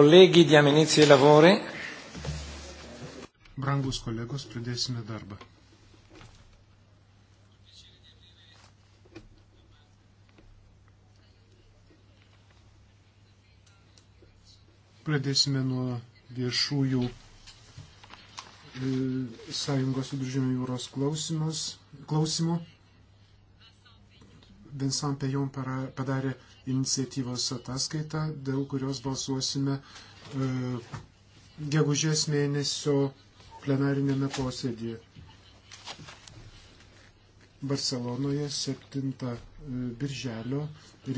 Colleghi, diamo inizio ai lavori. Brangus kolegos, pradėsime darbą. Pradėsime nuo viešųjų e, sąjungos viduržėmio jūros klausimų. Vincent Pejon padarė iniciatyvos ataskaitą, dėl kurios balsuosime e, gegužės mėnesio plenarinėme posėdėje. Barcelonoje 7 e, birželio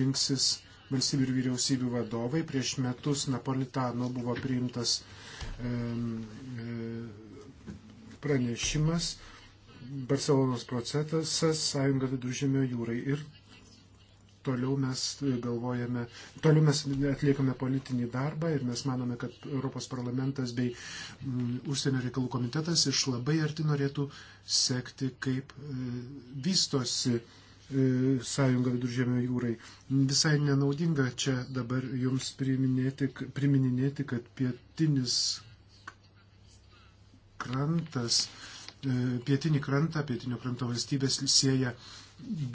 rinksis valstybių ir vyriausybių vadovai. Prieš metus Napolitano buvo priimtas e, pranešimas Barcelonos procesas Sąjunga viduržėmio jūrai. Ir toliau mes galvojame, toliau mes atliekame politinį darbą ir mes manome, kad Europos parlamentas bei m, mm, užsienio reikalų komitetas iš labai arti norėtų sekti, kaip e, vystosi e, sąjunga viduržėmio jūrai. Visai nenaudinga čia dabar jums priminėti, primininėti, kad pietinis krantas, e, pietinį krantą, pietinio kranto valstybės sieja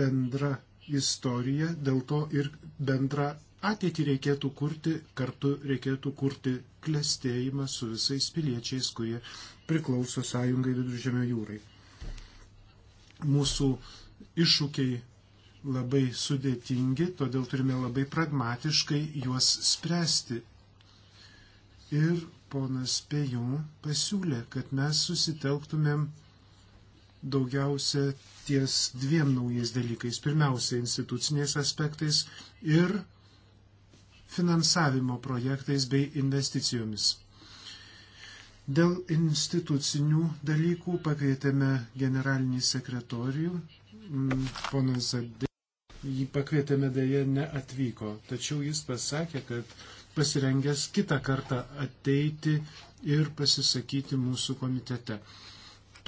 bendra istoriją, dėl to ir bendrą ateitį reikėtų kurti, kartu reikėtų kurti klestėjimą su visais piliečiais, kurie priklauso sąjungai viduržėmio jūrai. Mūsų iššūkiai labai sudėtingi, todėl turime labai pragmatiškai juos spręsti. Ir ponas Pejum pasiūlė, kad mes susitelktumėm daugiausia ties dviem naujais dalykais. Pirmiausia, instituciniais aspektais ir finansavimo projektais bei investicijomis. Dėl institucinių dalykų pakvietėme generalinį sekretorių, mm, ponas Zadė. Jį pakvietėme dėje neatvyko, tačiau jis pasakė, kad pasirengęs kitą kartą ateiti ir pasisakyti mūsų komitete.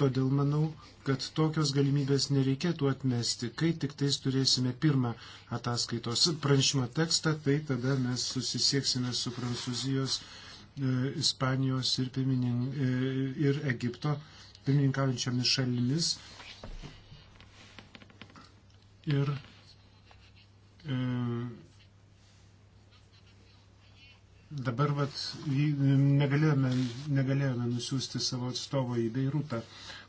Todėl manau, kad tokios galimybės nereikėtų atmesti. Kai tik tais turėsime pirmą ataskaitos pranešimo tekstą, tai tada mes susisieksime su Prancūzijos, e, Ispanijos ir, pirminin, e, ir Egipto pirmininkaujančiamis šalimis. Ir e, Dabar vat, negalėjome, negalėjome nusiųsti savo atstovo į Beirutą,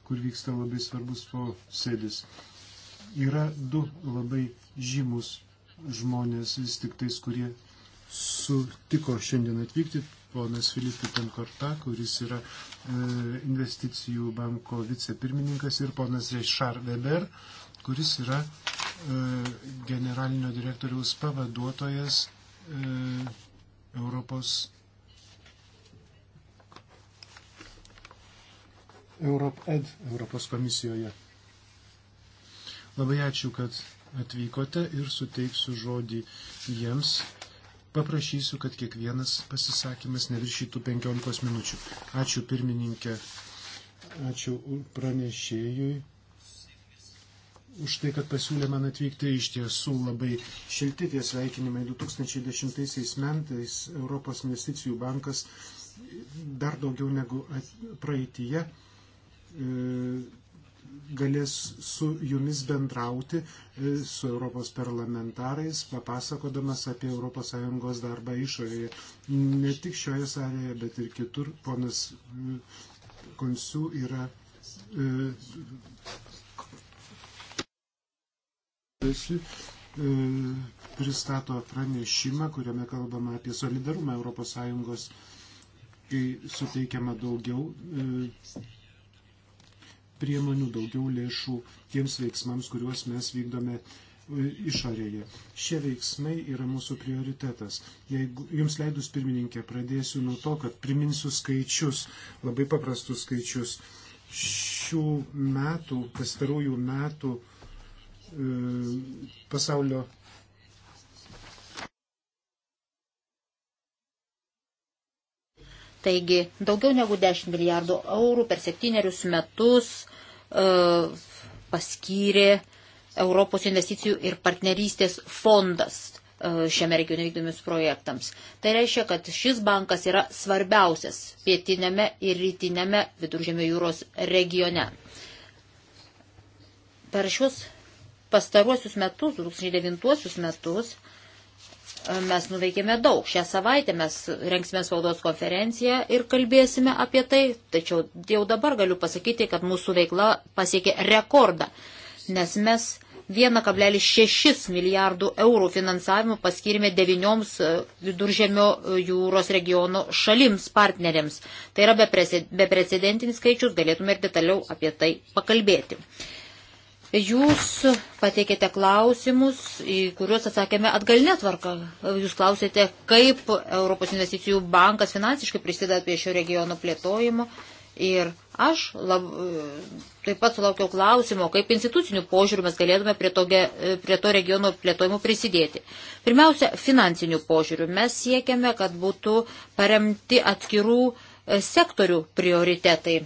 kur vyksta labai svarbus posėdis. Yra du labai žymus žmonės vis tik tais, kurie sutiko šiandien atvykti. Ponas Filipi Penkorta, kuris yra e, investicijų banko vicepirmininkas ir ponas Reichard Weber, kuris yra e, generalinio direktoriaus pavaduotojas e, Europos. EuropED Europos komisijoje. Labai ačiū, kad atvykote ir suteiksiu žodį jiems. Paprašysiu, kad kiekvienas pasisakymas neviršytų 15 minučių. Ačiū pirmininkė, ačiū pranešėjui už tai, kad pasiūlė man atvykti iš tiesų labai šilti tie sveikinimai. 2010 metais Europos investicijų bankas dar daugiau negu praeitie e, galės su jumis bendrauti, e, su Europos parlamentarais, papasakodamas apie ES darbą išorėje. Ne tik šioje salėje, bet ir kitur. Ponas e, Konsių yra Visi e, pristato pranešimą, kuriame kalbama apie solidarumą ES, kai suteikiama daugiau e, priemonių, daugiau lėšų tiems veiksmams, kuriuos mes vykdome e, išorėje. Šie veiksmai yra mūsų prioritetas. Jeigu jums leidus pirmininkė, pradėsiu nuo to, kad priminsiu skaičius, labai paprastus skaičius. Šių metų, pastarųjų metų uh, E, pasaulio Taigi daugiau negu 10 milijardų eurų per septynerius metus e, paskyrė Europos investicijų ir partnerystės fondas e, šiame regione vykdomius projektams. Tai reiškia, kad šis bankas yra svarbiausias pietinėme ir rytinėme viduržėmio jūros regione. Per šios pastaruosius metus, 2009 metus, e, mes nuveikėme daug. Šią savaitę mes rengsime spaudos konferenciją ir kalbėsime apie tai, tačiau jau dabar galiu pasakyti, kad mūsų veikla pasiekė rekordą, nes mes 1,6 milijardų eurų finansavimų paskirime devinioms e, viduržėmio e, jūros regiono šalims partneriams. Tai yra beprecedentinis skaičius, galėtume ir detaliau apie tai pakalbėti. Jūs pateikėte klausimus, į kuriuos atsakėme atgalinę tvarką. Jūs klausėte, kaip Europos investicijų bankas finansiškai prisideda prie šio regiono plėtojimo. Ir aš lab, taip pat sulaukiau klausimo, kaip institucinių požiūrių mes galėtume prie to, prie to regiono plėtojimo prisidėti. Pirmiausia, finansinių požiūrių. Mes siekiame, kad būtų paremti atskirų e, sektorių prioritetai e,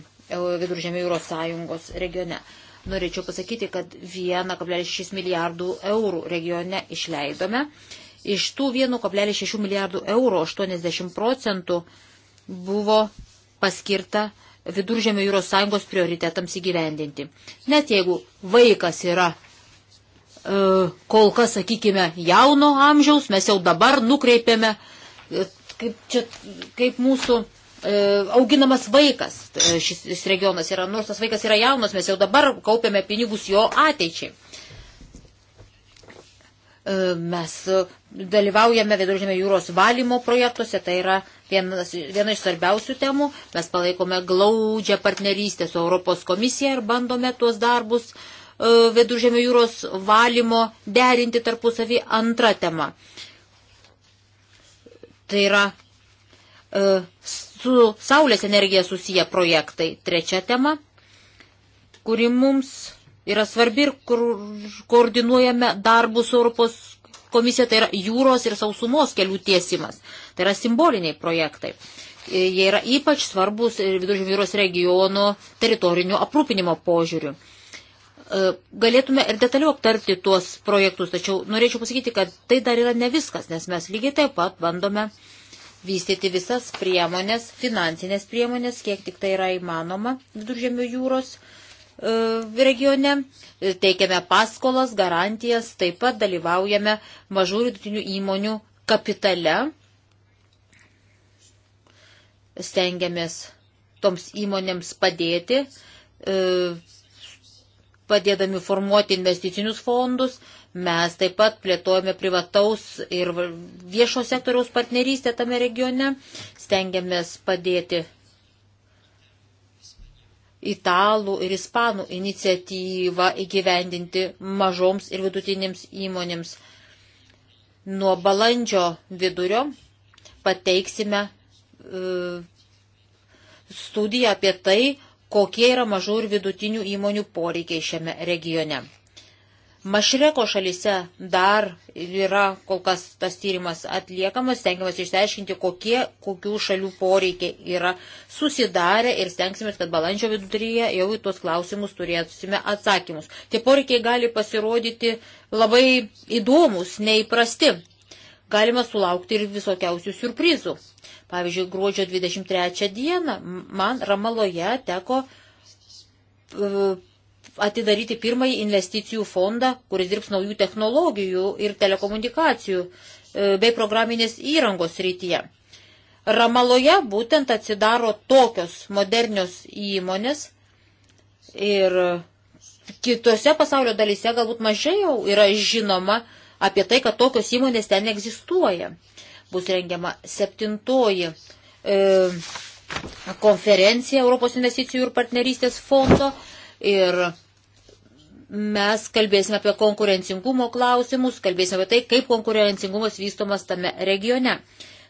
Viduržėmio jūros sąjungos regione norėčiau pasakyti, kad 1,6 milijardų eurų regione išleidome. Iš tų 1,6 milijardų eurų 80 procentų buvo paskirta Viduržėmio jūros sąjungos prioritetams įgyvendinti. Net jeigu vaikas yra e, kol kas, sakykime, jauno amžiaus, mes jau dabar nukreipiame, e, kaip, čia, kaip mūsų E, auginamas vaikas. E, šis regionas yra, nors tas vaikas yra jaunas, mes jau dabar kaupiame pinigus jo ateičiai. E, mes dalyvaujame Viduržėmio jūros valymo projektuose, tai yra vienas, viena iš svarbiausių temų. Mes palaikome glaudžią partnerystę su Europos komisija ir bandome tuos darbus Viduržėmio jūros valymo derinti tarpusavį antrą temą. Tai yra E, su Saulės energija susiję projektai. Trečia tema, kuri mums yra svarbi ir kur koordinuojame darbus Europos komisija, tai yra jūros ir sausumos kelių tiesimas. Tai yra simboliniai projektai. E, jie yra ypač svarbus viduržymio jūros regiono teritorinio aprūpinimo požiūriu. E, galėtume ir detaliau aptarti tuos projektus, tačiau norėčiau pasakyti, kad tai dar yra ne viskas, nes mes lygiai taip pat bandome uh, vystyti visas priemonės, finansinės priemonės, kiek tik tai yra įmanoma viduržėmio jūros e, regione, teikiame paskolas, garantijas, taip pat dalyvaujame mažų rytinių įmonių kapitale, stengiamės toms įmonėms padėti, e, padėdami formuoti investicinius fondus, mes taip pat plėtojame privataus ir viešo sektoriaus partnerystę tame regione, stengiamės padėti italų ir ispanų iniciatyvą įgyvendinti mažoms ir vidutinėms įmonėms. Nuo balandžio vidurio pateiksime e, studiją apie tai, kokie yra mažų ir vidutinių įmonių poreikiai šiame regione. Mašreko šalise dar yra kol kas tas tyrimas atliekamas, stengiamas išsiaiškinti, kokie kokių šalių poreikiai yra susidarę ir stengsime, kad balandžio viduryje jau į tuos klausimus turėsime atsakymus. Tie poreikiai gali pasirodyti labai įdomus, neįprasti. Galima sulaukti ir visokiausių surprizų. Pavyzdžiui, gruodžio 23 dieną man Ramaloje teko e, atidaryti pirmąjį investicijų fondą, kuris dirbs naujų technologijų ir telekomunikacijų e, bei programinės įrangos rytyje. Ramaloje būtent atsidaro tokios modernios įmonės ir kitose pasaulio dalyse galbūt mažiau yra žinoma apie tai, kad tokios įmonės ten egzistuoja bus rengiama septintoji e, konferencija Europos investicijų ir partnerystės fondo. Ir mes kalbėsime apie konkurencingumo klausimus, kalbėsime apie tai, kaip konkurencingumas vystomas tame regione.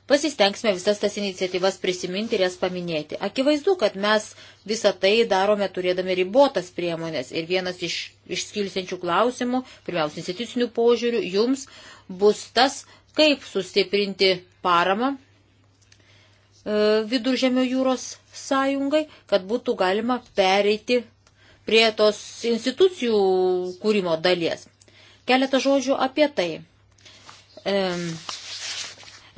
Pasistengsime visas tas iniciatyvas prisiminti ir jas paminėti. Akivaizdu, kad mes visą tai darome turėdami ribotas priemonės. Ir vienas iš išskilsiančių klausimų, pirmiausia, institucinių požiūrių, jums bus tas, kaip sustiprinti paramą e, viduržėmio jūros sąjungai, kad būtų galima pereiti prie tos institucijų kūrimo dalies. Keletą žodžių apie tai. E,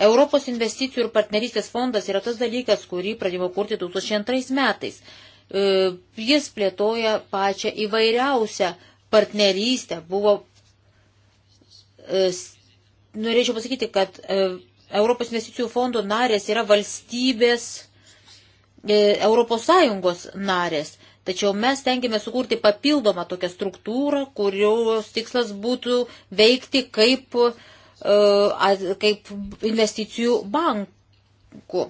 Europos investicijų ir partnerystės fondas yra tas dalykas, kurį pradėjome kurti 2002 metais. E, jis plėtoja pačią įvairiausią partnerystę. Buvo norėčiau pasakyti, kad e, Europos investicijų fondo narės yra valstybės, e, Europos Sąjungos narės. Tačiau mes tengiame sukurti papildomą tokią struktūrą, kurios tikslas būtų veikti kaip, e, kaip investicijų bankų.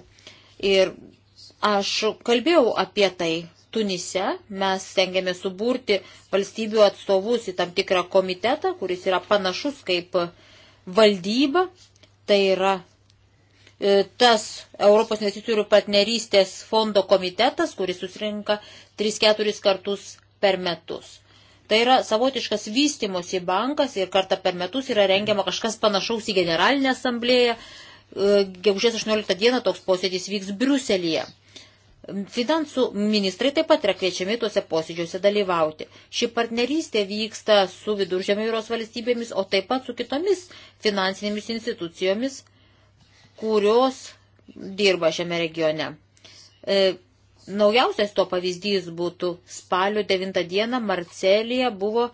Ir aš kalbėjau apie tai Tunise. Mes tengiame suburti valstybių atstovus į tam tikrą komitetą, kuris yra panašus kaip uh, valdyba, tai yra e, tas Europos investicijų partnerystės fondo komitetas, kuris susirinka 3-4 kartus per metus. Tai yra savotiškas vystimosi bankas ir kartą per metus yra rengiama kažkas panašaus į generalinę asamblėją. E, gegužės 18 dieną toks posėdis vyks Briuselėje. Finansų ministrai taip pat yra kviečiami tuose posėdžiuose dalyvauti. Ši partnerystė vyksta su viduržėmio jūros valstybėmis, o taip pat su kitomis finansinėmis institucijomis, kurios dirba šiame regione. E, naujausias to pavyzdys būtų spalio 9 dieną Marcelija buvo e,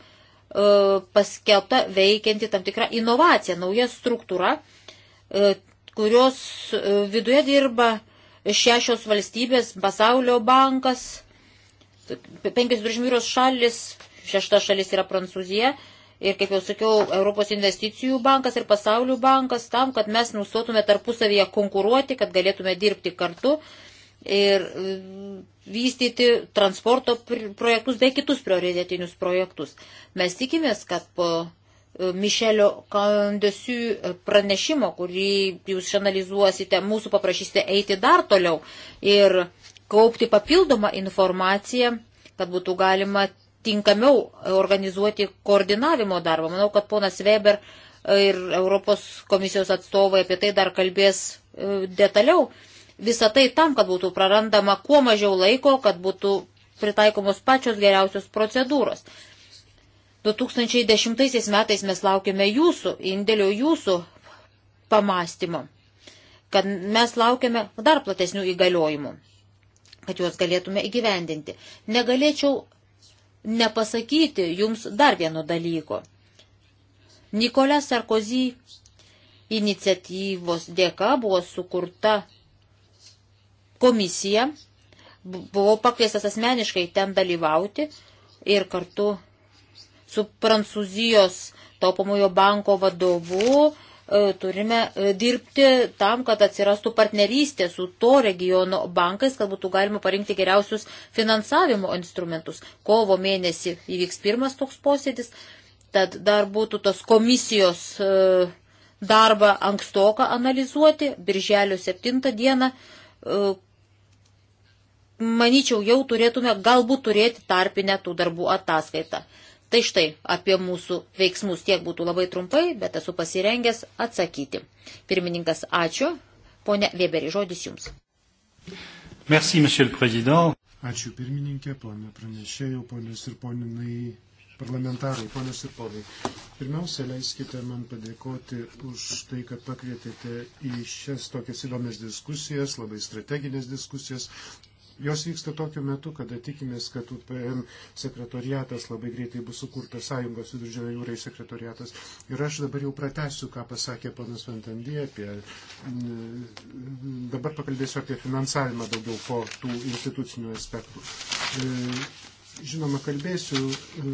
paskelbta veikianti tam tikrą inovaciją, nauja struktūra, e, kurios e, viduje dirba e, šešios valstybės, pasaulio bankas, penkios viršmyros šalis, šešta šalis yra Prancūzija. Ir, kaip jau sakiau, Europos investicijų bankas ir pasaulio bankas tam, kad mes nustotume tarpusavyje konkuruoti, kad galėtume dirbti kartu ir e, vystyti transporto projektus bei kitus prioritetinius projektus. Mes tikimės, kad po E, Mišelio Kandesių e, pranešimo, kurį jūs išanalizuosite, mūsų paprašysite eiti dar toliau ir kaupti papildomą informaciją, kad būtų galima tinkamiau organizuoti koordinavimo darbą. Manau, kad ponas Weber ir Europos komisijos atstovai apie tai dar kalbės e, detaliau. Visą tai tam, kad būtų prarandama kuo mažiau laiko, kad būtų pritaikomos pačios geriausios procedūros. 2010 metais mes laukiame jūsų indėlio, jūsų pamastymo, kad mes laukiame dar platesnių įgaliojimų, kad juos galėtume įgyvendinti. Negalėčiau nepasakyti jums dar vieno dalyko. Nikolė Sarkozy iniciatyvos dėka buvo sukurta komisija, buvau pakviestas asmeniškai ten dalyvauti ir kartu su Prancūzijos taupomojo banko vadovu e, turime e, dirbti tam, kad atsirastų partnerystė su to regiono bankais, kad būtų galima parinkti geriausius finansavimo instrumentus. Kovo mėnesį įvyks pirmas toks posėdis, tad dar būtų tos komisijos e, darbą ankstoką analizuoti, birželio 7 dieną. Manyčiau, jau turėtume galbūt turėti tarpinę tų darbų ataskaitą. Tai štai apie mūsų veiksmus tiek būtų labai trumpai, bet esu pasirengęs atsakyti. Pirmininkas, ačiū. Pone Weberi, žodis jums. Merci, ačiū pirmininkė, ponė pranešėjau, ponės ir poninai parlamentarai, ponės ir ponai. Pirmiausia, leiskite man padėkoti už tai, kad pakvietėte į šias tokias įdomias diskusijas, labai strateginės diskusijas. Jos vyksta tokiu metu, kada tikimės, kad UPM sekretoriatas labai greitai bus sukurtas Sąjungos viduržėmio jūrai sekretoriatas. Ir aš dabar jau pratęsiu, ką pasakė panas Ventandė apie. Mm, dabar pakalbėsiu apie finansavimą daugiau po tų institucinių aspektų. E, žinoma, kalbėsiu e,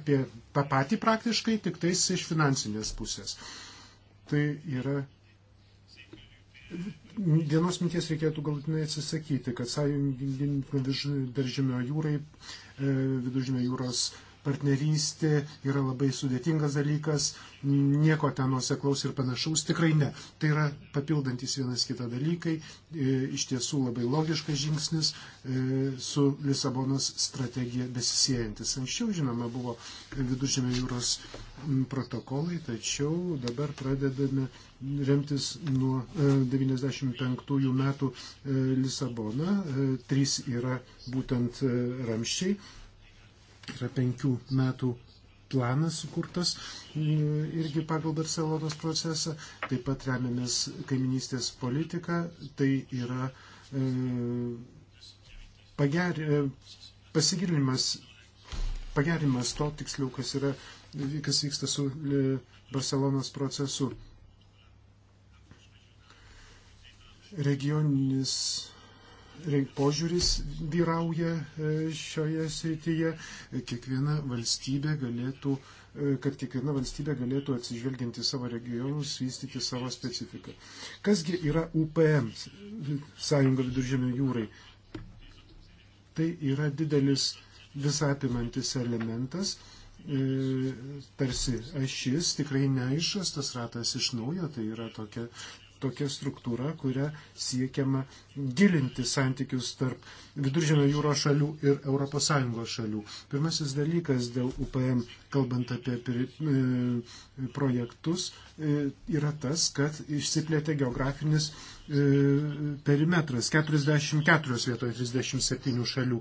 apie tą patį praktiškai, tik tais iš finansinės pusės. Tai yra Vienos minties reikėtų galutinai atsisakyti, kad sąjungininkų viržymio jūrai, e, viduržymio jūros partnerystė yra labai sudėtingas dalykas, nieko ten nuoseklaus ir panašaus tikrai ne. Tai yra papildantis vienas kitą dalykai, e, iš tiesų labai logiškas žingsnis e, su Lisabonos strategija besisėjantis. Anksčiau, žinoma, buvo viduržėmio jūros protokolai, tačiau dabar pradedame remtis nuo 95 e, metų Lisabona. Trys yra būtent ramščiai yra penkių metų planas sukurtas mm, irgi pagal Barcelonos procesą, taip pat remiamės kaiminystės politiką, tai yra e, pager, e, pasigilinimas, pagerimas to tiksliau, kas, yra, kas vyksta su e, Barcelonos procesu. Regioninis E, požiūris vyrauja e, šioje srityje. Kiekviena valstybė galėtų e, kad kiekviena valstybė galėtų atsižvelginti savo regionus, vystyti savo specifiką. Kasgi yra UPM, Sąjunga viduržėmio jūrai? Tai yra didelis visapimantis elementas, tarsi ašis, tikrai neaišas, tas ratas iš naujo, tai yra tokia tokia struktūra, kuria siekiama gilinti santykius tarp Viduržėmio jūros šalių ir ES šalių. Pirmasis dalykas dėl UPM, kalbant apie e, projektus, e, yra tas, kad išsiplėtė geografinis e, perimetras 44 vietoje 37 šalių.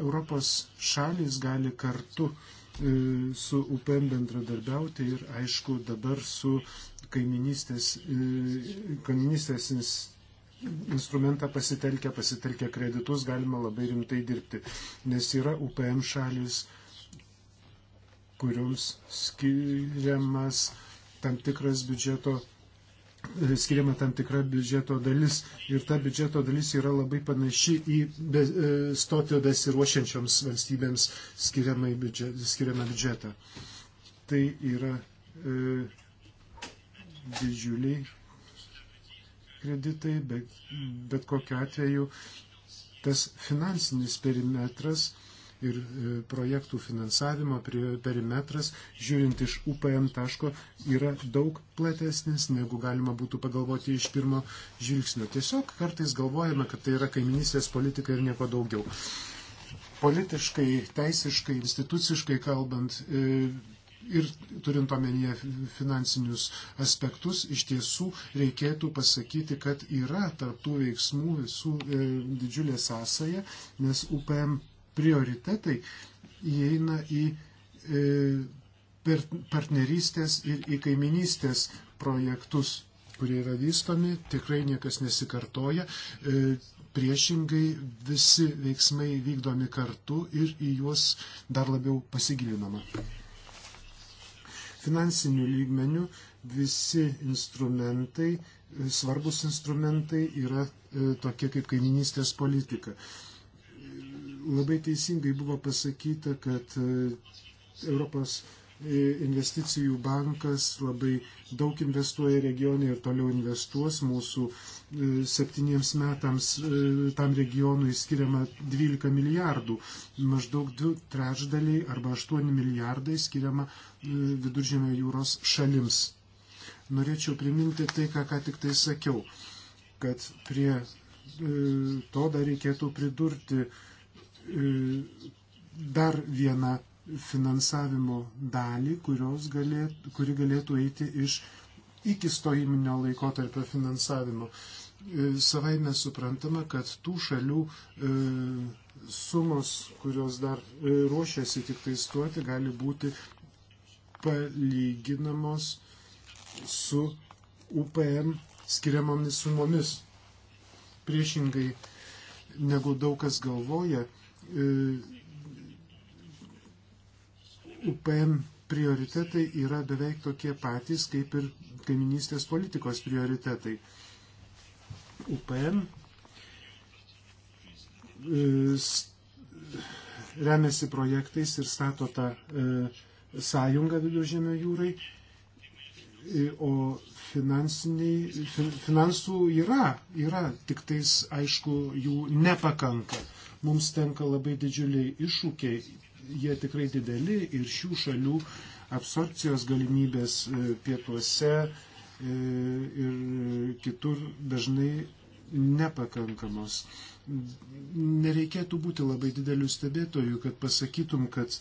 Europos šalis gali kartu su UPM bendradarbiauti ir aišku dabar su kaiminystės, e, kaiminystės instrumentą pasitelkę, pasitelkę kreditus galima labai rimtai dirbti, nes yra UPM šalis, kuriuoms skiriamas tam tikras biudžeto e, skiriama tam tikra biudžeto dalis ir ta biudžeto dalis yra labai panaši į be, e, stoti besiruošiančioms valstybėms skiriamą biudžetą. Tai yra e, didžiuliai kreditai, bet, bet kokiu atveju tas finansinis perimetras ir e, projektų finansavimo perimetras, žiūrint iš UPM taško, yra daug platesnis, negu galima būtų pagalvoti iš pirmo žvilgsnio. Tiesiog kartais galvojame, kad tai yra kaiminystės politika ir nieko daugiau. Politiškai, teisiškai, instituciškai kalbant, e, ir turint omenyje finansinius aspektus, iš tiesų reikėtų pasakyti, kad yra tarptų veiksmų visų e, didžiulė sąsaja, nes UPM prioritetai įeina į e, partnerystės ir į kaiminystės projektus, kurie yra vystomi, tikrai niekas nesikartoja. E, priešingai visi veiksmai vykdomi kartu ir į juos dar labiau pasigilinama. Finansinių lygmenių visi instrumentai, e, svarbus instrumentai yra e, tokie kaip kaiminystės politika. Labai teisingai buvo pasakyta, kad e, Europos investicijų bankas labai daug investuoja regione ir toliau investuos. Mūsų e, septyniems metams e, tam regionui skiriama 12 milijardų. Maždaug du trečdaliai arba 8 milijardai skiriama e, viduržėmio jūros šalims. Norėčiau priminti tai, ką ką tik tai sakiau, kad prie to dar reikėtų pridurti dar vieną finansavimo dalį, galėtų, kuri galėtų eiti iš iki stojiminio laikotarpio finansavimo. E, Savai mes suprantame, kad tų šalių e, sumos, kurios dar e, ruošiasi tik tai stuoti, gali būti palyginamos su UPM skiriamomis sumomis. Priešingai negu daug kas galvoja, e, UPM prioritetai yra beveik tokie patys, kaip ir kaiminystės politikos prioritetai. UPM e, remiasi projektais ir stato tą e, sąjungą viduržėmio jūrai, e, o finansų yra, yra, tik tais aišku jų nepakanka. Mums tenka labai didžiuliai iššūkiai jie tikrai dideli ir šių šalių absorpcijos galimybės e, pietuose e, ir kitur dažnai nepakankamos. Nereikėtų būti labai dideliu stebėtoju, kad pasakytum, kad e,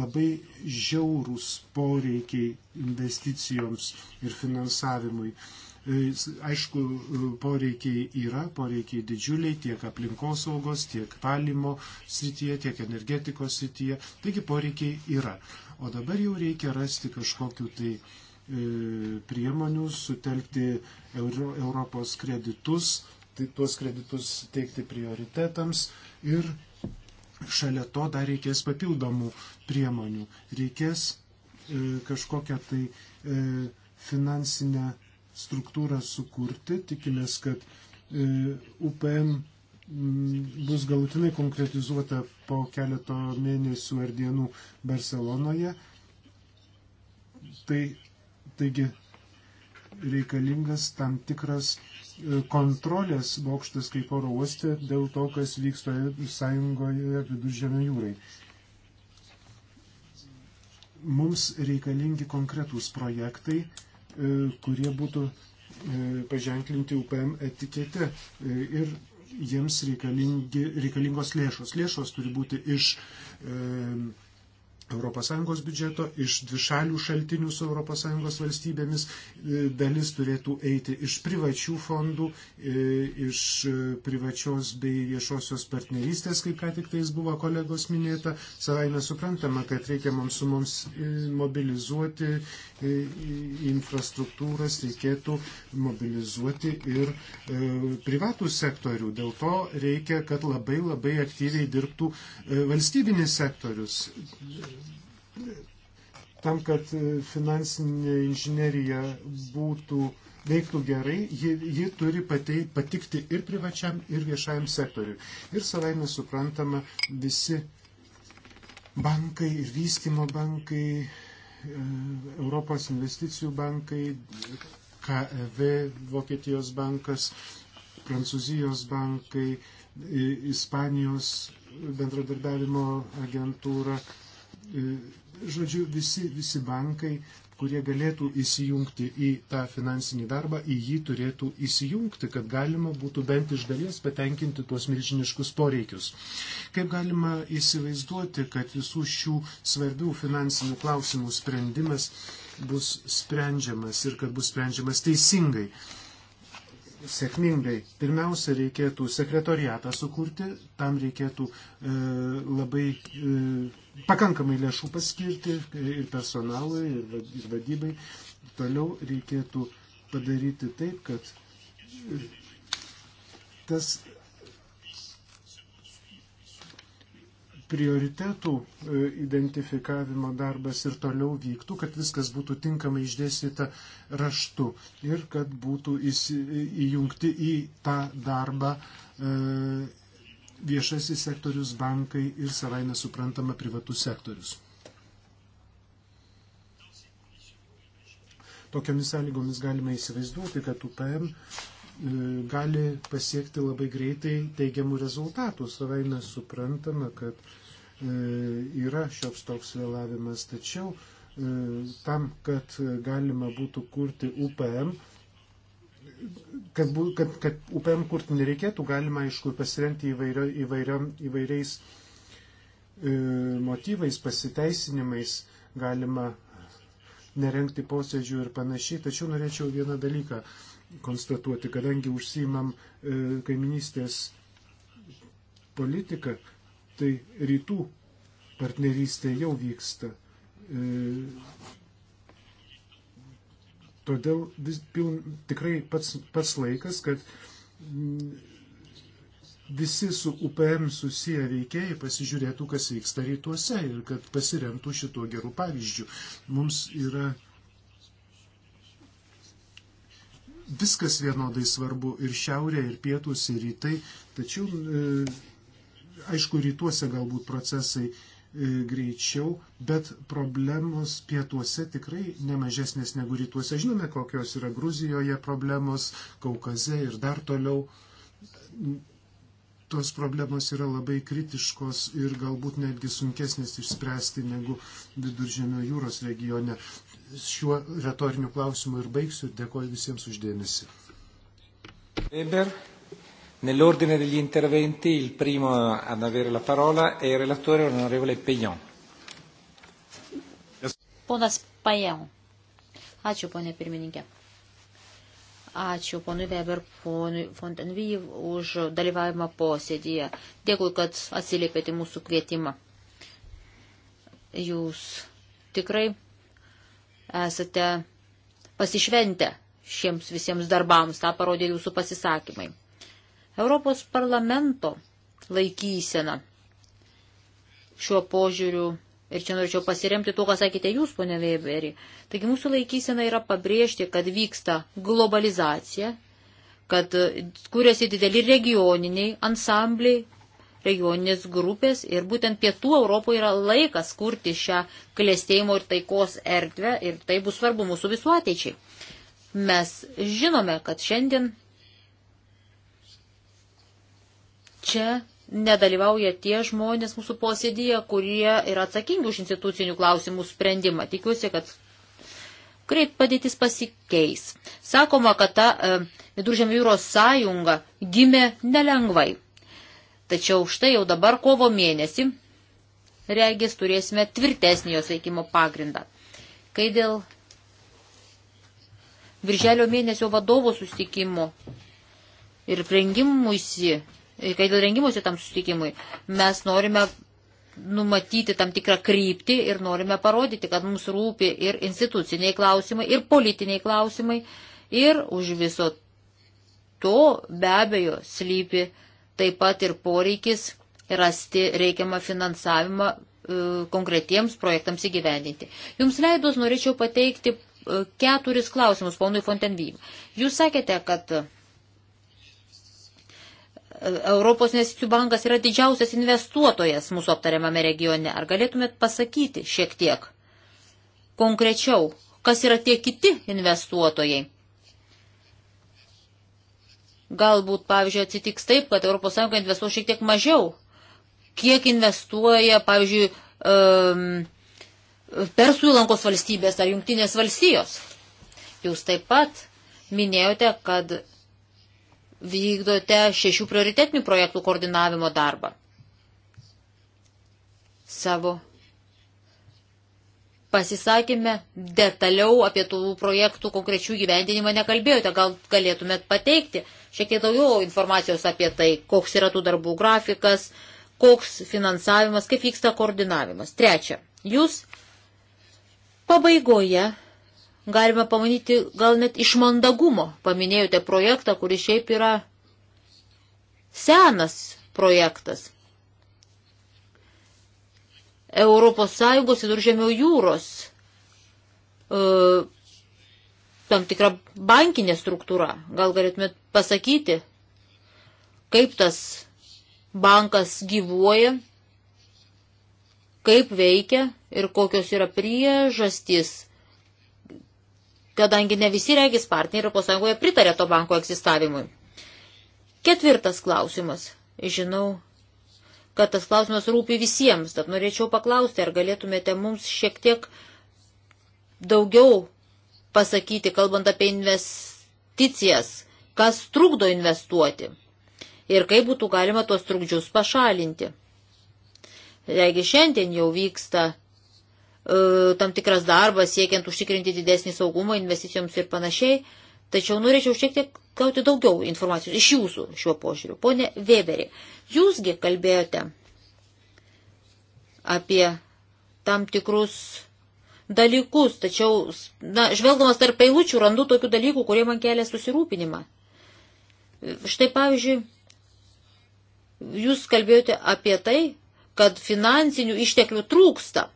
labai žiaurūs poreikiai investicijoms ir finansavimui. E, aišku, e, poreikiai yra, poreikiai didžiuliai tiek aplinkosaugos, tiek palimo srityje, tiek energetikos srityje. Taigi poreikiai yra. O dabar jau reikia rasti kažkokiu tai e, priemonių, sutelkti Euro, Europos kreditus, tai tuos kreditus teikti prioritetams ir šalia to dar reikės papildomų priemonių. Reikės e, kažkokią tai e, finansinę struktūrą sukurti. Tikimės, kad e, UPM mm, bus galutinai konkretizuota po keleto mėnesių ar dienų Barcelonoje. Tai, taigi reikalingas tam tikras e, kontrolės bokštas kaip oro uoste dėl to, kas vyksta sąjungoje viduržėmio jūrai. Mums reikalingi konkretūs projektai, E, kurie būtų e, paženklinti UPM etikete e, ir jiems reikalingos lėšos. Lėšos turi būti iš e, ES biudžeto, iš dvišalių šaltinių su ES valstybėmis e, dalis turėtų eiti iš privačių fondų, e, iš e, privačios bei viešosios partnerystės, kaip ką tik tais buvo kolegos minėta. Savai mes suprantame, kad reikia mums sumoms mobilizuoti infrastruktūras, reikėtų mobilizuoti ir privatų sektorių. Dėl to reikia, kad labai labai aktyviai dirbtų valstybinis sektorius Tam, kad finansinė inžinerija būtų veiktų gerai, ji, ji turi patei, patikti ir privačiam, ir viešajam sektoriui. Ir savai mes suprantama, visi bankai ir vystimo bankai, e, Europos investicijų bankai, KEV, Vokietijos bankas, Prancūzijos bankai, Ispanijos bendradarbiavimo agentūra, E, žodžiu, visi, visi bankai, kurie galėtų įsijungti į tą finansinį darbą, į jį turėtų įsijungti, kad galima būtų bent iš dalies patenkinti tuos milžiniškus poreikius. Kaip galima įsivaizduoti, kad visų šių svarbių finansinių klausimų sprendimas bus sprendžiamas ir kad bus sprendžiamas teisingai sėkmingai, pirmiausia, reikėtų sekretoriatą sukurti, tam reikėtų e, labai e, pakankamai lėšų paskirti e, ir personalui, ir, ir vadybai. Toliau reikėtų padaryti taip, kad tas prioritetų e, identifikavimo darbas ir toliau vyktų, kad viskas būtų tinkamai išdėstyta raštu ir kad būtų įjungti į tą darbą e, viešasis sektorius, bankai ir savai nesuprantama privatus sektorius. Tokiamis sąlygomis galima įsivaizduoti, kad UPM E, gali pasiekti labai greitai teigiamų rezultatų. Savai mes suprantame, kad e, yra šioks toks vėlavimas, tačiau e, tam, kad galima būtų kurti UPM, kad, kad, kad UPM kurti nereikėtų, galima aišku pasirenti įvairio, įvairiam, įvairiais e, motyvais, pasiteisinimais, galima nerengti posėdžių ir panašiai. Tačiau norėčiau vieną dalyką konstatuoti, kadangi užsimam e, kaiminystės politiką, tai rytų partnerystė jau vyksta. E, todėl vis, pil, tikrai pats, pats laikas, kad mm, visi su UPM susiję veikėjai pasižiūrėtų, kas vyksta rytuose ir kad pasiremtų šituo geru pavyzdžiu. Mums yra viskas vienodai svarbu ir šiaurė, ir pietus, ir rytai, tačiau e, aišku, rytuose galbūt procesai e, greičiau, bet problemos pietuose tikrai nemažesnės negu rytuose. Žinome, kokios yra Gruzijoje problemos, Kaukaze ir dar toliau. Tos problemos yra labai kritiškos ir galbūt netgi sunkesnės išspręsti negu viduržėmio jūros regione šiuo retoriniu klausimu ir baigsiu. Dėkoju visiems uždėmesi. Weber. Nell'ordine degli interventi il primo ad avere la parola è il relatore onorevole Peion. Ponas Peion. Ačiū, ponė pirmininkė. Ačiū ponui Weber, ponui Fontenvy už dalyvavimą posėdėje. Dėkui, kad atsiliepėte mūsų kvietimą. Jūs tikrai esate pasišventę šiems visiems darbams, tą parodė jūsų pasisakymai. Europos parlamento laikysena šiuo požiūriu, ir čia norėčiau pasiremti tuo, ką sakėte jūs, ponė Weberi, taigi mūsų laikysena yra pabrėžti, kad vyksta globalizacija, kad kūrėsi dideli regioniniai ansambliai, regioninės grupės ir būtent pietų Europoje yra laikas kurti šią klėstėjimo ir taikos erdvę ir tai bus svarbu mūsų visų ateičiai. Mes žinome, kad šiandien čia nedalyvauja tie žmonės mūsų posėdėje, kurie yra atsakingi už institucinių klausimų sprendimą. Tikiuosi, kad greit padėtis pasikeis. Sakoma, kad ta e, Viduržėmio jūros sąjunga gimė nelengvai. Tačiau štai jau dabar kovo mėnesį, regis, turėsime tvirtesnį jos veikimo pagrindą. Kai dėl virželio mėnesio vadovo sustikimo ir rengimuisi, kai dėl rengimuisi tam sustikimui, mes norime numatyti tam tikrą kryptį ir norime parodyti, kad mums rūpi ir instituciniai klausimai, ir politiniai klausimai, ir už viso to be abejo slypi taip pat ir poreikis rasti reikiamą finansavimą e, konkretiems projektams įgyvendinti. Jums leidus norėčiau pateikti e, keturis klausimus ponui Fontenvyjim. Jūs sakėte, kad e, Europos investicijų bankas yra didžiausias investuotojas mūsų aptariamame regione. Ar galėtumėt pasakyti šiek tiek konkrečiau, kas yra tie kiti investuotojai? Galbūt, pavyzdžiui, atsitiks taip, kad ES investuos šiek tiek mažiau. Kiek investuoja, pavyzdžiui, Persų įlankos valstybės ar jungtinės valstijos. Jūs taip pat minėjote, kad vykdote šešių prioritetinių projektų koordinavimo darbą. Savo pasisakėme detaliau apie tų projektų konkrečių gyvendinimą nekalbėjote, gal galėtumėt pateikti šiek tiek daugiau informacijos apie tai, koks yra tų darbų grafikas, koks finansavimas, kaip vyksta koordinavimas. Trečia, jūs pabaigoje, galime pamanyti, gal net iš mandagumo paminėjote projektą, kuris šiaip yra senas projektas. Europos Sąjungos viduržėmio jūros e, tam tikra bankinė struktūra. Gal galėtumėt pasakyti, kaip tas bankas gyvuoja, kaip veikia ir kokios yra priežastys, kadangi ne visi regis partneriai Europos Sąjungoje pritarė to banko egzistavimui. Ketvirtas klausimas. Žinau, kad tas klausimas rūpi visiems, tad norėčiau paklausti, ar galėtumėte mums šiek tiek daugiau pasakyti, kalbant apie investicijas, kas trukdo investuoti ir kaip būtų galima tuos trukdžius pašalinti. Jeigu šiandien jau vyksta e, tam tikras darbas siekiant užtikrinti didesnį saugumą investicijoms ir panašiai, tačiau norėčiau šiek tiek gauti daugiau informacijos iš jūsų šiuo požiūriu. Pone Weberi, jūsgi kalbėjote apie tam tikrus dalykus, tačiau, na, žvelgdamas tarp eilučių, randu tokių dalykų, kurie man kelia susirūpinimą. Štai pavyzdžiui, jūs kalbėjote apie tai, kad finansinių išteklių trūksta.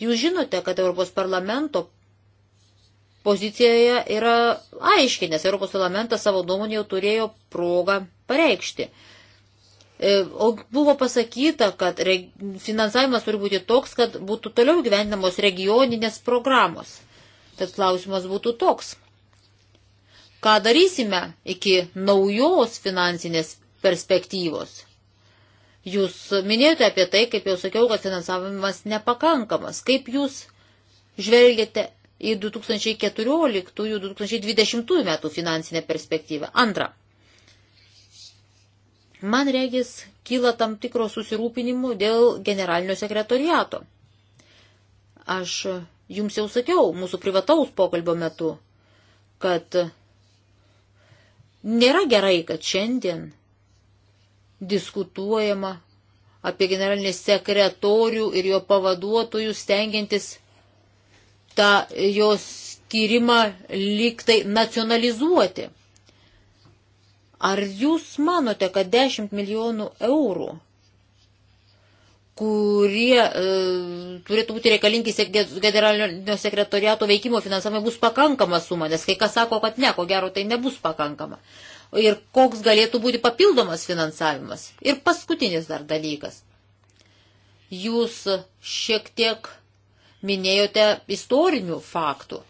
Jūs žinote, kad Europos parlamento pozicijoje yra aiški, nes Europos parlamentas savo nuomonę jau turėjo progą pareikšti. E, o buvo pasakyta, kad finansavimas turi būti toks, kad būtų toliau gyvendamos regioninės programos. Tad klausimas būtų toks. Ką darysime iki naujos finansinės perspektyvos? Jūs minėjote apie tai, kaip jau sakiau, kad finansavimas nepakankamas. Kaip jūs žvelgiate į 2014-2020 metų finansinę perspektyvą? Antra. Man regis, kyla tam tikro susirūpinimų dėl generalinio sekretoriato. Aš jums jau sakiau mūsų privataus pokalbio metu, kad nėra gerai, kad šiandien diskutuojama apie generalinį sekretorių ir jo pavaduotojų stengiantis tą jos skirimą liktai nacionalizuoti. Ar jūs manote, kad 10 milijonų eurų, kurie e, turėtų būti reikalingi generalinio sekretoriato veikimo finansavimai, bus pakankama suma, nes kai kas sako, kad ne, ko gero tai nebus pakankama. Ir koks galėtų būti papildomas finansavimas. Ir paskutinis dar dalykas. Jūs šiek tiek minėjote istorinių faktų.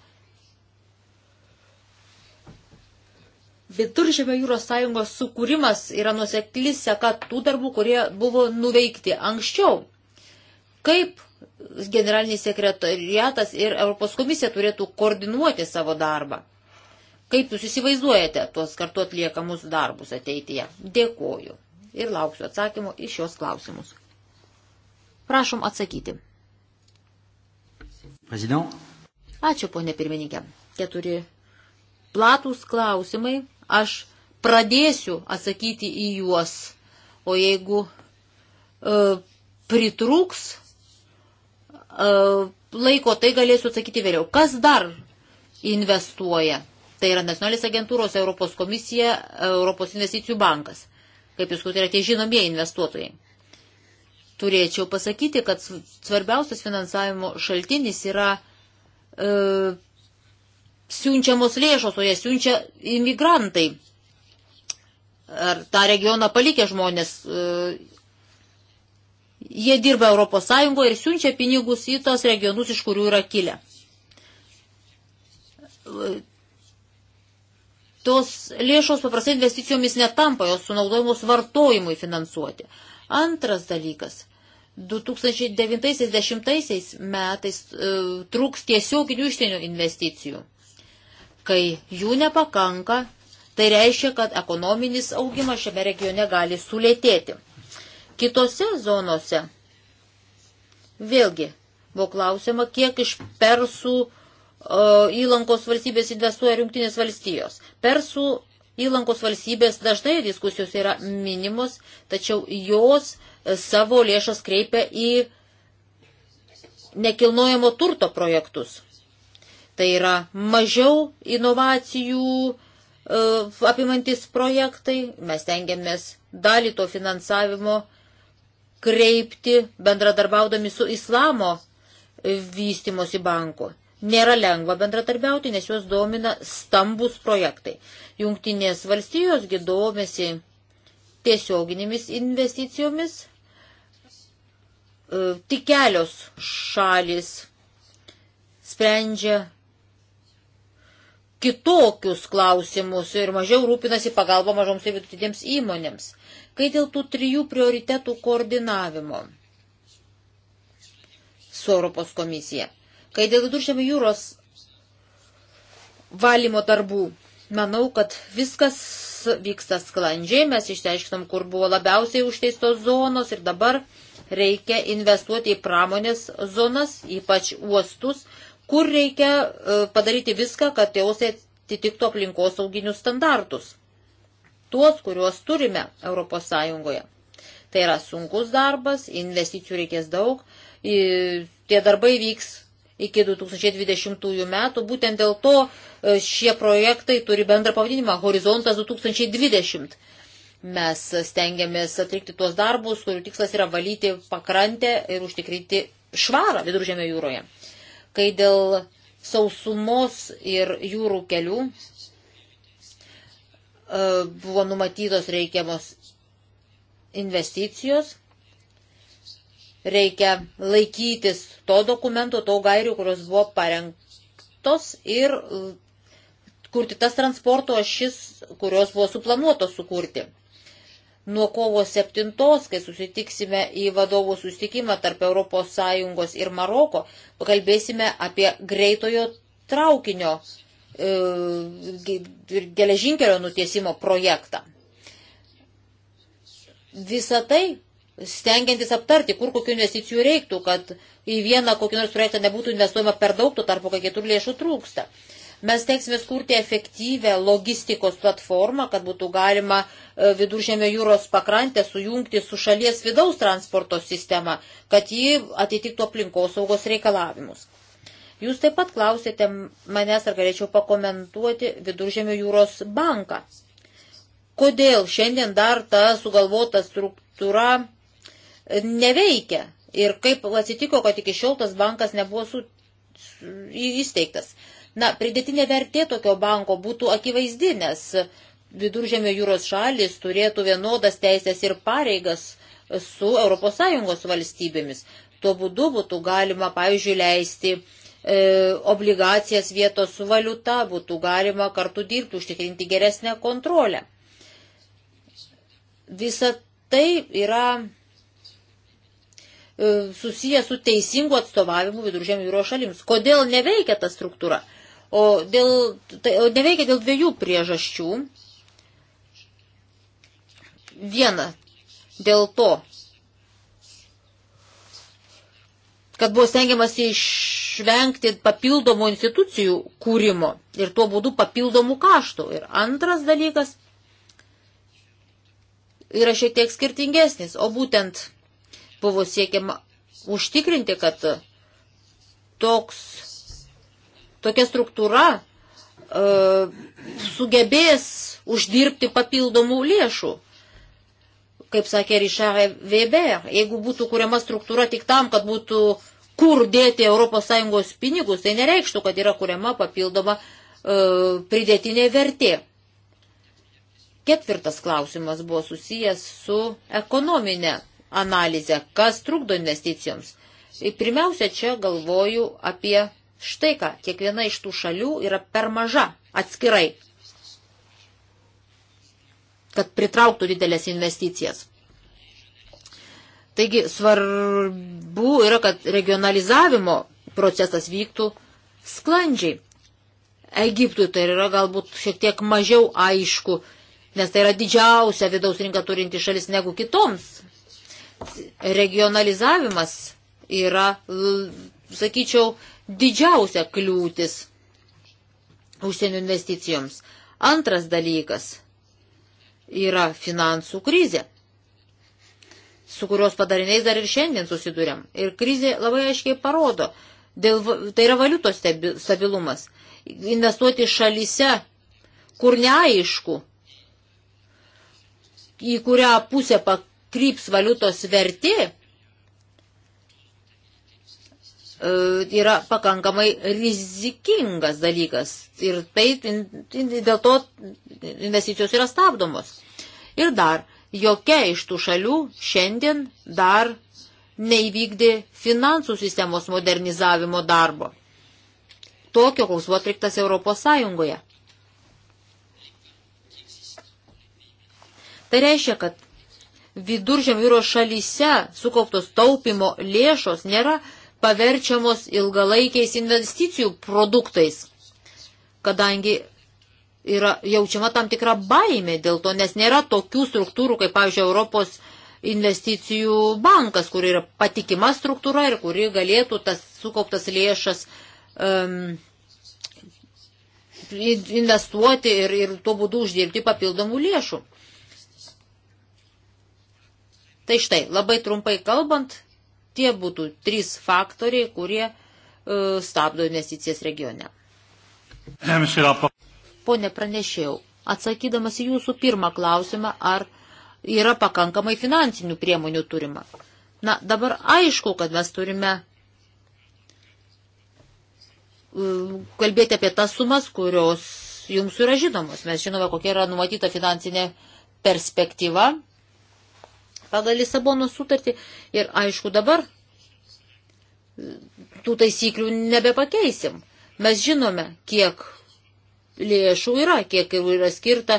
Viduržėmio jūros sąjungos sukūrimas yra nuseklis seka tų darbų, kurie buvo nuveikti anksčiau. Kaip generalinis sekretariatas ir Europos komisija turėtų koordinuoti savo darbą? Kaip jūs įsivaizduojate tuos kartu atliekamus darbus ateityje? Dėkoju ir lauksiu atsakymų iš šios klausimus. Prašom atsakyti. President. Ačiū, ponė pirmininkė. Keturi platūs klausimai aš pradėsiu atsakyti į juos, o jeigu e, pritrūks e, laiko, tai galėsiu atsakyti vėliau. Kas dar investuoja? Tai yra nacionalinės agentūros, Europos komisija, Europos investicijų bankas. Kaip jūs kutai yra tie žinomieji investuotojai. Turėčiau pasakyti, kad svarbiausias finansavimo šaltinis yra e, siunčiamos lėšos, o jie siunčia imigrantai. Ar tą regioną palikę žmonės, e, jie dirba Europos Sąjungoje ir siunčia pinigus į tos regionus, iš kurių yra kilę. E, tos lėšos paprastai investicijomis netampa, jos sunaudojamos vartojimui finansuoti. Antras dalykas. 2090 metais e, trūks tiesioginių užsienio investicijų. Kai jų nepakanka, tai reiškia, kad ekonominis augimas šiame regione gali sulėtėti. Kitose zonose vėlgi buvo klausima, kiek iš persų e, įlankos valstybės investuoja rinktinės valstijos. Persų įlankos valstybės dažnai diskusijos yra minimos, tačiau jos e, savo lėšas kreipia į nekilnojamo turto projektus. Tai yra mažiau inovacijų e, apimantis projektai. Mes tengiamės dalį to finansavimo kreipti bendradarbiaudami su islamo vystimosi banku. Nėra lengva bendradarbiauti, nes juos domina stambus projektai. Jungtinės valstijosgi domisi tiesioginėmis investicijomis. E, tik kelios šalis sprendžia kitokius klausimus ir mažiau rūpinasi pagalba mažoms ir vidutinėms įmonėms. Kai dėl tų trijų prioritetų koordinavimo su Europos komisija, kai dėl viduržėmio jūros valymo darbų, manau, kad viskas vyksta sklandžiai, mes išteiškinom, kur buvo labiausiai užteistos zonos ir dabar reikia investuoti į pramonės zonas, ypač uostus, kur reikia e, padaryti viską, kad jos atitiktų aplinkos sauginius standartus. Tuos, kuriuos turime Europos Sąjungoje. Tai yra sunkus darbas, investicijų reikės daug, tie darbai vyks iki 2020 metų. Būtent dėl to e, šie projektai turi bendrą pavadinimą Horizontas 2020. Mes stengiamės atlikti tuos darbus, kurių tikslas yra valyti pakrantę ir užtikrinti švarą viduržėmio jūroje kai dėl sausumos ir jūrų kelių e, buvo numatytos reikiamos investicijos. Reikia laikytis to dokumento, to gairių, kurios buvo parengtos ir kurti tas transporto ašis, kurios buvo suplanuotos sukurti nuo kovo 7, kai susitiksime į vadovų susitikimą tarp ES ir Maroko, pakalbėsime apie greitojo traukinio e, ir geležinkelio nutiesimo projektą. Visą tai stengiantis aptarti, kur kokių investicijų reiktų, kad į vieną kokį nors projektą nebūtų investuojama per daug, tuo tarpu, kai kitur lėšų trūksta. Mes teiksime skurti efektyvę logistikos platformą, kad būtų galima e, viduržėmio jūros pakrantę sujungti su šalies vidaus transporto sistema, kad ji atitiktų aplinkosaugos reikalavimus. Jūs taip pat klausėte manęs, ar galėčiau pakomentuoti viduržėmio jūros banką. Kodėl šiandien dar ta sugalvota struktūra e, neveikia ir kaip atsitiko, kad iki šiol tas bankas nebuvo su, įsteigtas. Na, pridėtinė vertė tokio banko būtų akivaizdi, nes viduržėmio jūros šalis turėtų vienodas teisės ir pareigas su ES valstybėmis. Tuo būdu būtų galima, pavyzdžiui, leisti e, obligacijas vietos su valiuta, būtų galima kartu dirbti, užtikrinti geresnę kontrolę. Visa tai yra e, susiję su teisingu atstovavimu viduržėmio jūros šalims. Kodėl neveikia ta struktūra? O, dėl, tai, o neveikia dėl dviejų priežasčių. Viena dėl to, kad buvo stengiamasi išvengti papildomų institucijų kūrimo ir tuo būdu papildomų kaštų. Ir antras dalykas yra šiek tiek skirtingesnis, o būtent buvo siekiama užtikrinti, kad toks tokia struktūra e, sugebės uždirbti papildomų lėšų. Kaip sakė Richard Weber, jeigu būtų kuriama struktūra tik tam, kad būtų kur dėti ES pinigus, tai nereikštų, kad yra kuriama papildoma e, pridėtinė vertė. Ketvirtas klausimas buvo susijęs su ekonominė analizė, kas trukdo investicijoms. Pirmiausia, čia galvoju apie Štai ką, kiekviena iš tų šalių yra per maža atskirai, kad pritrauktų didelės investicijas. Taigi svarbu yra, kad regionalizavimo procesas vyktų sklandžiai. Egiptui tai yra galbūt šiek tiek mažiau aišku, nes tai yra didžiausia vidaus rinka turinti šalis negu kitoms. Regionalizavimas yra, sakyčiau, didžiausia kliūtis užsienio investicijoms. Antras dalykas yra finansų krizė, su kurios padariniais dar ir šiandien susidurėm. Ir krizė labai aiškiai parodo, dėl, tai yra valiutos stabilumas. Investuoti šalyse, kur neaišku, į kurią pusę pakryps valiutos vertė, E, yra pakankamai rizikingas dalykas ir tai dėl to investicijos yra stabdomos. Ir dar, jokia iš tų šalių šiandien dar neįvykdė finansų sistemos modernizavimo darbo. Tokio, koks buvo atliktas Europos Sąjungoje. Tai reiškia, kad viduržėm jūros šalyse sukauptos taupimo lėšos nėra paverčiamos ilgalaikiais investicijų produktais, kadangi yra jaučiama tam tikra baimė dėl to, nes nėra tokių struktūrų, kaip, pavyzdžiui, Europos investicijų bankas, kur yra patikima struktūra ir kuri galėtų tas sukauptas lėšas um, investuoti ir, ir tuo būdu uždirbti papildomų lėšų. Tai štai, labai trumpai kalbant, Tie būtų trys faktoriai, kurie e, stabdo investicijas regione. Pone pranešėjau, atsakydamas į jūsų pirmą klausimą, ar yra pakankamai finansinių priemonių turima. Na, dabar aišku, kad mes turime e, kalbėti apie tas sumas, kurios jums yra žinomos. Mes žinome, kokia yra numatyta finansinė perspektyva pagal Lisabono sutartį. Ir aišku, dabar tų taisyklių nebepakeisim. Mes žinome, kiek lėšų yra, kiek yra skirta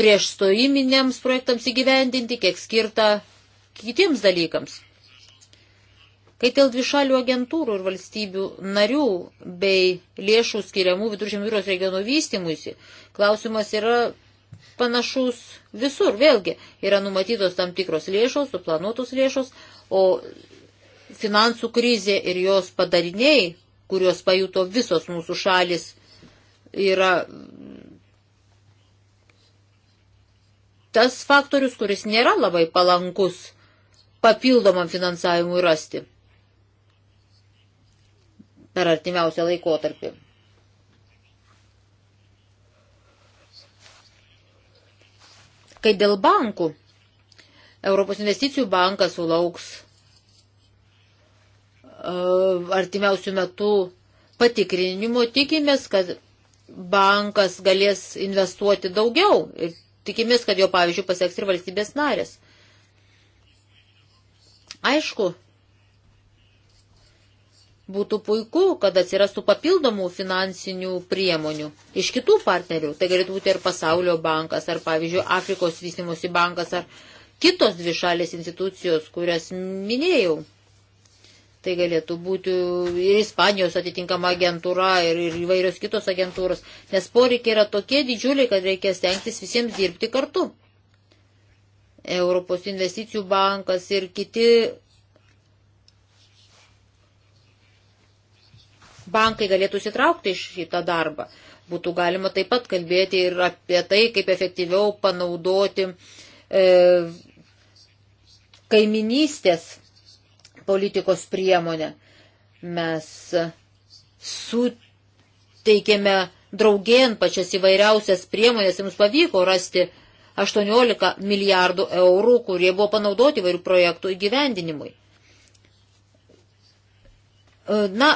prieš stojiminiams projektams įgyvendinti, kiek skirta kitiems dalykams. Kai dėl dvišalių agentūrų ir valstybių narių bei lėšų skiriamų viduržėmio jūros regiono vystimuisi, klausimas yra panašus visur. Vėlgi yra numatytos tam tikros lėšos, suplanuotos lėšos, o finansų krizė ir jos padariniai, kuriuos pajuto visos mūsų šalis, yra tas faktorius, kuris nėra labai palankus papildomam finansavimui rasti per artimiausią laikotarpį. Kai dėl bankų, Europos investicijų bankas sulauks uh, artimiausių metų patikrinimo, tikimės, kad bankas galės investuoti daugiau ir tikimės, kad jo pavyzdžių pasieks ir valstybės narės. Aišku, Būtų puiku, kad atsirastų papildomų finansinių priemonių iš kitų partnerių. Tai galėtų būti ar Pasaulio bankas, ar pavyzdžiui Afrikos vystimosi bankas, ar kitos dvišalės institucijos, kurias minėjau. Tai galėtų būti ir Ispanijos atitinkama agentūra, ir, ir įvairios kitos agentūros, nes poreikiai yra tokie didžiuliai, kad reikia stengtis visiems dirbti kartu. Europos investicijų bankas ir kiti bankai galėtų įsitraukti iš šitą darbą. Būtų galima taip pat kalbėti ir apie tai, kaip efektyviau panaudoti e, kaiminystės politikos priemonę. Mes suteikėme draugien pačias įvairiausias priemonės, jums pavyko rasti 18 milijardų eurų, kurie buvo panaudoti įvairių projektų įgyvendinimui. E, na,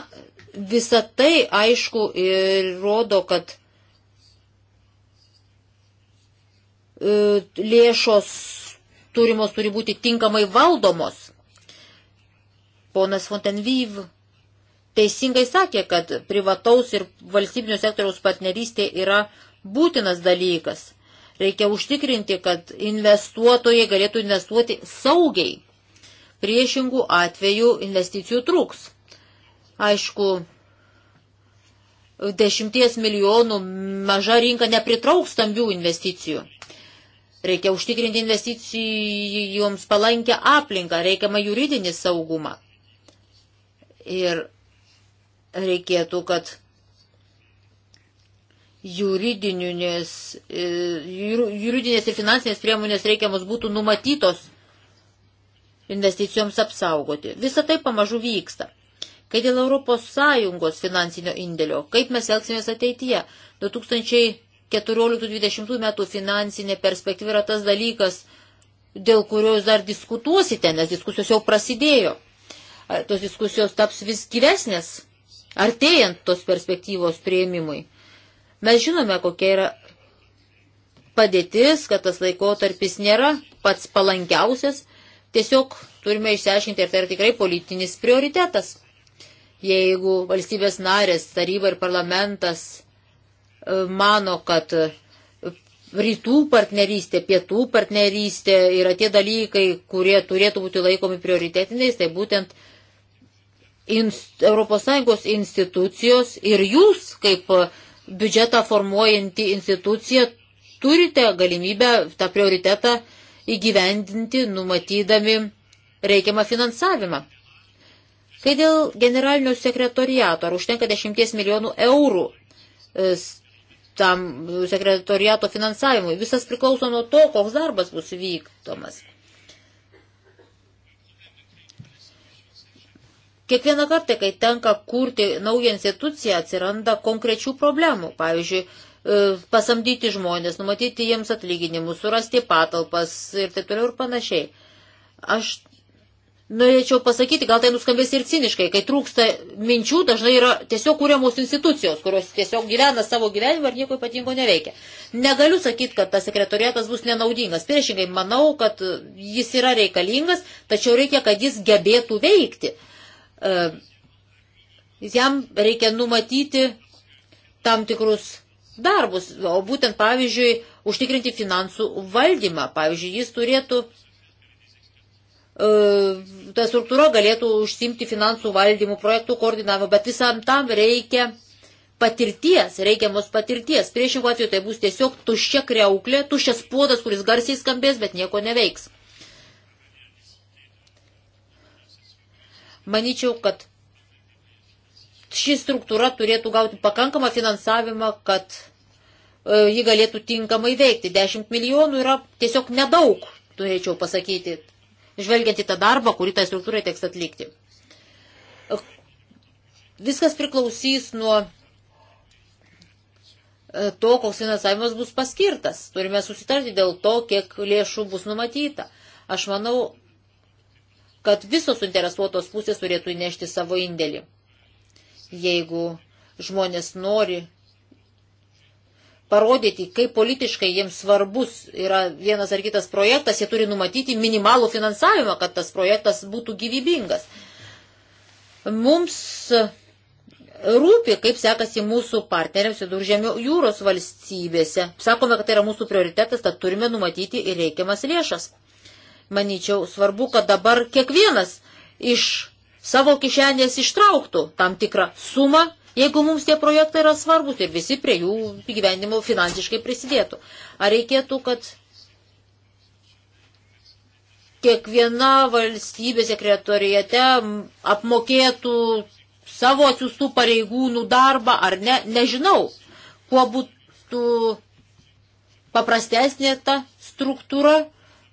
Visa tai, aišku, ir rodo, kad e, lėšos turimos turi būti tinkamai valdomos. Ponas Fontenvyv teisingai sakė, kad privataus ir valstybinio sektoriaus partnerystė yra būtinas dalykas. Reikia užtikrinti, kad investuotojai galėtų investuoti saugiai. Priešingų atvejų investicijų trūks. Aišku, dešimties milijonų maža rinka nepritrauks stambių investicijų. Reikia užtikrinti investicijoms palankę aplinką, reikiamą juridinį saugumą. Ir reikėtų, kad juridinės, e, juridinės ir finansinės priemonės reikiamos būtų numatytos investicijoms apsaugoti. Visą tai pamažu vyksta. Kai dėl ES finansinio indėlio, kaip mes elgsimės ateityje? 2014-2020 metų finansinė perspektyva yra tas dalykas, dėl kurio jūs dar diskutuosite, nes diskusijos jau prasidėjo. Tos diskusijos taps vis gyvesnės, artėjant tos perspektyvos prieimimui. Mes žinome, kokia yra padėtis, kad tas laikotarpis nėra pats palankiausias, tiesiog turime išsiaiškinti, ar tai yra tikrai politinis prioritetas jeigu valstybės narės, taryba ir parlamentas e, mano, kad e, rytų partnerystė, pietų partnerystė yra tie dalykai, kurie turėtų būti laikomi prioritetiniais, tai būtent inst, ES institucijos ir jūs kaip e, biudžetą formuojanti institucija turite galimybę tą prioritetą įgyvendinti, numatydami reikiamą finansavimą. Kai dėl generalinio sekretoriato, ar užtenka 10 milijonų eurų e, tam sekretoriato finansavimui, visas priklauso nuo to, koks darbas bus vykdomas. Kiekvieną kartą, kai tenka kurti naują instituciją, atsiranda konkrečių problemų. Pavyzdžiui, e, pasamdyti žmonės, numatyti jiems atlyginimus, surasti patalpas ir taip toliau ir panašiai. Aš norėčiau pasakyti, gal tai nuskambės ir ciniškai, kai trūksta minčių, dažnai yra tiesiog kūriamos institucijos, kurios tiesiog gyvena savo gyvenimą ir nieko ypatingo neveikia. Negaliu sakyti, kad tas sekretoriatas bus nenaudingas. Priešingai, manau, kad jis yra reikalingas, tačiau reikia, kad jis gebėtų veikti. E, jam reikia numatyti tam tikrus darbus, o būtent, pavyzdžiui, užtikrinti finansų valdymą. Pavyzdžiui, jis turėtų E, ta struktūra galėtų užsimti finansų valdymų, projektų koordinavimą, bet visam tam reikia patirties, reikiamos patirties. Priešingų atveju tai bus tiesiog tuščia kreuklė, tuščias puodas, kuris garsiai skambės, bet nieko neveiks. Maničiau, kad ši struktūra turėtų gauti pakankamą finansavimą, kad e, ji galėtų tinkamai veikti. 10 milijonų yra tiesiog nedaug, turėčiau pasakyti žvelgiant į tą darbą, kurį tai struktūrai teks atlikti. Viskas priklausys nuo e, to, koks finansavimas bus paskirtas. Turime susitarti dėl to, kiek lėšų bus numatyta. Aš manau, kad visos suinteresuotos pusės turėtų įnešti savo indėlį. Jeigu žmonės nori parodyti, kaip politiškai jiems svarbus yra vienas ar kitas projektas, jie turi numatyti minimalų finansavimą, kad tas projektas būtų gyvybingas. Mums rūpi, kaip sekasi mūsų partneriams viduržėmio jūros valstybėse. Sakome, kad tai yra mūsų prioritetas, tad turime numatyti ir reikiamas lėšas. Manyčiau, svarbu, kad dabar kiekvienas iš savo kišenės ištrauktų tam tikrą sumą Jeigu mums tie projektai yra svarbus ir tai visi prie jų gyvenimo finansiškai prisidėtų, ar reikėtų, kad kiekviena valstybė sekretorijate apmokėtų savo atsiųstų pareigūnų darbą ar ne, nežinau, kuo būtų paprastesnė ta struktūra,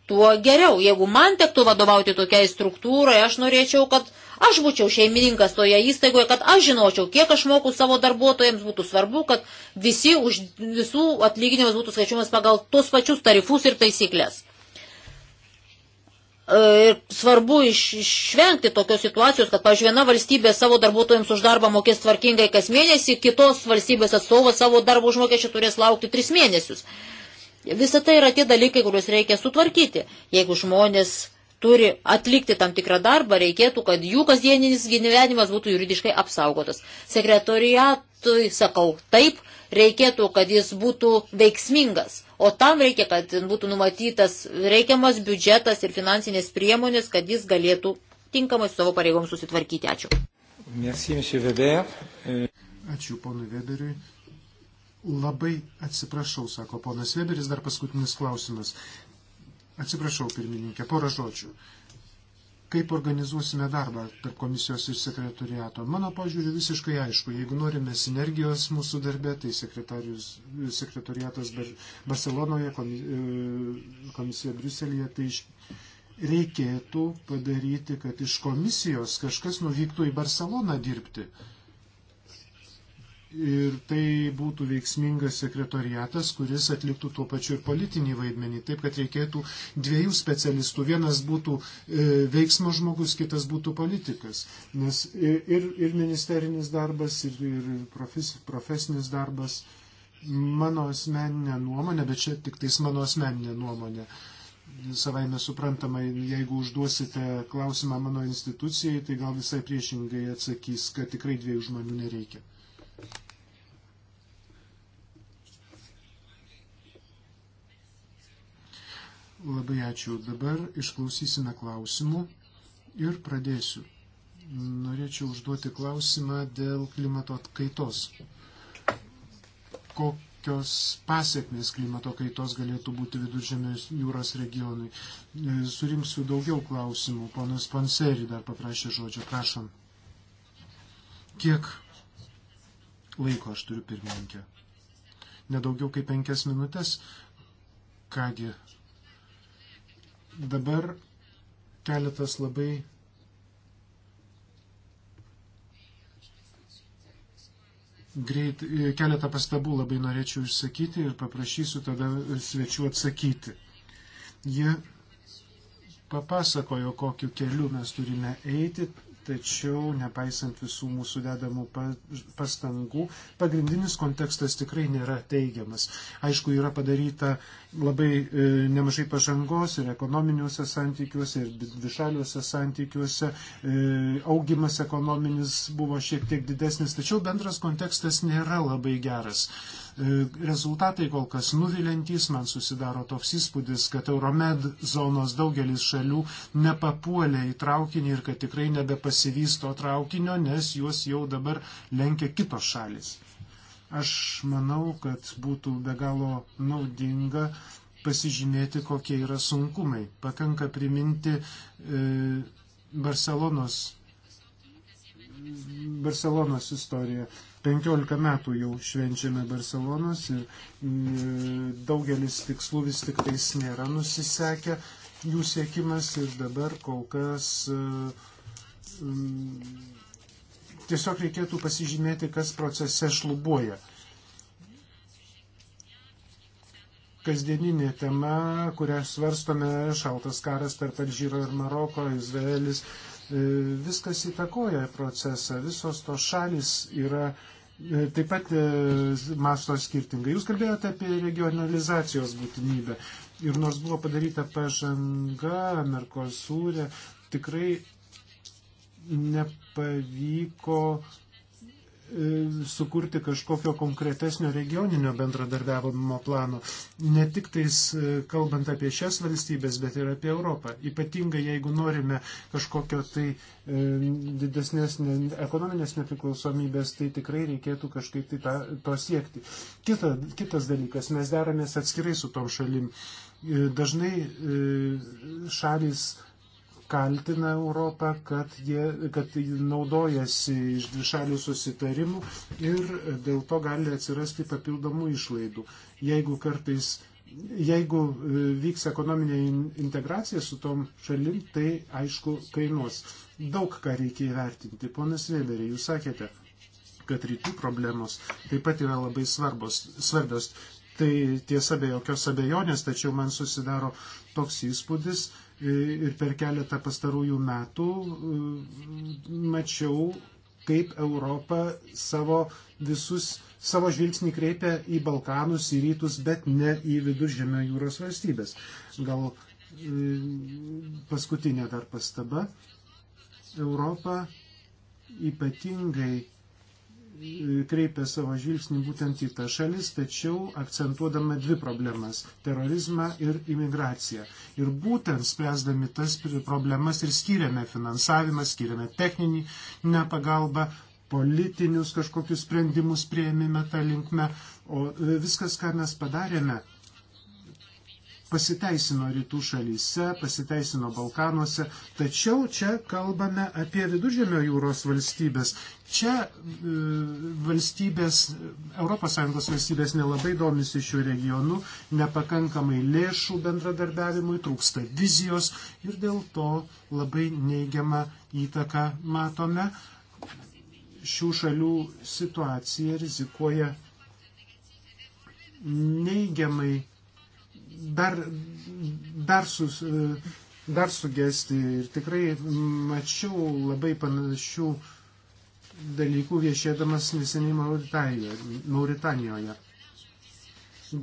tuo geriau. Jeigu man tektų vadovauti tokiai struktūrai, aš norėčiau, kad Aš būčiau šeimininkas toje įstaigoje, kad aš žinočiau, kiek aš moku savo darbuotojams, būtų svarbu, kad visi už visų atlyginimas būtų skaičiuomas pagal tos pačius tarifus ir taisyklės. E, ir svarbu išvengti tokios situacijos, kad, pavyzdžiui, viena valstybė savo darbuotojams už darbą mokės tvarkingai kas mėnesį, kitos valstybės atstovas savo darbo užmokesčio turės laukti tris mėnesius. Visą tai yra tie dalykai, kuriuos reikia sutvarkyti. Jeigu žmonės turi atlikti tam tikrą darbą, reikėtų, kad jų kasdieninis gyvenimas būtų juridiškai apsaugotas. Sekretoriatui sakau taip, reikėtų, kad jis būtų veiksmingas, o tam reikia, kad būtų numatytas reikiamas biudžetas ir finansinės priemonės, kad jis galėtų tinkamai su savo pareigom susitvarkyti. Ačiū. Merci, euh, Ačiū ponui Vederiui. Labai atsiprašau, sako ponas Weberis, dar paskutinis klausimas. Atsiprašau, pirmininkė, porą žodžių. Kaip organizuosime darbą tarp komisijos ir sekretoriato? Mano požiūriu visiškai aišku, jeigu norime sinergijos mūsų darbe, tai sekretoriatas Bar Barcelonoje, e, komisija Briuselėje, tai iš reikėtų padaryti, kad iš komisijos kažkas nuvyktų į Barceloną dirbti ir tai būtų veiksmingas sekretoriatas, kuris atliktų tuo pačiu ir politinį vaidmenį. Taip, kad reikėtų dviejų specialistų. Vienas būtų e, veiksmo žmogus, kitas būtų politikas. Nes ir, ir ministerinis darbas, ir, ir profes, profesinis darbas, mano asmeninė nuomonė, bet čia tik tais mano asmeninė nuomonė. Savai mes suprantama, jeigu užduosite klausimą mano institucijai, tai gal visai priešingai atsakys, kad tikrai dviejų žmonių nereikia. Labai ačiū. Dabar išklausysime klausimų ir pradėsiu. Norėčiau užduoti klausimą dėl klimato kaitos. Kokios pasiekmes klimato kaitos galėtų būti viduržėmės jūros regionui? E, surinksiu daugiau klausimų. Ponas Panseri dar paprašė žodžio. Prašom. Kiek Laiko aš turiu pirmininkę. Nedaugiau kaip penkias minutės. Kągi, dabar keletas labai greit, keletą pastabų labai norėčiau išsakyti ir paprašysiu tada svečių atsakyti. Jie papasakojo, kokiu keliu mes turime eiti, Tačiau, nepaisant visų mūsų dedamų pastangų, pagrindinis kontekstas tikrai nėra teigiamas. Aišku, yra padaryta labai e, nemažai pažangos ir ekonominiuose santykiuose, ir dvišaliuose santykiuose. E, augimas ekonominis buvo šiek tiek didesnis, tačiau bendras kontekstas nėra labai geras. E, rezultatai kol kas nuvilintys, man susidaro toks įspūdis, kad Euromed zonos daugelis šalių nepapuolė į traukinį ir kad tikrai nebepasivysto traukinio, nes juos jau dabar lenkia kitos šalis. Aš manau, kad būtų be galo naudinga pasižymėti, kokie yra sunkumai. Pakanka priminti e, Barcelonos Barcelonos istoriją. 15 metų jau švenčiame Barcelonos ir mm, daugelis tikslų vis tik tais nėra nusisekę jų siekimas ir dabar kol kas e, mm, tiesiog reikėtų pasižymėti, kas procese šlubuoja. Kasdieninė tema, kurią svarstome, šaltas karas tarp Alžyro ir Maroko, Izraelis, E, viskas įtakoja procesą, visos tos šalis yra e, taip pat e, masto skirtingai. Jūs kalbėjote apie regionalizacijos būtinybę. Ir nors buvo padaryta pažanga Merkosūrė, tikrai nepavyko E, sukurti kažkokio konkretesnio regioninio bendradarbiavimo plano, ne tik tais e, kalbant apie šias valstybės, bet ir apie Europą. Ypatingai jeigu norime kažkokio tai e, didesnės ekonominės nepriklausomybės, tai tikrai reikėtų kažkaip tai tą, to siekti. Kita, kitas dalykas, mes deramės atskirai su tom šalim. Dažnai šalis kaltina Europą, kad, jie, kad naudojasi iš dvišalių susitarimų ir dėl to gali atsirasti papildomų išlaidų. Jeigu kartais, jeigu e, vyks ekonominė integracija su tom šalim, tai aišku kainuos. Daug ką reikia įvertinti. Ponas Vėberė, jūs sakėte, kad rytų problemos taip pat yra labai svarbos, svarbios. Tai tiesa be jokios abejonės, tačiau man susidaro toks įspūdis e, ir per keletą pastarųjų metų e, mačiau, kaip Europa savo visus, savo žvilgsnį kreipia į Balkanus, į rytus, bet ne į viduržėmio jūros valstybės. Gal e, paskutinė dar pastaba. Europa ypatingai kreipia savo žvilgsnį būtent į tą šalis, tačiau akcentuodama dvi problemas - terorizmą ir imigraciją. Ir būtent spręsdami tas problemas ir skiriame finansavimą, skiriame techninį pagalbą, politinius kažkokius sprendimus prieimime tą linkmę, o viskas, ką mes padarėme, pasiteisino rytų šalyse, pasiteisino Balkanuose, tačiau čia kalbame apie viduržėmio jūros valstybės. Čia e, valstybės, ES valstybės nelabai domisi šių regionų, nepakankamai lėšų bendradarbiavimui, trūksta vizijos ir dėl to labai neigiamą įtaką matome. Šių šalių situacija rizikuoja neigiamai dar, dar, sus, dar sugesti ir tikrai mačiau labai panašių dalykų viešėdamas neseniai Mauritanijoje.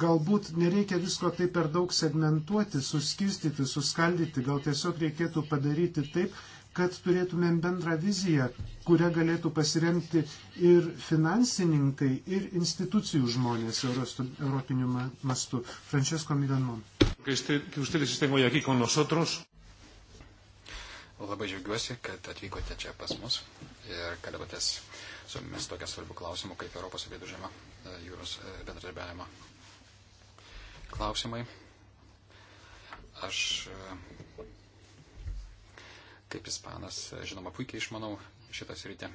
Galbūt nereikia visko taip per daug segmentuoti, suskirstyti, suskaldyti, gal tiesiog reikėtų padaryti taip, kad turėtumėm bendrą viziją, kurią galėtų pasiremti ir finansininkai, ir institucijų žmonės europiniu mastu. Francesco Miganon. Labai džiaugiuosi, kad atvykote čia pas mus ir kalbatės su mumis tokia svarbu klausimu, kaip Europos viduržėma e, jūros e, bendradarbiavimo klausimai. Aš e, Kaip ispanas, žinoma, puikiai išmanau šitą sritį.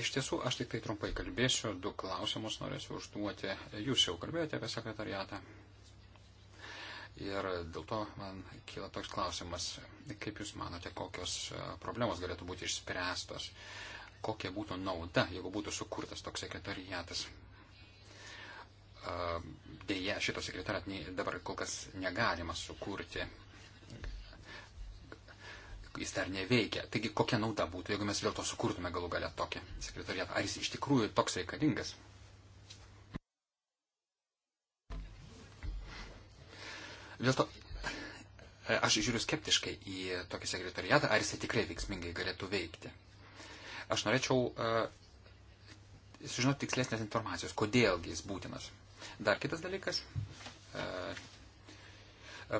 Iš tiesų, aš tik tai trumpai kalbėsiu, du klausimus norėsiu užduoti. Jūs jau kalbėjote apie sekretariatą. Ir dėl to man kyla toks klausimas, kaip Jūs manote, kokios e, problemos galėtų būti išspręstos, kokia būtų nauda, jeigu būtų sukurtas toks sekretariatas. E, Deja, šito sekretariat dabar kol kas negalima sukurti jis dar neveikia. Taigi kokia nauda būtų, jeigu mes vėl to sukurtume galų galę tokį sekretariatą? Ar jis iš tikrųjų toks reikalingas? Dėl to e, aš žiūriu skeptiškai į tokį sekretariatą, ar jisai tikrai veiksmingai galėtų veikti. Aš norėčiau uh, sužinoti tikslesnės informacijos, kodėlgi jis būtinas. Dar kitas dalykas. Uh,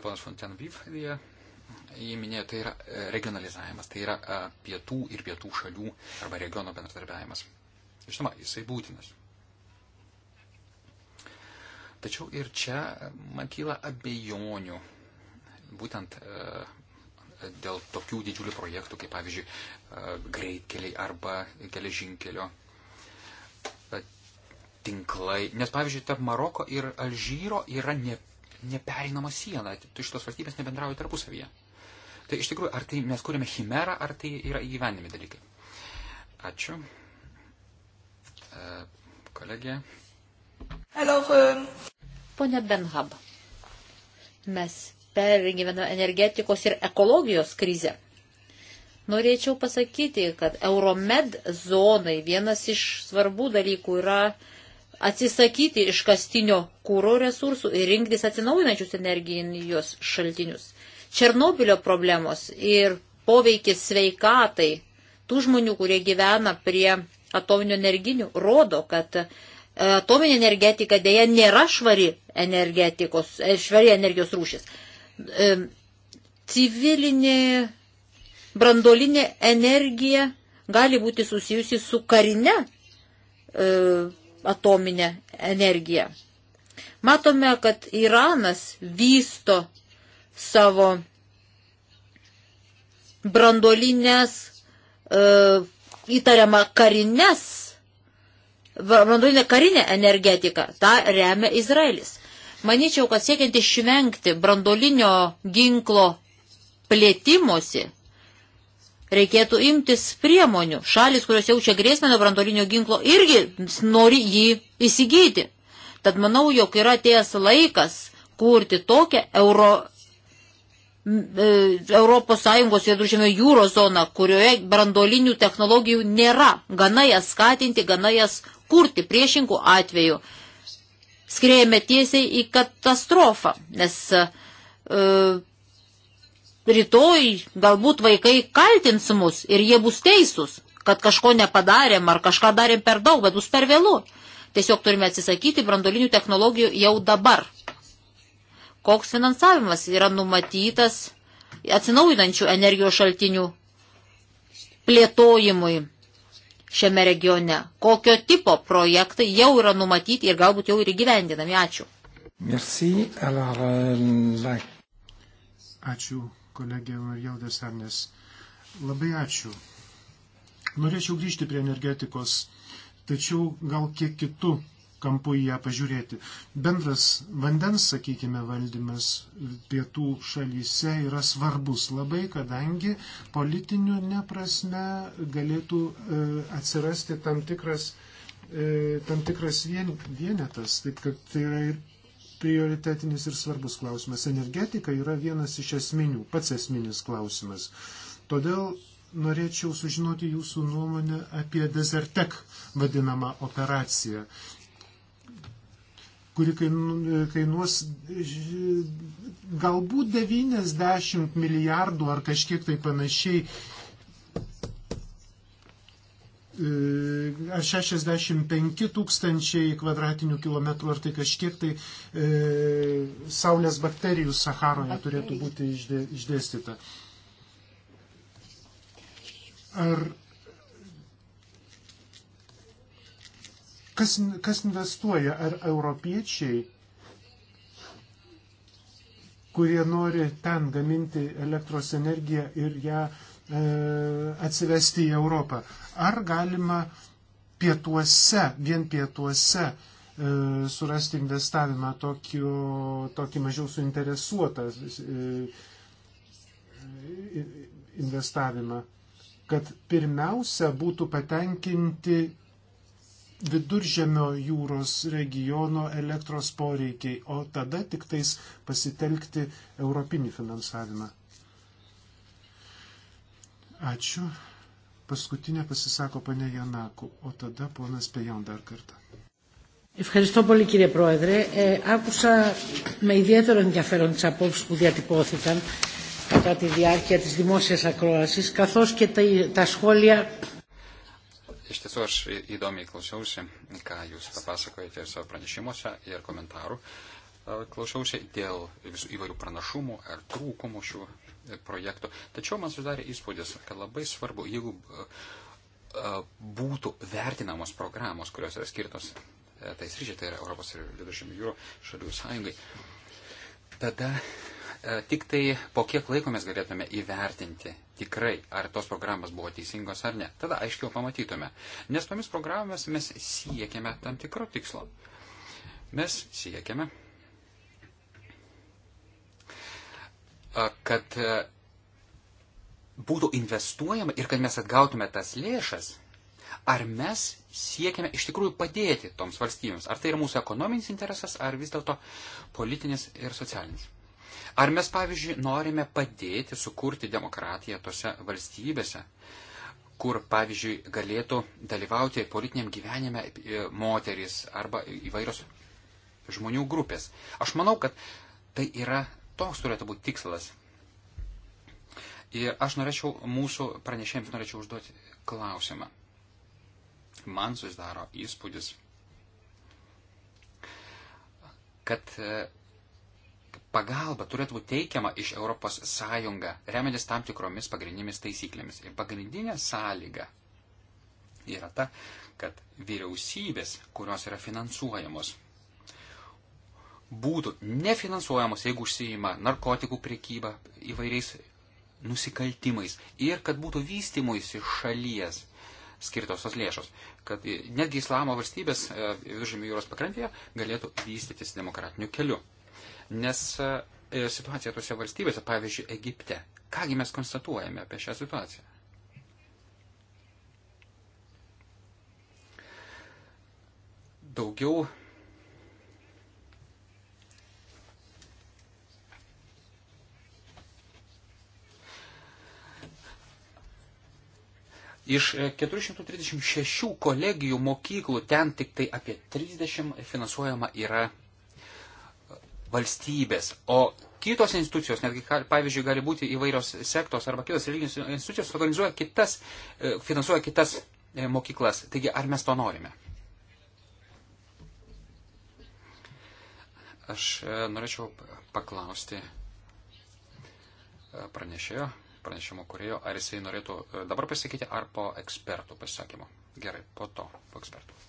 Ponas Fontenvyvėje jį minėjo, tai yra e, regionalizavimas, tai yra e, pietų ir pietų šalių arba regiono bendradarbiavimas. Žinoma, jisai būtinas. Tačiau ir čia e, man kyla abejonių, būtent dėl tokių didžiulių projektų, kaip pavyzdžiui, greitkeliai arba geležinkelio tinklai. Nes, pavyzdžiui, tarp Maroko ir Alžyro yra ne, neperinama siena. Tai šitos valstybės nebendrauja tarpusavyje. Tai iš tikrųjų, ar tai mes kūrėme chimerą, ar tai yra įgyvendami dalykai. Ačiū. E, kolegė. Alors, euh... Um. Pone Benhab, mes pergyvename energetikos ir ekologijos krizę. Norėčiau pasakyti, kad Euromed zonai vienas iš svarbų dalykų yra atsisakyti iškastinio kūro resursų ir rinktis atsinaujinančius energijos šaltinius. Černobilio problemos ir poveikis sveikatai tų žmonių, kurie gyvena prie atominių energinių, rodo, kad e, atominė energetika dėja nėra švari, energetikos, e, švari energijos rūšis. E, civilinė brandolinė energija gali būti susijusi su karine atominė energija. Matome, kad Iranas vysto savo brandolinės e, įtariamą karines, brandolinę karinę energetiką. Ta remia Izraelis. Maničiau, kad siekiant išvengti brandolinio ginklo plėtimosi, reikėtų imtis priemonių. Šalis, kurios jaučia grėsmę nuo brandolinio ginklo, irgi nori jį įsigyti. Tad manau, jog yra ties laikas kurti tokią euro Mm, ES viduržėmio jūros zoną, kurioje brandolinių technologijų nėra. Gana jas skatinti, gana jas kurti priešingų atveju. Skriejame tiesiai į katastrofą, nes e, rytoj galbūt vaikai kaltins mus ir jie bus teisūs, kad kažko nepadarėm ar kažką darėm per daug, bet bus per vėlu. Tiesiog turime atsisakyti brandolinių technologijų jau dabar koks finansavimas yra numatytas atsinaujinančių energijos šaltinių plėtojimui šiame regione. Kokio tipo projektai jau yra numatyti ir galbūt jau ir įgyvendinami. Ačiū. Merci. Alors, euh, la... Ačiū, kolegė Marijaldės Arnės. Labai ačiū. Norėčiau grįžti prie energetikos, tačiau gal kiek kitų kampu į ją pažiūrėti. Bendras vandens, sakykime, valdymas pietų šalyse yra svarbus labai, kadangi politiniu neprasme galėtų e, atsirasti tam tikras, e, tam tikras vien, vienetas. Taip, kad tai yra ir prioritetinis ir svarbus klausimas. Energetika yra vienas iš esminių, pats esminis klausimas. Todėl norėčiau sužinoti jūsų nuomonę apie Desertec vadinamą operaciją kuri kainuos galbūt 90 milijardų ar kažkiek tai panašiai, e, ar 65 tūkstančiai kvadratinių kilometrų, ar tai kažkiek tai e, saulės bakterijų Saharoje turėtų būti išdėstyta. Ar Kas, kas investuoja? Ar europiečiai, kurie nori ten gaminti elektros energiją ir ją e, atsivesti į Europą? Ar galima pietuose, vien pietuose e, surasti investavimą tokio, tokį mažiau suinteresuotą e, investavimą? kad pirmiausia būtų patenkinti viduržemio jūros regiono elektros poreikiai, o tada tik tais pasitelkti europinį finansavimą. Ačiū. Paskutinė pasisako pane Janaku, o tada ponas Pejon dar kartą. Ευχαριστώ πολύ κύριε Πρόεδρε. Ε, άκουσα με ιδιαίτερο ενδιαφέρον τις απόψεις που διατυπώθηκαν κατά τη διάρκεια της δημόσιας ακρόασης καθώς και τα, τα σχόλια Iš tiesų aš įdomiai klausiausi, ką jūs papasakojate ir savo pranešimuose, ir komentarų. E, klausiausi dėl visų įvairių pranašumų ar trūkumų šių e, projektų. Tačiau man sudarė įspūdis, kad labai svarbu, jeigu e, būtų vertinamos programos, kurios yra skirtos tais ryžiai, tai yra Europos ir Viduržėmio jūro šalių sąjungai, tada E, tik tai po kiek laiko mes galėtume įvertinti tikrai, ar tos programos buvo teisingos ar ne. Tada aiškiau pamatytume. Nes tomis programomis mes siekiame tam tikro tikslo. Mes siekiame, e, kad e, būtų investuojama ir kad mes atgautume tas lėšas, ar mes siekiame iš tikrųjų padėti toms valstybėms. Ar tai yra mūsų ekonominis interesas, ar vis dėlto politinis ir socialinis. Ar mes, pavyzdžiui, norime padėti sukurti demokratiją tose valstybėse, kur, pavyzdžiui, galėtų dalyvauti politiniam gyvenime e, moteris arba įvairios žmonių grupės. Aš manau, kad tai yra toks turėtų būti tikslas. Ir aš norėčiau, mūsų pranešėjams norėčiau užduoti klausimą. Man susidaro įspūdis, kad e, pagalba turėtų būti teikiama iš ES, remiantis tam tikromis pagrindinėmis taisyklėmis. Ir pagrindinė sąlyga yra ta, kad vyriausybės, kurios yra finansuojamos, būtų nefinansuojamos, jeigu užsijima narkotikų priekyba įvairiais nusikaltimais ir kad būtų vystimuisi šalies skirtos tos lėšos, kad netgi islamo valstybės e, viduržymio jūros pakrantėje galėtų vystytis demokratiniu keliu. Nes e, situacija tose valstybėse, pavyzdžiui, Egipte, kągi mes konstatuojame apie šią situaciją? Daugiau Iš 436 e, kolegijų mokyklų ten tik tai apie 30 finansuojama yra valstybės, o kitos institucijos, netgi, pavyzdžiui, gali būti įvairios sektos arba kitos religinės institucijos, organizuoja kitas, e, finansuoja kitas e, mokyklas. Taigi, ar mes to norime? Aš e, norėčiau paklausti pranešėjo, pranešimo kurėjo, ar jisai norėtų dabar pasakyti, ar po ekspertų pasisakymo. Gerai, po to, po ekspertų.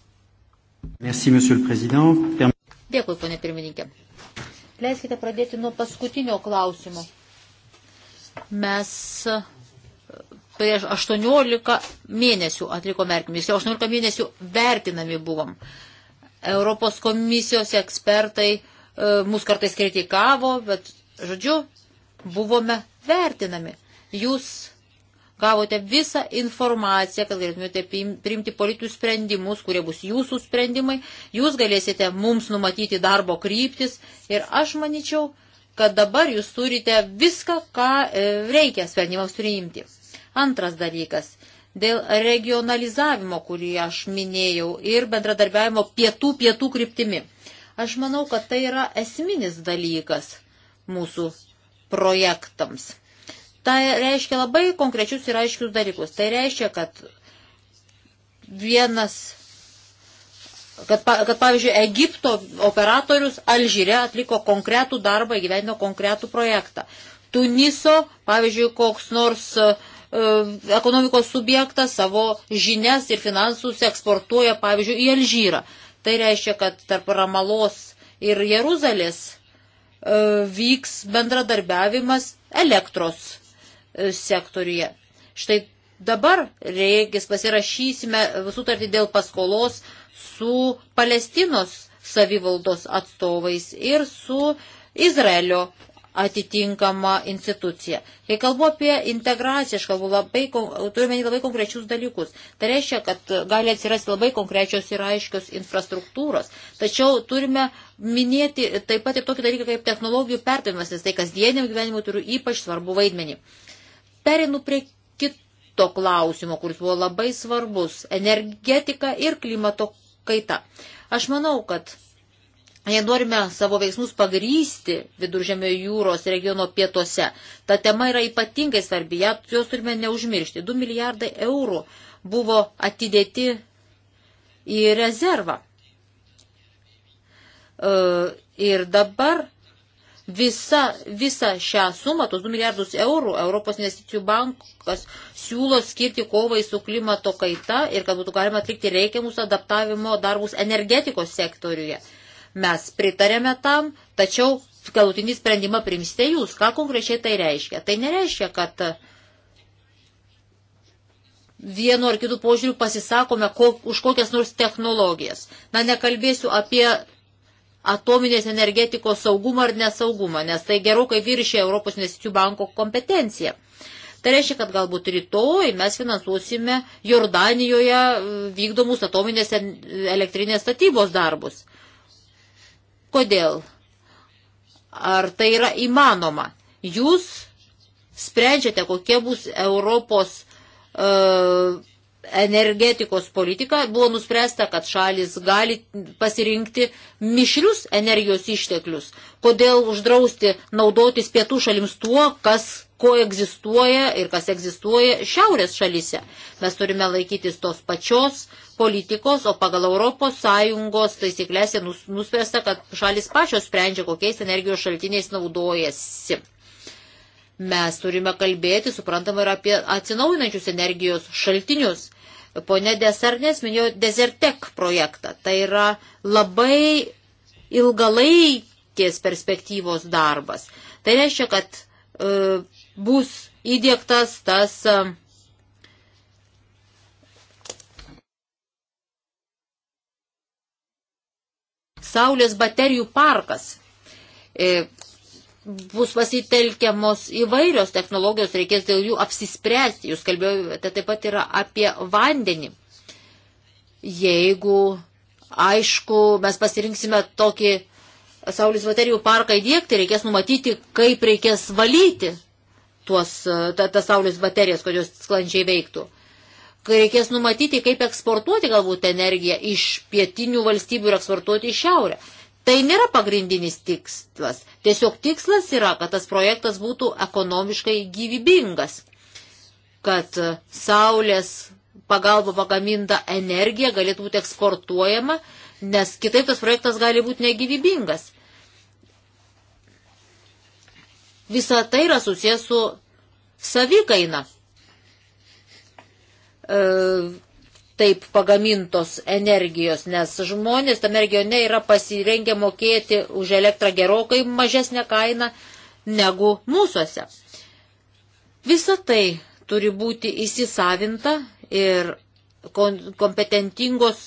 Merci, Dėkui, ponė pirmininkė. Leiskite pradėti nuo paskutinio klausimo. Mes e, prieš 18 mėnesių atliko merkimis, jau 18 mėnesių vertinami buvom. Europos komisijos ekspertai e, mus kartais kritikavo, bet, žodžiu, buvome vertinami. Jūs gavote visą informaciją, kad galėtumėte priimti politinius sprendimus, kurie bus jūsų sprendimai, jūs galėsite mums numatyti darbo kryptis ir aš manyčiau, kad dabar jūs turite viską, ką e, reikia sprendimams priimti. Antras dalykas. Dėl regionalizavimo, kurį aš minėjau, ir bendradarbiavimo pietų-pietų kryptimi. Aš manau, kad tai yra esminis dalykas mūsų projektams. Tai reiškia labai konkrečius ir aiškius dalykus. Tai reiškia, kad vienas, kad, kad pavyzdžiui, Egipto operatorius Alžyre atliko konkretų darbą, įgyvendino konkretų projektą. Tuniso, pavyzdžiui, koks nors uh, ekonomikos subjektas savo žinias ir finansus eksportuoja, pavyzdžiui, į Alžyrą. Tai reiškia, kad tarp Ramalos ir Jeruzalės uh, vyks bendradarbiavimas elektros sektoriuje. Štai dabar reikės pasirašysime sutartį dėl paskolos su Palestinos savivaldos atstovais ir su Izraelio atitinkama institucija. Kai kalbu apie integraciją, aš kalbu labai, turime labai konkrečius dalykus. Tai reiškia, kad gali atsirasti labai konkrečios ir aiškios infrastruktūros. Tačiau turime minėti taip pat ir tokį dalyką kaip technologijų perdavimas, nes tai kasdieniam gyvenimui turi ypač svarbu vaidmenį. Uh, Perinu prie kito klausimo, kuris buvo labai svarbus - energetika ir klimato kaita. Aš manau, kad jei norime savo veiksmus pagrysti viduržėmio jūros regiono pietuose, ta tema yra ypatingai svarbi, ja, jos turime neužmiršti. 2 milijardai eurų buvo atidėti į rezervą. E, ir dabar Visa, visa šią sumą, tos 2 milijardus eurų, Europos investicijų bankas siūlo skirti kovai su klimato kaita ir kad būtų galima atlikti reikiamus adaptavimo darbus energetikos sektoriuje. Mes pritarėme tam, tačiau galutinį sprendimą primsite jūs. Ką konkrečiai tai reiškia? Tai nereiškia, kad vienu ar kitų požiūriu pasisakome ko, už kokias nors technologijas. Na, nekalbėsiu apie atominės energetikos saugumą ar nesaugumą, nes tai gerokai viršė Europos investicijų banko kompetenciją. Tai reiškia, kad galbūt rytoj mes finansuosime Jordanijoje e, vykdomus atominės elektrinės statybos darbus. Kodėl? Ar tai yra įmanoma? Jūs sprendžiate, kokie bus Europos uh, energetikos politiką buvo nuspręsta, kad šalis gali pasirinkti mišrius energijos išteklius. Kodėl uždrausti naudotis pietų šalims tuo, kas ko egzistuoja ir kas egzistuoja šiaurės šalyse. Mes turime laikytis tos pačios politikos, o pagal Europos Sąjungos taisyklėse nuspręsta, kad šalis pačios sprendžia, kokiais energijos šaltiniais naudojasi. Mes turime kalbėti, suprantama, ir apie atsinaujinančius energijos šaltinius. Pone Desarnės minėjo Desertek projektą. Tai yra labai ilgalaikės perspektyvos darbas. Tai reiškia, kad e, bus įdėktas tas. E, Saulės baterijų parkas. E, bus pasitelkiamos įvairios technologijos, reikės dėl jų apsispręsti. Jūs kalbėjote taip pat yra apie vandenį. Jeigu, aišku, mes pasirinksime tokį Saulės baterijų parką įdėkti, reikės numatyti, kaip reikės valyti tuos, ta, ta Saulės baterijas, kad jos sklandžiai veiktų. Kai reikės numatyti, kaip eksportuoti galbūt energiją iš pietinių valstybių ir eksportuoti į šiaurę. Tai nėra pagrindinis tikslas. Tiesiog tikslas yra, kad tas projektas būtų ekonomiškai gyvybingas, kad saulės pagalba pagaminta energija galėtų būti eksportuojama, nes kitaip tas projektas gali būti negyvybingas. Visa tai yra susijęs su savikaina. E, taip pagamintos energijos, nes žmonės tame regione yra pasirengę mokėti už elektrą gerokai mažesnę kainą negu mūsųse. Visa tai turi būti įsisavinta ir kompetentingos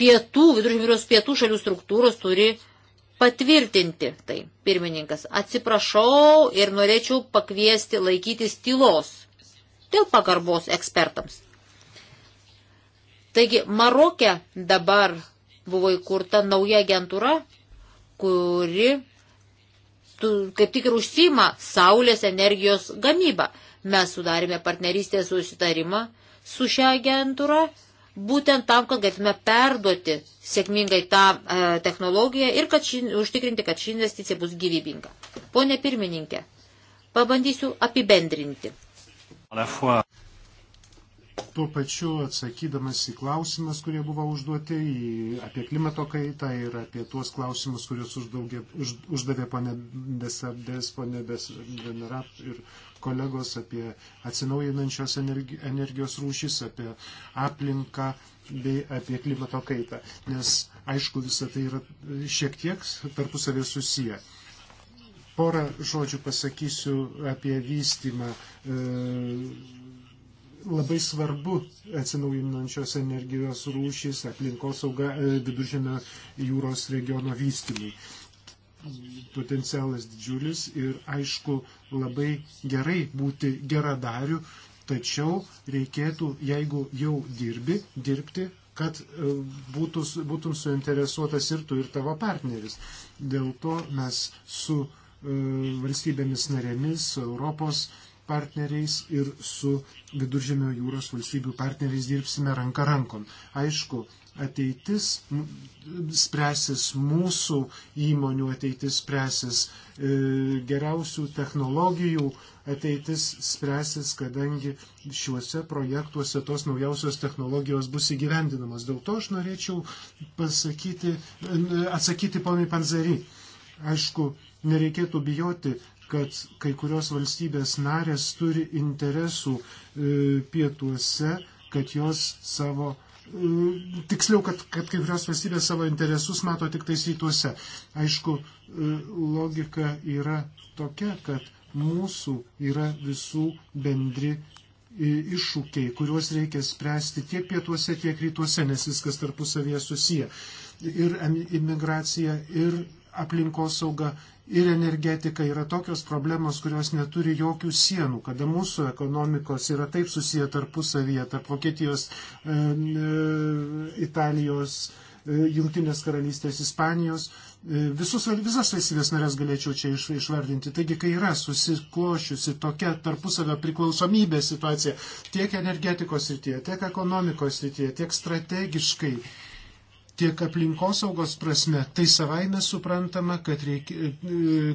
pietų, viduržymirios pietų šalių struktūros turi patvirtinti tai. Pirmininkas, atsiprašau ir norėčiau pakviesti laikytis tylos dėl pagarbos ekspertams. Taigi Marokė dabar buvo įkurta nauja agentūra, kuri tu, kaip tik ir užsima saulės energijos gamybą. Mes sudarėme partnerystės susitarimą su šią agentūrą, būtent tam, kad galėtume perduoti sėkmingai tą e, technologiją ir kad ši, užtikrinti, kad ši investicija bus gyvybinga. Pone pirmininkė, pabandysiu apibendrinti tuo pačiu atsakydamas į klausimas, kurie buvo užduoti į, apie klimato kaitą ir apie tuos klausimus, kuriuos uždaugė, už, uždavė ponė Desardės, ponė Desardenarap ir kolegos apie atsinaujinančios energi, energijos rūšis, apie aplinką bei apie klimato kaitą. Nes, aišku, visa tai yra šiek tiek tarpusavė susiję porą žodžių pasakysiu apie vystimą. E, labai svarbu atsinaujinančios energijos rūšys, aplinkosauga e, viduržėme jūros regiono vystymui. Potencialas didžiulis ir aišku labai gerai būti geradariu, tačiau reikėtų, jeigu jau dirbi, dirbti, kad e, būtų, būtum suinteresuotas ir tu, ir tavo partneris. Dėl to mes su e, valstybėmis narėmis, Europos e, partneriais ir su Viduržėmio jūros valstybių partneriais dirbsime ranka rankon. Aišku, ateitis spręsis mūsų įmonių, ateitis spręsis e, geriausių technologijų, ateitis spręsis, kadangi šiuose projektuose tos naujausios technologijos bus įgyvendinamos. Dėl to aš norėčiau pasakyti, atsakyti ponui Panzerį. Aišku, nereikėtų bijoti kad kai kurios valstybės narės turi interesų e, pietuose, kad jos savo e, tiksliau, kad, kad kai kurios valstybės savo interesus mato tik tais rytuose. Aišku, e, logika yra tokia, kad mūsų yra visų bendri iššūkiai, kuriuos reikia spręsti tiek pietuose, tiek rytuose, nes viskas tarpusavėje susiję. Ir imigracija, ir aplinkosauga, ir energetika yra tokios problemos, kurios neturi jokių sienų, kada mūsų ekonomikos yra taip susiję tarpusavyje, tarp Vokietijos, e, e Italijos, e, Junktinės karalystės, Ispanijos. E, visus, visas valstybės narės galėčiau čia iš, išvardinti. Taigi, kai yra susiklošiusi tokia tarpusavio priklausomybė situacija tiek energetikos srityje, tiek ekonomikos srityje, tiek strategiškai, e, tiek aplinkosaugos prasme, tai savaime suprantama, kad, reikia,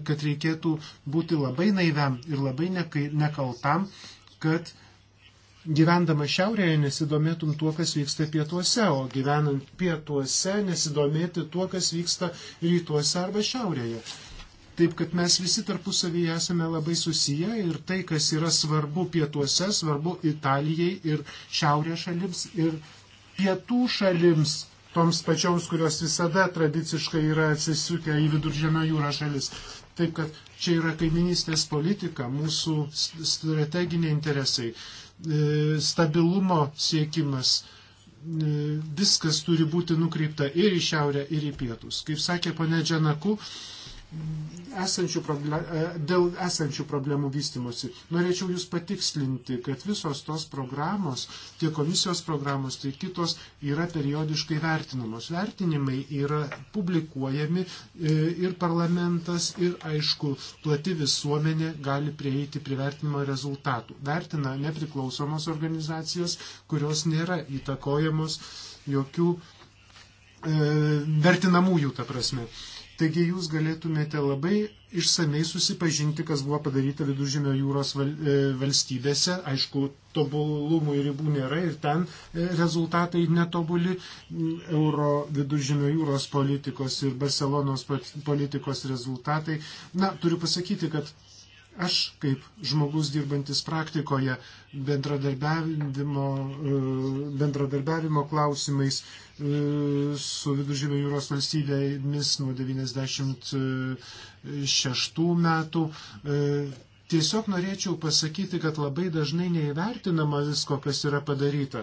kad reikėtų būti labai naiviam ir labai nekaltam, kad gyvendama šiaurėje nesidomėtum tuo, kas vyksta pietuose, o gyvenant pietuose nesidomėti tuo, kas vyksta rytuose arba šiaurėje. Taip, kad mes visi tarpusavyje esame labai susiję ir tai, kas yra svarbu pietuose, svarbu Italijai ir šiaurės šalims ir pietų šalims toms pačioms, kurios visada tradiciškai yra atsisukę į viduržėmio jūrą šalis. Taip kad čia yra kaiminystės politika, mūsų strateginiai interesai, e, stabilumo siekimas, e, viskas turi būti nukreipta ir į šiaurę, ir į pietus. Kaip sakė ponė Džanaku, esančių problemų, e, dėl esančių problemų vystimosi. Norėčiau Jūs patikslinti, kad visos tos programos, tiek komisijos programos, tiek kitos yra periodiškai vertinamos. Vertinimai yra publikuojami e, ir parlamentas, ir aišku, plati visuomenė gali prieiti prie vertinimo rezultatų. Vertina nepriklausomos organizacijos, kurios nėra įtakojamos jokių e, vertinamųjų, ta prasme. E, Taigi jūs galėtumėte labai išsamei susipažinti, kas buvo padaryta Vidužėmio jūros val, e, valstybėse. Aišku, tobulumų ribų nėra ir ten e, rezultatai netobuli. Euro Vidužėmio jūros politikos ir Barcelonos politikos rezultatai. Na, turiu pasakyti, kad Aš kaip žmogus dirbantis praktikoje bendradarbiavimo, e, bendradarbiavimo klausimais e, su Viduržėmio jūros valstybėmis nuo 96 metų. E, tiesiog norėčiau pasakyti, kad labai dažnai neįvertinama visko, kas yra padaryta.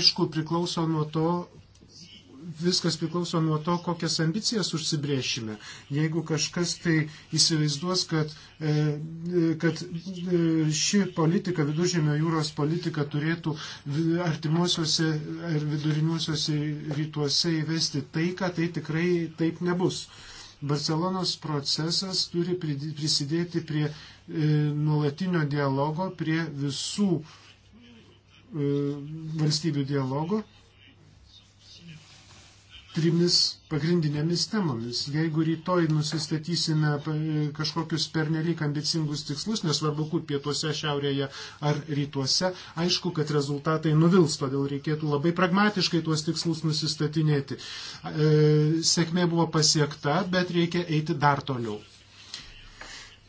Aišku, priklauso nuo to, viskas priklauso nuo to, kokias ambicijas užsibriešime. Jeigu kažkas tai įsivaizduos, kad, e, e, kad e, ši politika, viduržėmio jūros politika turėtų artimuosiuose ir viduriniuosiuose rytuose įvesti taiką, tai tikrai taip nebus. Barcelonos procesas turi prisidėti prie e, nuolatinio dialogo, prie visų e, valstybių dialogo trimis pagrindinėmis temomis. Jeigu rytoj nusistatysime e, kažkokius pernelyg ambicingus tikslus, nesvarbu kur pietuose, šiaurėje ar rytuose, aišku, kad rezultatai nuvils, todėl reikėtų labai pragmatiškai tuos tikslus nusistatinėti. E, sėkmė buvo pasiekta, bet reikia eiti dar toliau.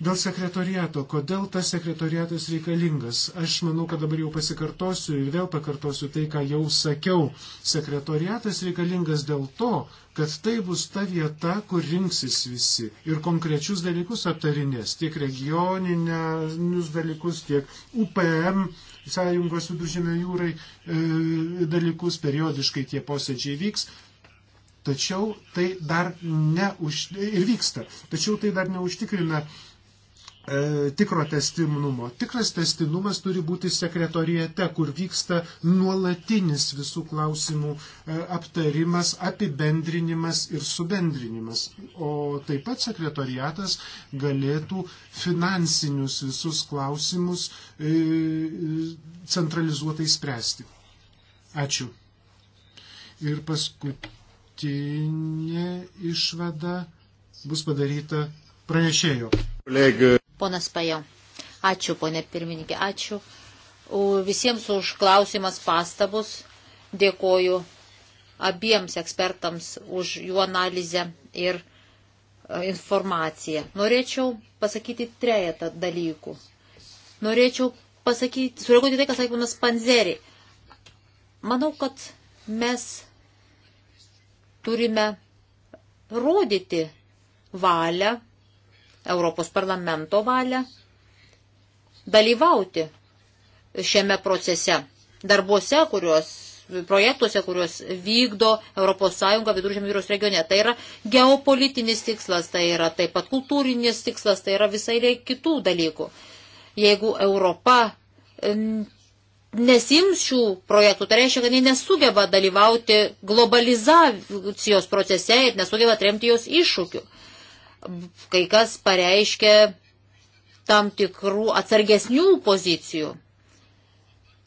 Dėl sekretoriato, kodėl tas sekretoriatas reikalingas? Aš manau, kad dabar jau pasikartosiu ir vėl pakartosiu tai, ką jau sakiau. Sekretoriatas reikalingas dėl to, kad tai bus ta vieta, kur rinksis visi ir konkrečius dalykus aptarinės, tiek regioninius dalykus, tiek UPM sąjungos viduržėmio jūrai e, dalykus, periodiškai tie posėdžiai vyks, tačiau tai dar neuž... ir vyksta, tačiau tai dar neužtikrina e, tikro testinumo. Tikras testinumas turi būti sekretorijete, kur vyksta nuolatinis visų klausimų e, aptarimas, apibendrinimas ir subendrinimas. O taip pat sekretorijatas galėtų finansinius visus klausimus e, centralizuotai spręsti. Ačiū. Ir paskutinė išvada bus padaryta pranešėjo. Kolegė. Ponas Pajau. Ačiū, ponė pirmininkė. Ačiū visiems už klausimas pastabus. Dėkoju abiems ekspertams už jų analizę ir e, informaciją. Norėčiau pasakyti trejetą dalykų. Norėčiau pasakyti, sureaguoti tai, ką sakė ponas Panzerį. Manau, kad mes turime rodyti valią Europos parlamento valią dalyvauti šiame procese, darbuose, kuriuos, projektuose, kuriuos vykdo ES viduržėmio jūros regione. Tai yra geopolitinis tikslas, tai yra taip pat kultūrinis tikslas, tai yra visai kitų dalykų. Jeigu Europa nesims šių projektų, tai reiškia, kad jie nesugeba dalyvauti globalizacijos procese ir nesugeba atremti jos iššūkių kai kas pareiškia tam tikrų atsargesnių pozicijų.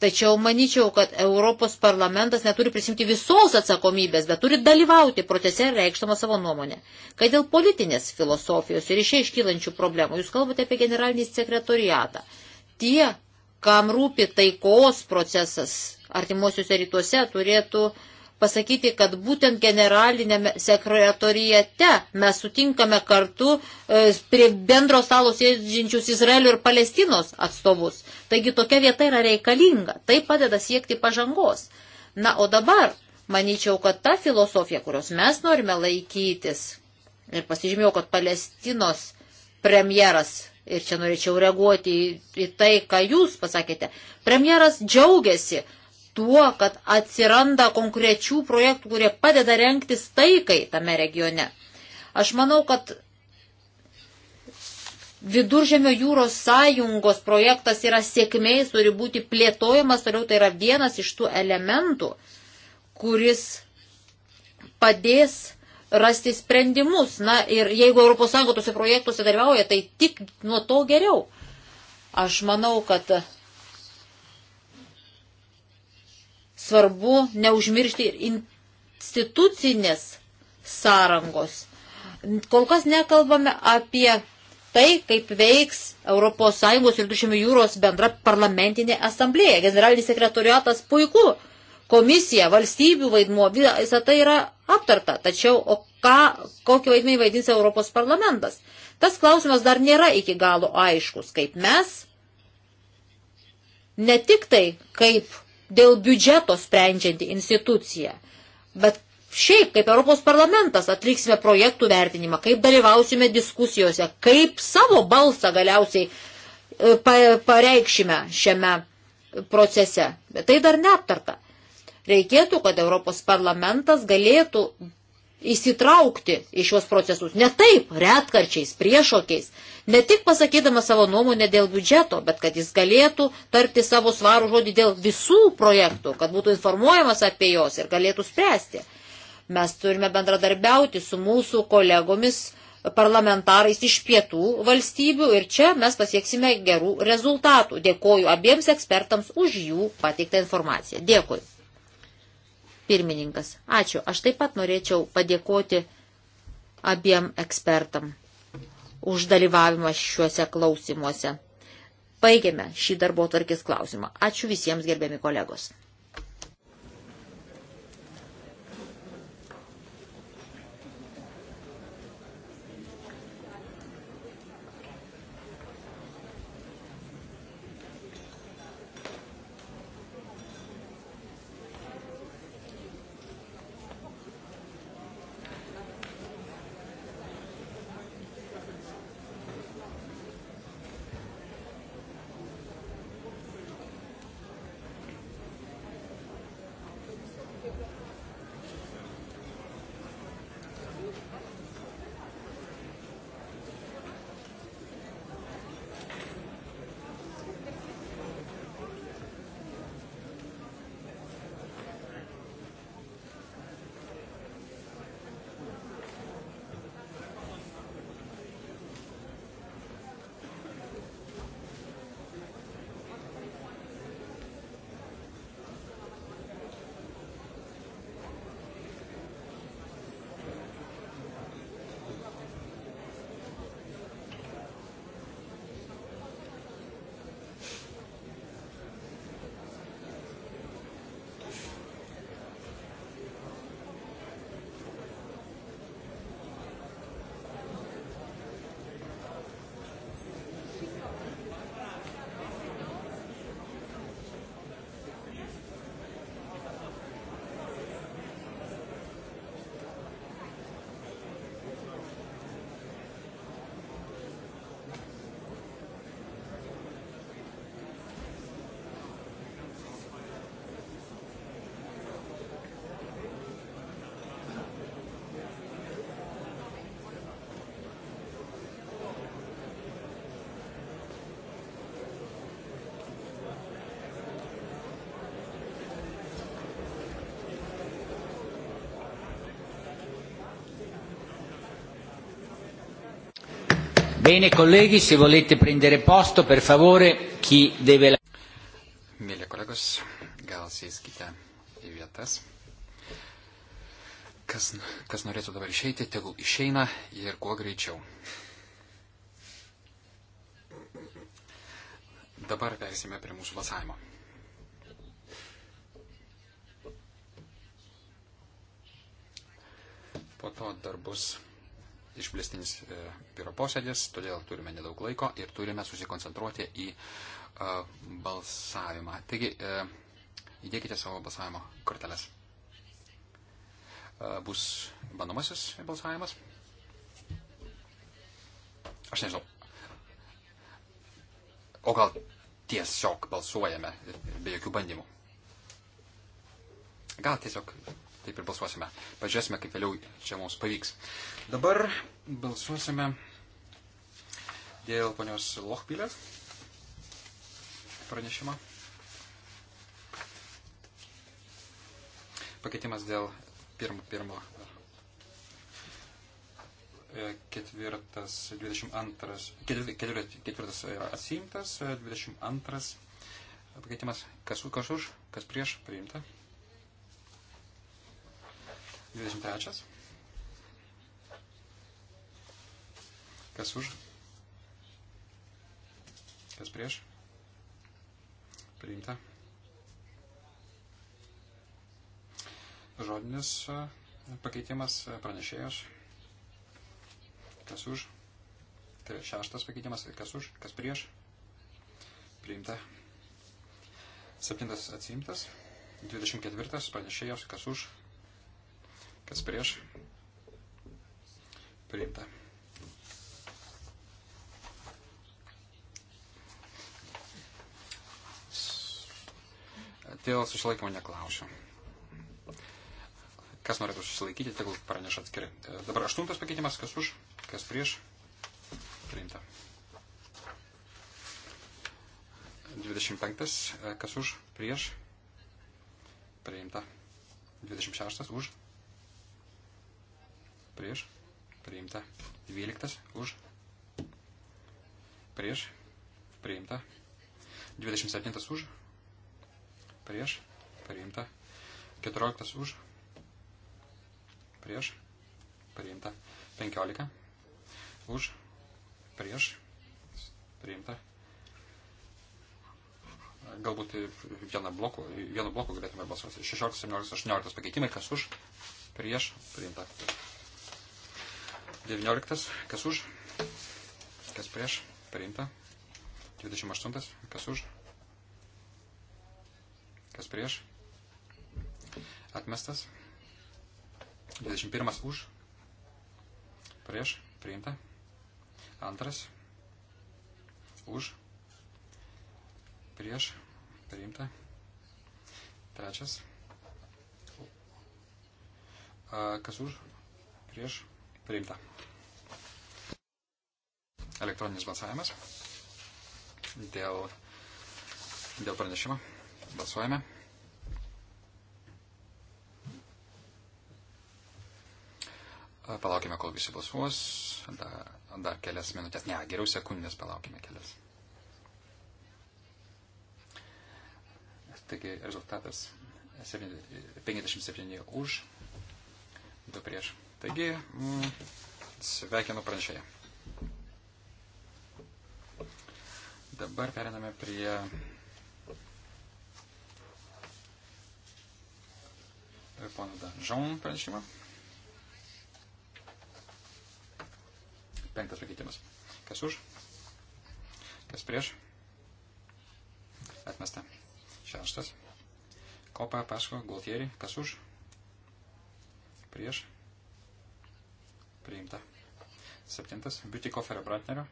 Tačiau manyčiau, kad Europos parlamentas neturi prisimti visos atsakomybės, bet turi dalyvauti procese reikštama savo nuomonę. Kai dėl politinės filosofijos ir išėjai iškylančių problemų, jūs kalbate apie generalinį sekretoriatą. Tie, kam rūpi taikos procesas artimuosiuose rytuose, turėtų uh, pasakyti, kad būtent generalinėme sekretorijate mes sutinkame kartu e, prie bendro stalo sėdinčius Izraelio ir Palestinos atstovus. Taigi tokia vieta yra reikalinga. Tai padeda siekti pažangos. Na, o dabar manyčiau, kad ta filosofija, kurios mes norime laikytis, ir pasižymėjau, kad Palestinos premjeras, ir čia norėčiau reaguoti į, į tai, ką jūs pasakėte, premjeras džiaugiasi tuo, kad atsiranda konkrečių projektų, kurie padeda renktis taikai tame regione. Aš manau, kad Viduržėmio jūros sąjungos projektas yra sėkmės, turi būti plėtojamas, toliau tai yra vienas iš tų elementų, kuris padės rasti sprendimus. Na ir jeigu ES tuose projektuose dalyvauja, tai tik nuo to geriau. Aš manau, kad svarbu neužmiršti ir institucinės sąrangos. Kol kas nekalbame apie tai, kaip veiks ES ir Dušimių jūros bendra parlamentinė asamblėja. Generalinis sekretoriatas puiku, komisija, valstybių vaidmuo, visą tai yra aptarta. Tačiau, o ką, kokį vaidmenį vaidins Europos parlamentas? Tas klausimas dar nėra iki galo aiškus, kaip mes, ne tik tai kaip dėl biudžeto sprendžianti institucija, bet šiaip kaip Europos parlamentas atliksime projektų vertinimą, kaip dalyvausime diskusijose, kaip savo balsą galiausiai e, pareikšime šiame procese. Bet tai dar neaptarta. Reikėtų, kad Europos parlamentas galėtų įsitraukti į šios procesus. Ne taip, retkarčiais, priešokiais. Ne tik pasakydama savo nuomonę dėl biudžeto, bet kad jis galėtų tarti savo svarų žodį dėl visų projektų, kad būtų informuojamas apie juos ir galėtų spręsti. Mes turime bendradarbiauti su mūsų kolegomis parlamentarais iš pietų valstybių ir čia mes pasieksime gerų rezultatų. Dėkoju abiems ekspertams už jų pateiktą informaciją. Dėkui. Pirmininkas, ačiū. Aš taip pat norėčiau padėkoti abiem ekspertam už dalyvavimą šiuose klausimuose. Baigėme šį darbo tvarkės klausimą. Ačiū visiems gerbiami kolegos. Bene, colleghi, se volete prendere posto, per favore, chi deve la... Mėly kolegos, gal sėskite į vietas. Kas, kas norėtų dabar išeiti, tegul išeina ir kuo greičiau. Dabar persime prie mūsų balsavimo. Po to dar bus išplėstinis e, biuro posėdis, todėl turime nedaug laiko ir turime susikoncentruoti į e, balsavimą. Taigi, e, įdėkite savo balsavimo korteles. Bus bandomasis balsavimas. Aš nežinau. O gal tiesiog balsuojame be jokių bandymų. Gal tiesiog taip ir balsuosime. Pažiūrėsime, kaip vėliau čia mums pavyks. Dabar balsuosime dėl ponios Lochpilės pranešimo. Pakeitimas dėl pirmo, pirmo e, ketvirtas, 22, ketvirtas, ketvirtas yra atsimtas, 22 pakeitimas, kas, kas už, kas prieš, priimta. 23. Kas už? Kas prieš? Priimta. Žodinis e, pakeitimas e, pranešėjos. Kas už? Tai šeštas pakeitimas. Kas už? Kas prieš? Priimta. Septintas atsimtas. 24. Pranešėjos. Kas už? Kas prieš? Priimta. Dėl susilaikymo neklausiu. Kas norėtų susilaikyti, tegul praneša atskirai. Dabar aštuntas pakeitimas, kas už, kas prieš. Priimta. 25, kas už, prieš. Priimta. 26, už, prieš, priimta. 12 už, prieš, priimta. 27 už, prieš, priimta. 14 už, prieš, priimta. 15 už, prieš, priimta. Galbūt vieną blokų, vienu bloku galėtume balsuoti. 16, 17, 18 pakeitimai, kas už, prieš, priimta. 19. Kas už? Kas prieš? Priimta. 28. Kas už? Kas prieš? Atmestas. 21. Už. Prieš. Priimta. Antras. Už. Prieš. Priimta. Trečias. Kas už? Prieš Priimta. Elektroninis balsavimas. Dėl, dėl pranešimo. Balsuojame. Palaukime, kol visi balsuos. Dar, dar kelias minutės. Ne, geriau sekundės palaukime kelias. Taigi rezultatas 57 už, 2 prieš. Taigi, mm, sveikinu pranešėją. Dabar periname prie pono Danžon pranešimą. Penktas pakeitimas. Kas už? Kas prieš? Atmesta. Šeštas. Kopa, Pasko, Galtieri. Kas už? Prieš priimta. Septintas, Biutikoferio Bratnerio,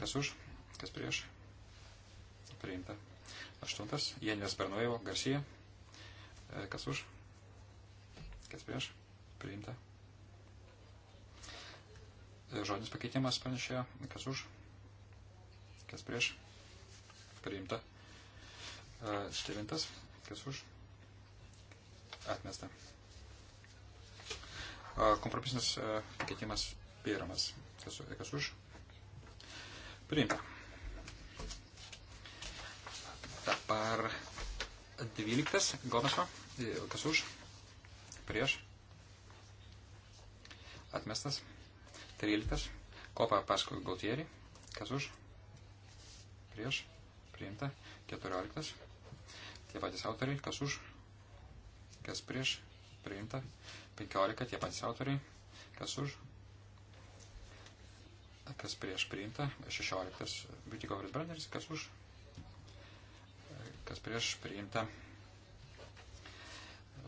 kas už, kas prieš, priimta. Aštuntas, Jenijas Bernuojevo Garcija, e, kas už, kas prieš, priimta. E, žodinis pakeitimas pranešėjo, kas už, kas prieš, priimta. E, devintas, kas už, atmesta. Kompromisinis e, pakeitimas pirmas. Kas, kas už? Priimta. Dabar 12. Gomeso. E, kas už? Prieš. Atmestas. 13. Kopa paskui Gautierį. Kas už? Prieš. Priimta. 14. Tie patys autoriai. Kas už? Kas prieš? Priimta. 15, tie patys autoriai, kas už, kas prieš priimta, 16, Biutikovaris Branderis, kas už, kas prieš priimta,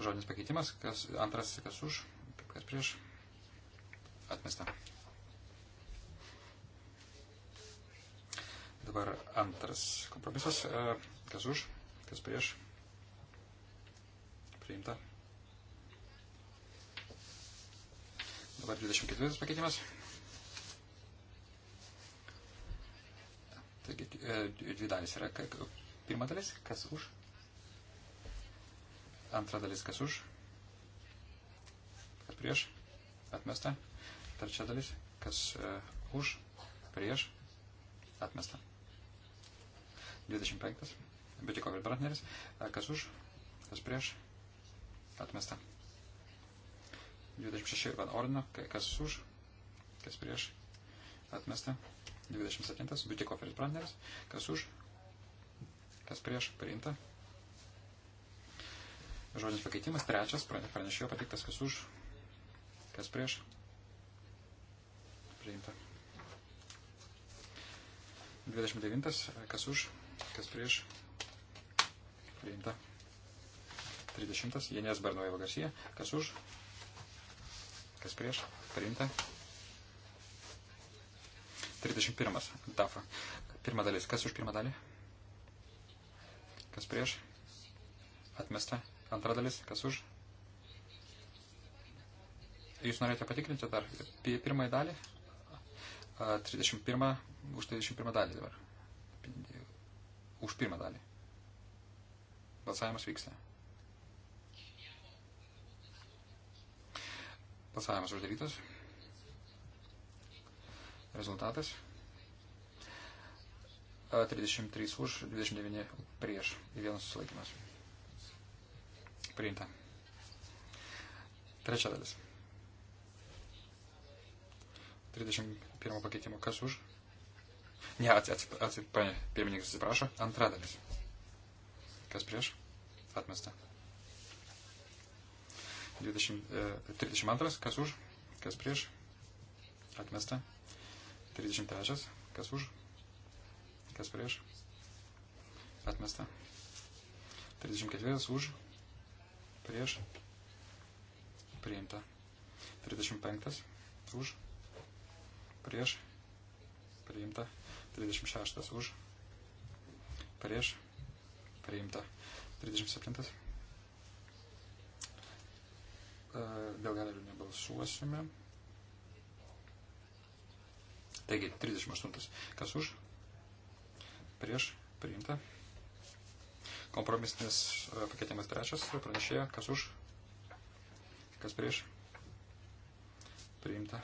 žodinis pakeitimas, kas antras, kas už, kas prieš, atmesta. Dabar antras kompromisas, kas už, kas prieš, priimta. Dabar 24 pakeitimas. Taigi e, dvi dalis yra. Pirma dalis, kas už. Antra dalis, kas už. Kas prieš. Atmesta. Trečia dalis, kas uh, už. Prieš. Atmesta. 25. Betiko Vilbratneris. Kas už. Kas prieš. Atmesta. 26 Van Ordino, kas už, kas prieš, atmesta. 27 Butikoferis Branderis, kas už, kas prieš, priimta. Žodinis pakeitimas, trečias, pranešėjo pateiktas, kas už, kas prieš, priimta. 29, kas už, kas prieš, priimta. 30, Jenės Barnojevo Garsija, kas už, Kas prieš? Priimta. 31. Dafa. Pirma dalis. Kas už pirmą dalį? Kas prieš? Atmesta. Antra dalis. Kas už? Jūs norėjote patikrinti dar pirmąją dalį? 31. Už 31 dalį dabar. Už pirmą dalį. Balsavimas vyksta. Balsavimas uždarytas. Rezultatas. 33 už, 29 prieš. Vienas susilaikimas. Priimta. Trečia dalis. 31 pakeitimo. Kas už? Ne, atsip, atsip, pirmininkas atsiprašo. Antra dalis. Kas prieš? Atmesta. 20, e, 32, kas už, kas prieš, atmesta. 33, kas už, kas prieš, atmesta. 34 už, prieš, priimta. 35 už, prieš, priimta. 36 už, prieš, priimta. 37 E, dėl galerių nebalsuosime. Taigi, 38. Kas už? Prieš? Priimta. Kompromisinis e, pakeitimas trečias. Pranešėjo. Kas už? Kas prieš? Priimta.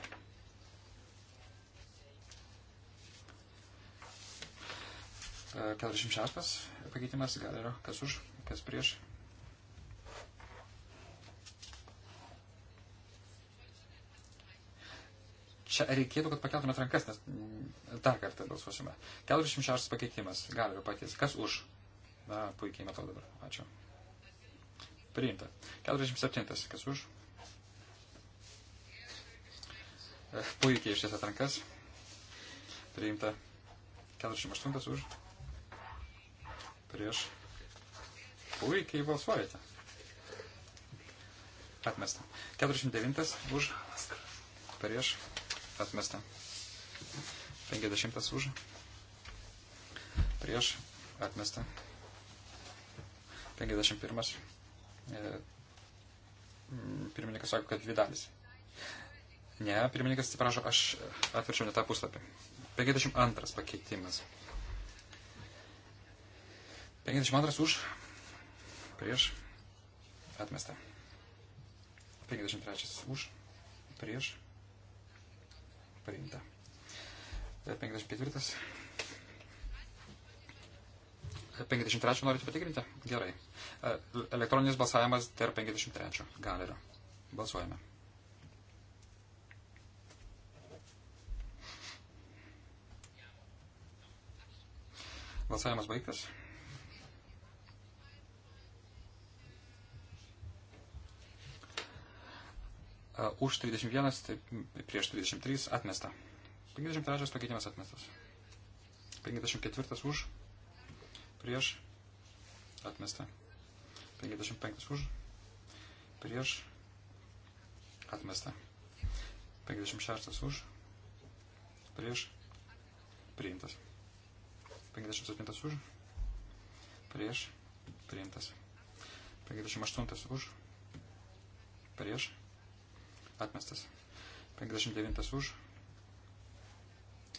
E, keturiasdešimt šeštas pakeitimas galerio. Kas už? Kas prieš? Čia reikėtų, kad pakeltumėt rankas, nes mm, dar kartą balsuosime. 46 pakeitimas. Galime patys. Kas už? Na, puikiai matau dabar. Ačiū. Priimta. 47. Kas už? E, puikiai ištiesat rankas. Priimta. 48 už. Prieš. Puikiai balsuojate. Atmesta. 49 už. Prieš atmesta. 50 už, prieš, atmesta. 51. E, pirmininkas sako, kad dvi dalys. Ne, pirmininkas atsiprašo, aš atverčiau ne tą puslapį. 52 pakeitimas. 52 už, prieš, atmesta. 53 už, prieš, priimta. 54. 53 norite patikrinti? Gerai. E, elektroninis balsavimas dėl 53 galerio. Balsuojame. Balsavimas baigtas. už 31, tai prieš 33 atmesta. 53 pakeitimas atmestas. 54 už, prieš atmesta. 55 už, prieš atmesta. 56 už, prieš priimtas. 57 už, prieš priimtas. 58 už, prieš priimtas. Atmestas. 59 už.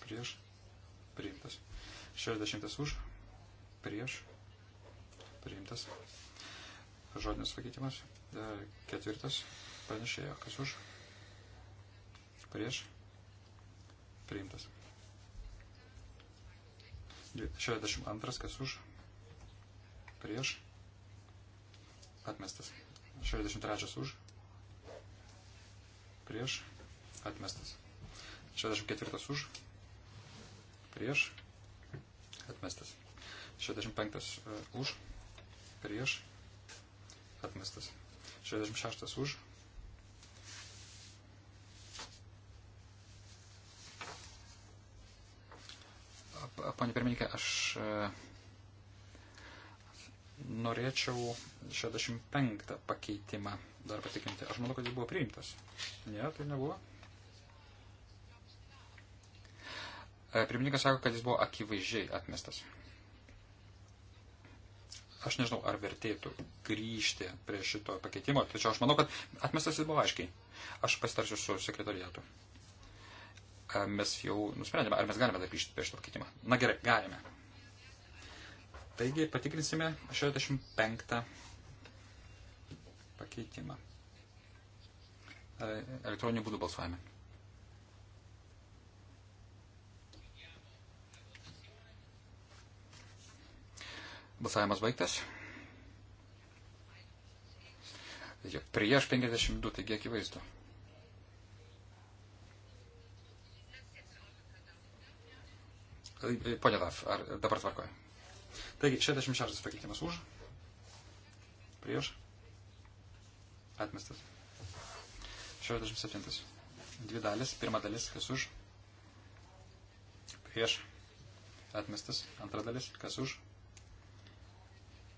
Prieš. Priimtas. 60 už. Prieš. Priimtas. Žodinis pakeitimas. E, ketvirtas. Pranešėjo. Kas už. Prieš. Priimtas. 62. Kas už. Prieš. Atmestas. 63 už prieš, atmestas. 64 už, prieš, atmestas. 65 e, už, prieš, atmestas. 66 už. Pane pirmininkė, aš e, norėčiau 65 pakeitimą dar patikinti. Aš manau, kad jis buvo priimtas. Ne, tai nebuvo. E, pirmininkas sako, kad jis buvo akivaizdžiai atmestas. Aš nežinau, ar vertėtų grįžti prie šito pakeitimo, tačiau aš manau, kad atmestas jis buvo aiškiai. Aš pasitarsiu su sekretariatu. E, mes jau nusprendėme, ar mes galime dar grįžti prie šito pakeitimo. Na gerai, galime. Taigi patikrinsime 65 pakeitimą. E, elektroniniu būdu balsuojame. Balsavimas baigtas. Prieš 52, taigi akivaizdu. E, e, Pone Laf, ar dabar tvarkoju? Taigi, 66 pakeitimas už, prieš, atmestas. 67. Dvi dalis, pirma dalis, kas už, prieš, atmestas. Antra dalis, kas už,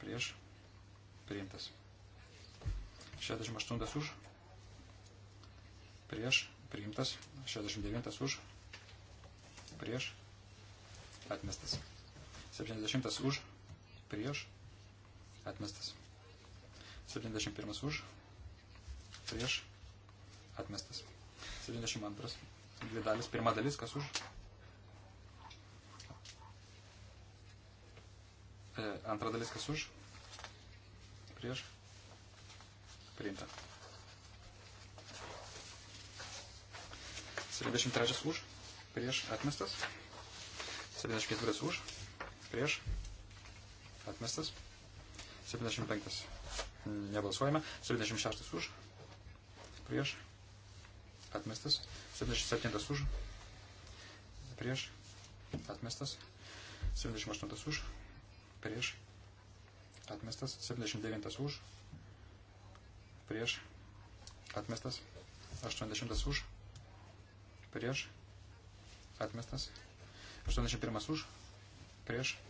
prieš, priimtas. 68 už, prieš, priimtas. 69 už, prieš, atmestas. 70 už, prieš, atmestas. 71 už, prieš, atmestas. 72, dvi dalis, pirma dalis, kas už. E, antra dalis, kas už, prieš, priimta. 73 už, prieš, atmestas. 74 už, prieš, atmestas. 75 nebalsuojame. 76 už, prieš, atmestas. 77 už, prieš, atmestas. 78 už, prieš, atmestas. 79 už, prieš, atmestas. 80 už, prieš, atmestas. 81 už, prieš,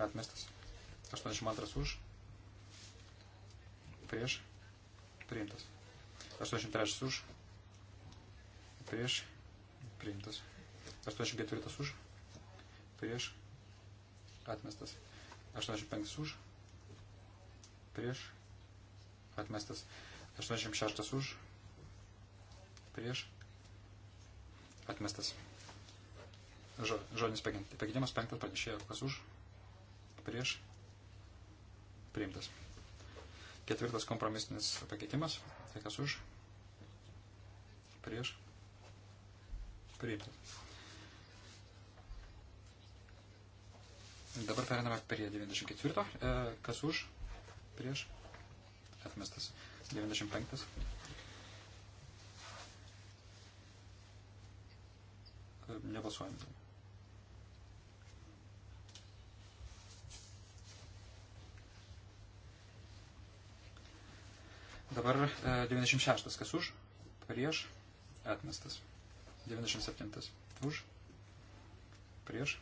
atmestas. 82 už, prieš, priimtas. 83 už, prieš, priimtas. 84 už, prieš, atmestas. 85 už, prieš, atmestas. 86 už, prieš, atmestas. Žodinis pakeitimas penktas pranešėjo, kas už, prieš, priimtas. Ketvirtas kompromisinis pakeitimas, tai kas už, prieš, priimtas. Dabar periname prie 94, e, kas už, prieš, atmestas. 95. E, nebalsuojame. Dabar 96. E, Kas už? Prieš. Atmestas. 97. Už. Prieš.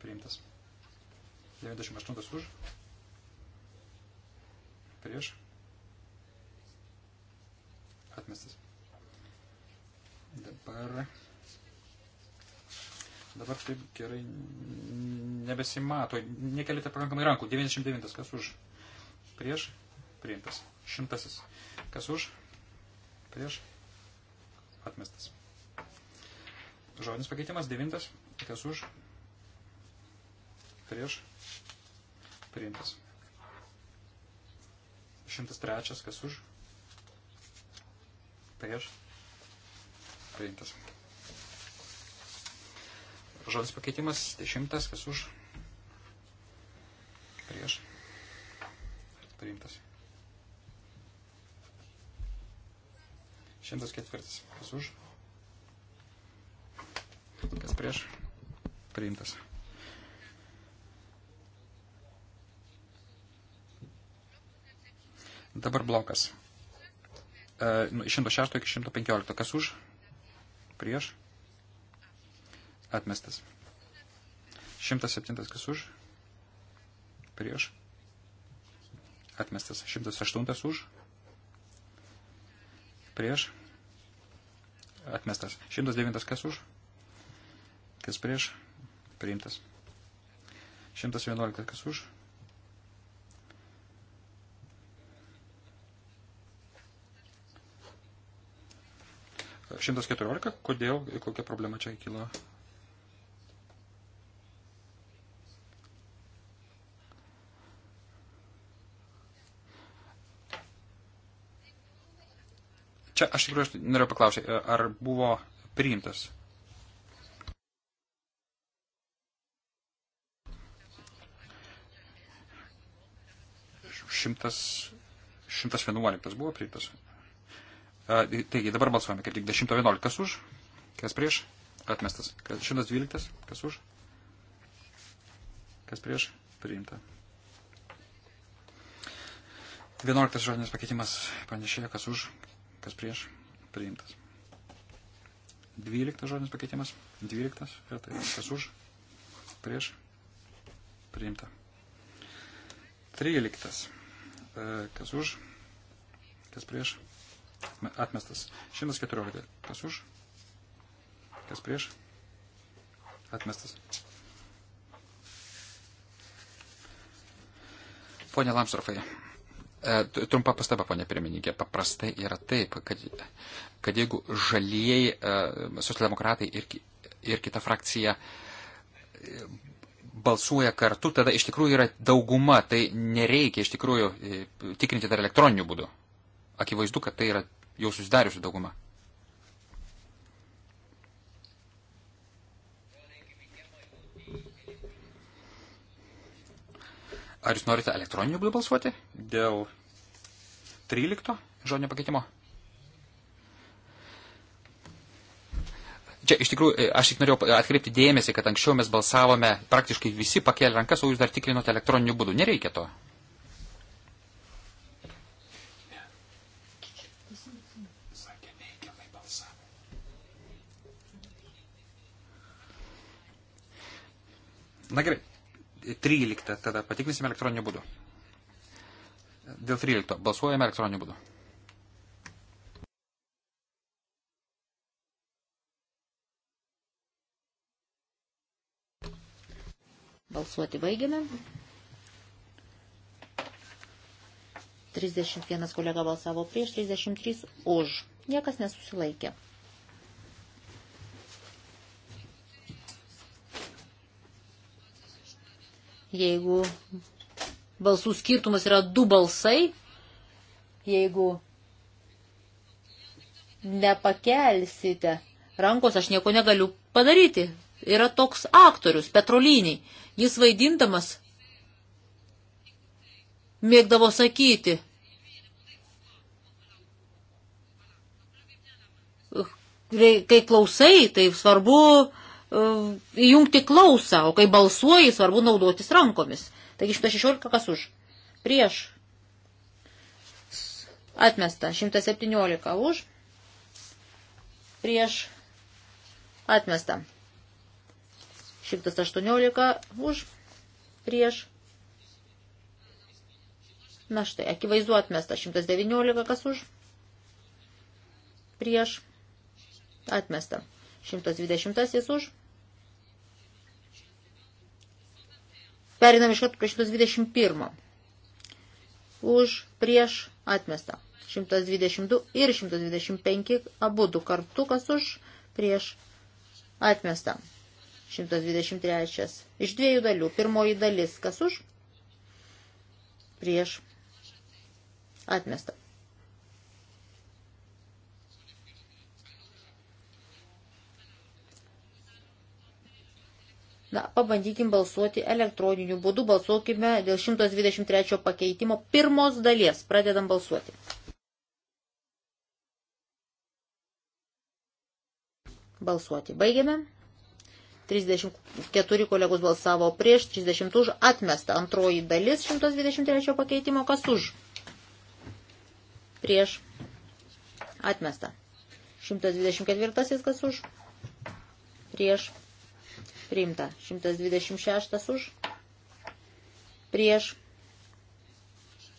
Priimtas. 98. Už. Prieš. Atmestas. Dabar dabar taip gerai nebesimato. Nekelite pakankamai rankų. 99. Kas už? Prieš? priimtas. Šimtasis. Kas už? Prieš. Atmestas. Žodinis pakeitimas. Devintas. Kas už? Prieš. Priimtas. Šimtas trečias. Kas už? Prieš. Priimtas. Žodis pakeitimas. Dešimtas. Kas už? Prieš. Priimtas. 104. Kas už? Kas prieš? Priimtas. Dabar blokas. E, 106 iki 115. Kas už? Prieš? Atmestas. 107. Kas už? Prieš? Atmestas. 108 už? Prieš? atmestas. 109 kas už, kas prieš, priimtas. 111 kas už. Šimtas keturiolika, kodėl, kokia problema čia kilo Čia aš tikrai noriu paklausyti, e, ar buvo priimtas šimtas, 111 buvo priimtas. E, tai, taigi, dabar balsuojame, kad tik 111 kas už, kas prieš, atmestas. 112 kas už, kas prieš, priimta. 11 žodinis pakeitimas pranešėjo, kas už, kas prieš, priimtas. 12 žodinis pakeitimas, 12 ir tai kas už, prieš, priimta. 13 e, kas už, kas prieš, atmestas. 114 kas už, kas prieš, atmestas. Pone Lamstorfai, E, trumpa pastaba, ponė pirmininkė, paprastai yra taip, kad, kad jeigu žalieji, e, socialdemokratai ir, ir kita frakcija e, balsuoja kartu, tada iš tikrųjų yra dauguma, tai nereikia iš tikrųjų tikrinti dar elektroniniu būdu. Akivaizdu, kad tai yra jau susidariusi dauguma. Ar jūs norite elektroniniu būdu balsuoti dėl 13 žodinio pakeitimo? Čia iš tikrųjų, aš tik norėjau atkreipti dėmesį, kad anksčiau mes balsavome praktiškai visi pakėlė rankas, o jūs dar tikrinote elektroniniu būdu. Nereikia to. Na gerai. 13 tada patikrinsime elektroniniu būdu. Dėl 13 balsuojame elektroniniu būdu. Balsuoti baigiame. 31 kolega balsavo prieš, 33 už. Niekas nesusilaikė. Jeigu balsų skirtumas yra du balsai, jeigu nepakelsite rankos, aš nieko negaliu padaryti. Yra toks aktorius, Petroliniai. Jis vaidindamas mėgdavo sakyti, kai klausai, tai svarbu įjungti e, klausą, o kai balsuoji, svarbu naudotis rankomis. Taigi 116 kas už. Prieš. Atmesta. 117 už. Prieš. Atmesta. 118 už. Prieš. Na štai, akivaizdu atmesta. 119 kas už. Prieš. Atmesta. 120 už. Perinam iš karto prie 121. Už, prieš, atmesta. 122 ir 125 abu du kartu, kas už, prieš, atmesta. 123. Iš dviejų dalių. Pirmoji dalis, kas už, prieš, atmesta. Na, pabandykim balsuoti elektroniniu būdu, balsuokime dėl 123 pakeitimo pirmos dalies. Pradedam balsuoti. Balsuoti. Baigiame. 34 kolegos balsavo prieš, 30 už, atmesta antroji dalis 123 pakeitimo, kas už? Prieš, atmesta. 124 kas už? Prieš, atmesta priimta. 126 už, prieš,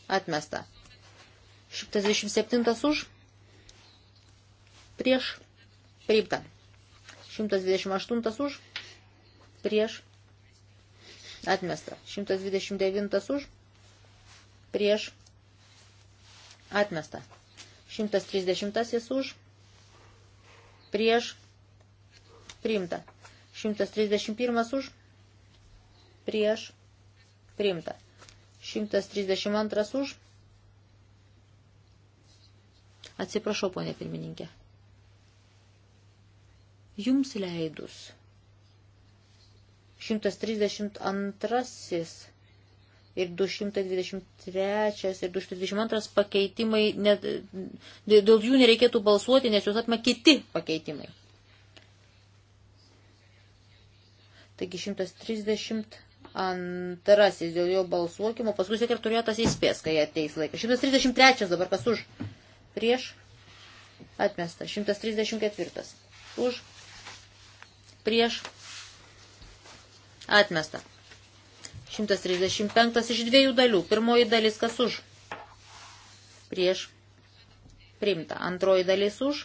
atmesta. 127 už, prieš, priimta. 128 už, prieš, atmesta. 129 už, prieš, atmesta. 130 už, prieš, priimta. 131 už, prieš, priimta. 132 už. Atsiprašau, ponė pirmininkė. Jums leidus. 132 ir 223 ir 222 pakeitimai, net, dėl jų nereikėtų balsuoti, nes jūs atma kiti pakeitimai. Taigi 132 dėl jo balsuokimo, paskui sekretoriatas įspės, kai ateis laikas. 133 dabar kas už? Prieš? Atmesta. 134. Už? Prieš? Atmesta. 135 iš dviejų dalių. Pirmoji dalis kas už? Prieš? Priimta. Antroji dalis už?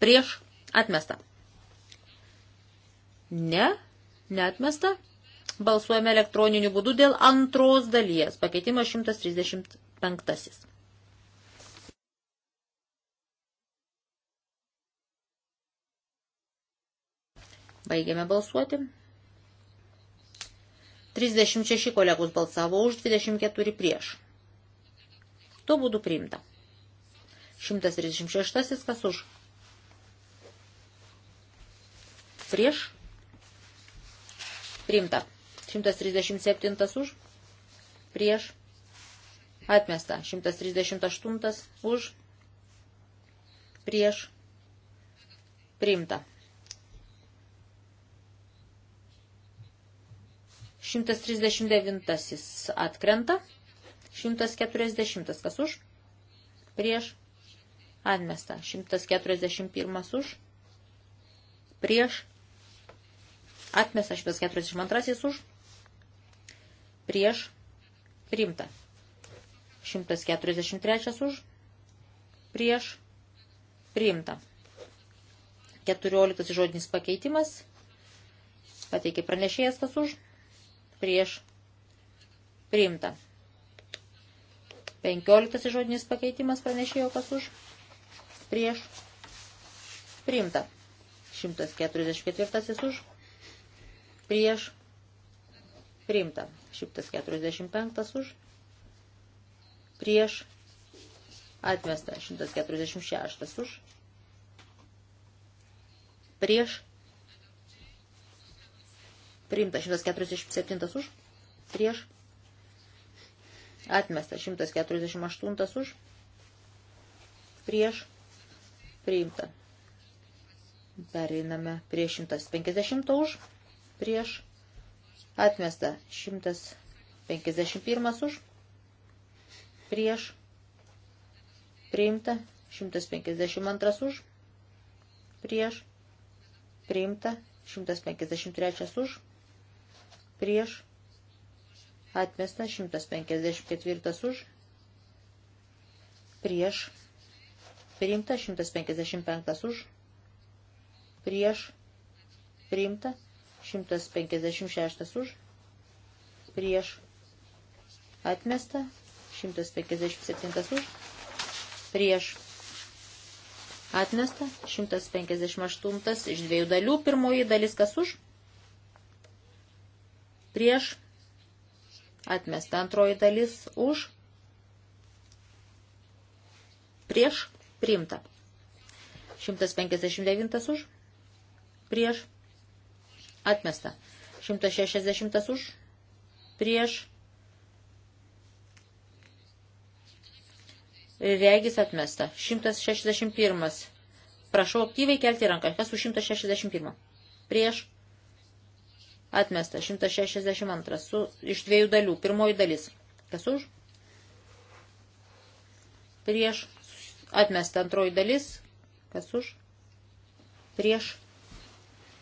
Prieš? Atmesta. Ne, netmesta. Balsuojame elektroniniu būdu dėl antros dalies. Pakeitimas 135. Baigiame balsuoti. 36 kolegos balsavo už, 24 prieš. Tuo būdu priimta. 136 kas už? Prieš Priimta. 137 už. Prieš. Atmesta. 138 už. Prieš. Priimta. 139 atkrenta. 140 kas už. Prieš. Atmesta. 141 už. Prieš Atmesta 142 už. Prieš. Priimta. 143 už. Prieš. Priimta. 14 žodinis pakeitimas. Pateikė pranešėjas kas už. Prieš. Priimta. 15 žodinis pakeitimas pranešėjo kas už. Prieš. Priimta. 144 už prieš priimta. 145 už prieš atmesta. 146 už prieš priimta. 147 už prieš atmesta. 148 už prieš priimta. Pereiname prie 150 už prieš, atmesta 151 už, prieš, priimta 152 už, prieš, priimta 153 už, prieš, atmesta 154 už, prieš, priimta 155 už, prieš, priimta 156 už, prieš atmesta, 157 už, prieš atmesta, 158 iš dviejų dalių, pirmoji dalis kas už, prieš atmesta, antroji dalis už, prieš priimta, 159 už, prieš atmesta Atmesta. 160 už. Prieš. Regis atmesta. 161. Prašau aktyviai kelti ranką. Kas už 161? Prieš. Atmesta. 162. Su, iš dviejų dalių. Pirmoji dalis. Kas už? Prieš. Atmesta antroji dalis. Kas už? Prieš.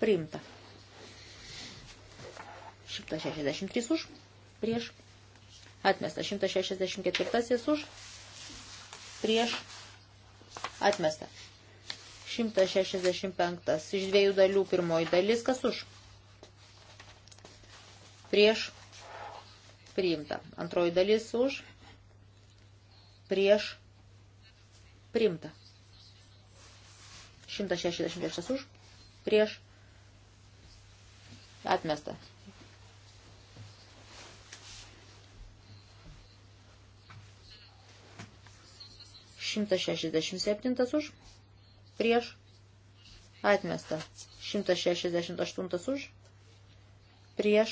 Priimta. 163 už, prieš, atmesta 164 už, prieš, atmesta 165 iš dviejų dalių pirmoji dalis, kas už, prieš, priimta, antroji dalis už, prieš, priimta. 166 už, prieš, atmesta. 167 už, prieš, atmesta. 168 už, prieš,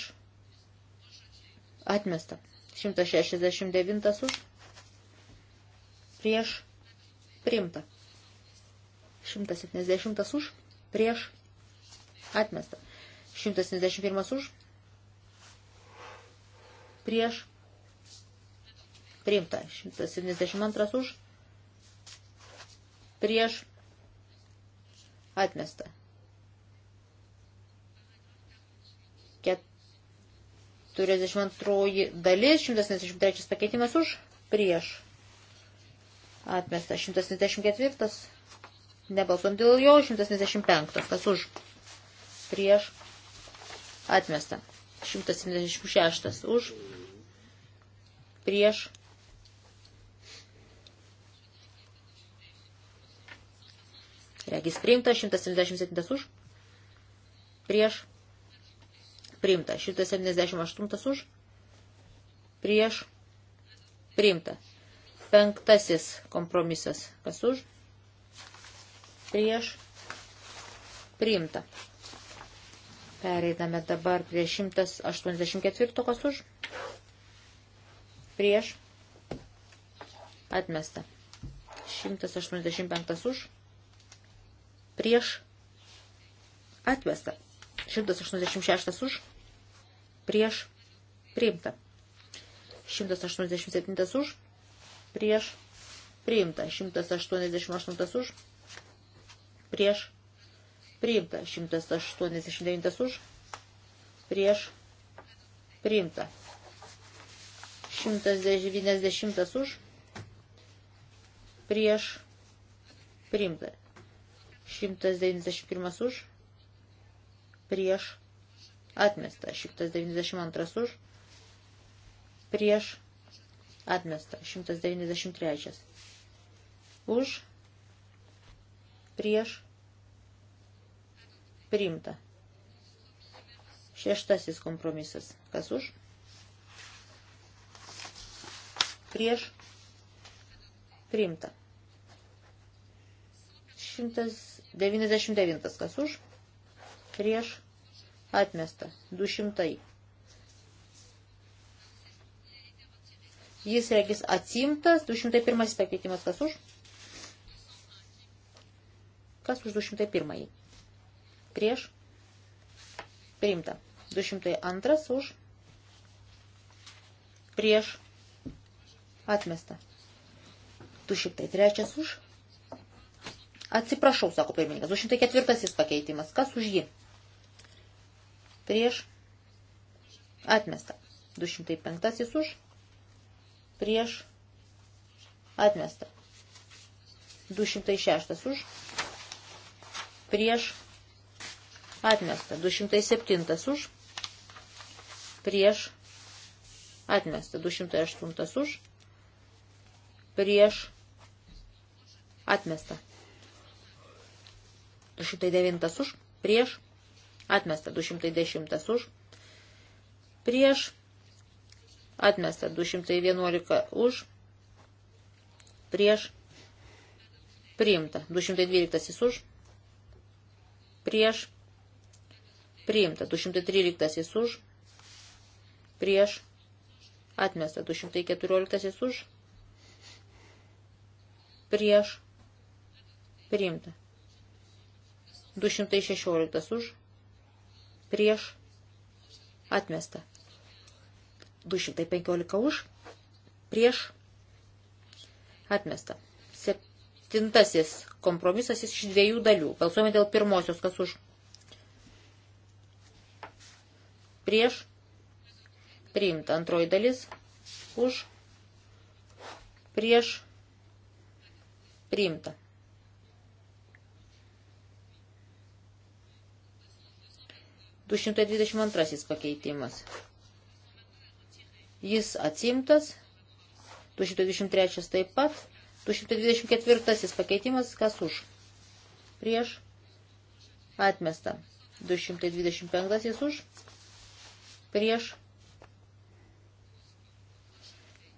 atmesta. 169 už, prieš, priimta. 170 už, prieš, atmesta. 171 už, prieš, priimta. 172 už, prieš atmestą. 42 dalis, 173 pakeitimas už, prieš. Atmesta 174, nebalsom dėl jo, 175, kas už, prieš. Atmesta 176, už, prieš. Regis priimta, 177 už. Prieš. Priimta, 178 už. Prieš. Priimta. Penktasis kompromisas. Kas už? Prieš. Priimta. Pereidame dabar prie 184 kas už. Prieš. Atmesta. 185 už prieš atvesta. 186 už prieš priimta. 187 už prieš priimta. 188 už prieš priimta. 189 už prieš priimta. 190 už prieš priimta. 191 už, prieš, atmesta. 192 už, prieš, atmesta. 193 už, prieš, priimta. Šeštasis kompromisas. Kas už? Prieš. Priimta. 100. 99 kas už, prieš atmesta 200. Jis regis atsimtas, 201 pakeitimas kas už, kas už 201, prieš priimta 202 už, prieš atmesta 203 už, Atsiprašau, sako pirmininkas, 204 pakeitimas. Kas už jį? Prieš. Atmesta. 205 už. Prieš. Atmesta. 206 už. Prieš. Atmesta. 207 už. Prieš. Atmesta. 208 už. Prieš. Atmesta. 209 už, prieš, atmesta 210 už, prieš, atmesta 211 už, prieš, priimta 212 už, prieš, priimta 213 už, prieš, atmesta 214 už, prieš, priimta 216 už, prieš, atmesta. 215 už, prieš, atmesta. Septintasis kompromisas iš dviejų dalių. Balsuojame dėl pirmosios, kas už. Prieš, priimta antroji dalis, už, prieš, priimta. 222 pakeitimas. Jis atsimtas. 223 taip pat. 224 pakeitimas. Kas už? Prieš. Atmesta. 225 už. Prieš.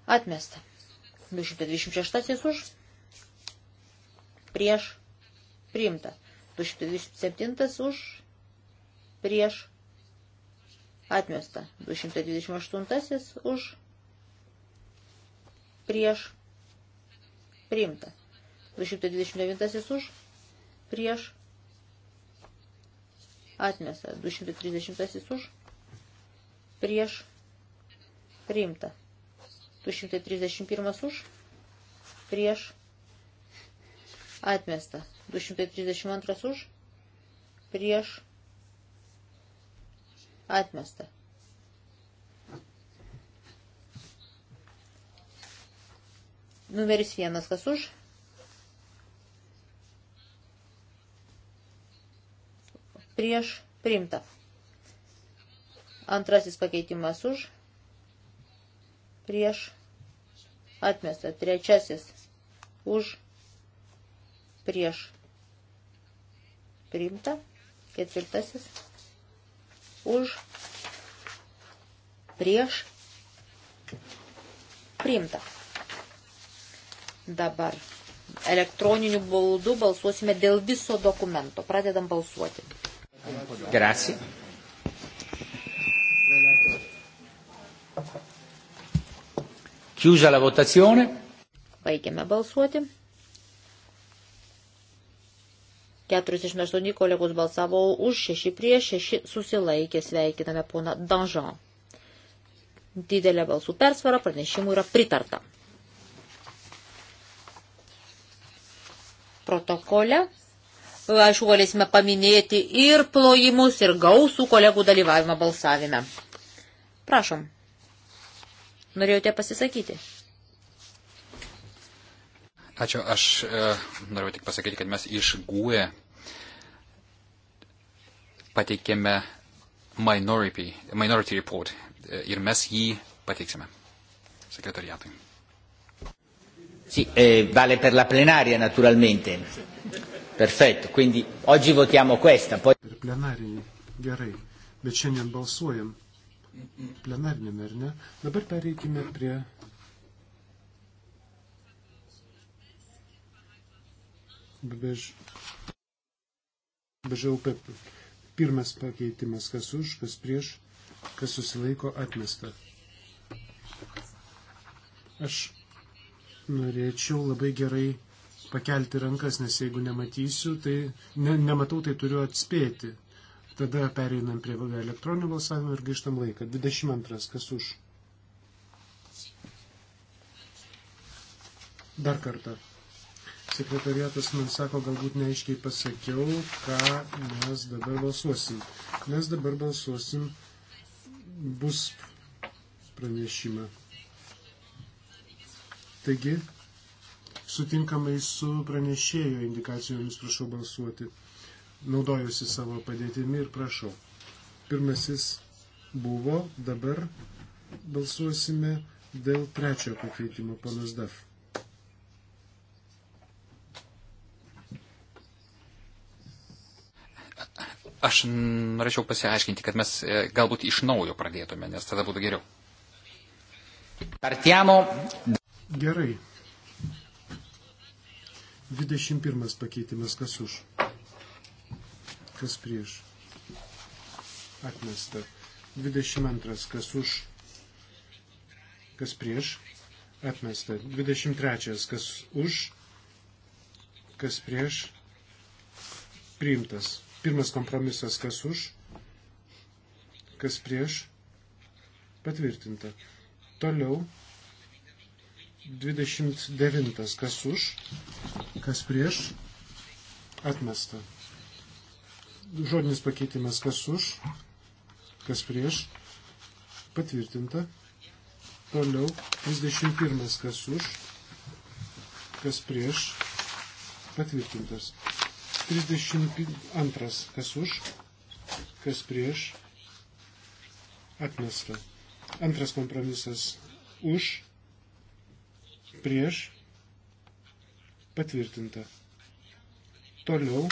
Atmesta. 226 už. Prieš. Priimta. 227 už prieš atmesta. 228 už prieš priimta. 229 už prieš atmesta. 230 už prieš priimta. 231 už prieš atmesta. 232 už prieš Atmesta. Numeris vienas, kas už? Prieš primta. Antrasis pakeitimas už. Prieš atmesta. Trečiasis už. Prieš primta. Ketvirtasis už, prieš, priimta. Dabar elektroniniu būdu balsuosime dėl viso dokumento. Pradedam balsuoti. Grazie. Chiusa la votazione. Baigiame balsuoti. 48 kolegos balsavo už, 6 prieš, 6 susilaikė, sveikiname pona Danžan. Didelė balsų persvara pranešimų yra pritarta. Protokole, aišku, galėsime paminėti ir plojimus, ir gausų kolegų dalyvavimą balsavime. Prašom, norėjote pasisakyti? Ačiū, aš e, noriu tik pasakyti, kad mes iš GUE pateikėme minority, minority report e, ir mes jį pateiksime sekretariatui. Sì, eh, vale per la plenaria naturalmente. Perfetto, quindi oggi votiamo questa. Poi... Per plenarinį, gerai, bet šiandien balsuojam plenarinėme, ar ne? Dabar pereikime prie bež... BŽUP. Pirmas pakeitimas, kas už, kas prieš, kas susilaiko atmesta. Aš norėčiau labai gerai pakelti rankas, nes jeigu nematysiu, tai ne, nematau, tai turiu atspėti. Tada pereinam prie elektroninio balsavimo ir grįžtam laiką. 22. Kas už? Dar kartą sekretariatas man sako, galbūt neaiškiai pasakiau, ką mes dabar balsuosim. Mes dabar balsuosim bus pranešimą. Taigi, sutinkamai su pranešėjo indikacijomis prašau balsuoti. Naudojusi savo padėtimi ir prašau. Pirmasis buvo, dabar balsuosime dėl trečiojo pakeitimo, ponas Daf. Aš norėčiau pasiaiškinti, kad mes e, galbūt iš naujo pradėtume, nes tada būtų geriau. Partiamo. Gerai. 21 pakeitimas, kas už, kas prieš. Atmesta. 22, kas už, kas prieš. Atmesta. 23, kas už, kas prieš. Priimtas. Pirmas kompromisas, kas už, kas prieš, patvirtinta. Toliau 29, kas už, kas prieš, atmesta. Žodinis pakeitimas, kas už, kas prieš, patvirtinta. Toliau 31, kas už, kas prieš, patvirtintas. 32. Kas už, kas prieš, atmesta. Antras kompromisas už, prieš, patvirtinta. Toliau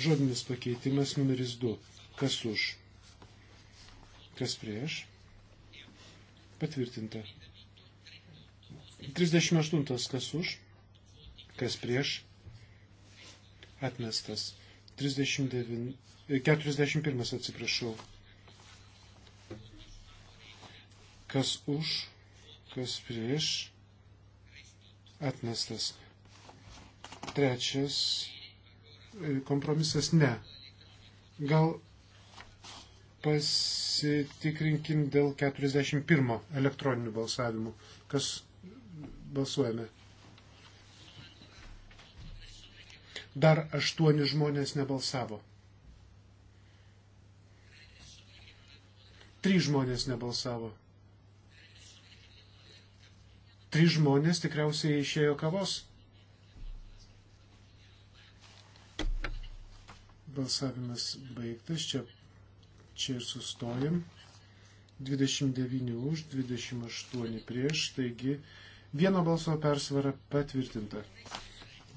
žodinis pakeitimas numeris 2. Kas už, kas prieš, patvirtinta. 38. Kas už, kas prieš, atmestas. 39, 41 e, atsiprašau. Kas už, kas prieš, atmestas. Trečias e, kompromisas ne. Gal pasitikrinkim dėl 41 elektroninių balsavimų. Kas balsuojame? dar aštuoni žmonės nebalsavo. Trys žmonės nebalsavo. Trys žmonės tikriausiai išėjo kavos. Balsavimas baigtas, čia, čia ir sustojam. 29 už, 28 prieš, taigi vieno balso persvara patvirtinta.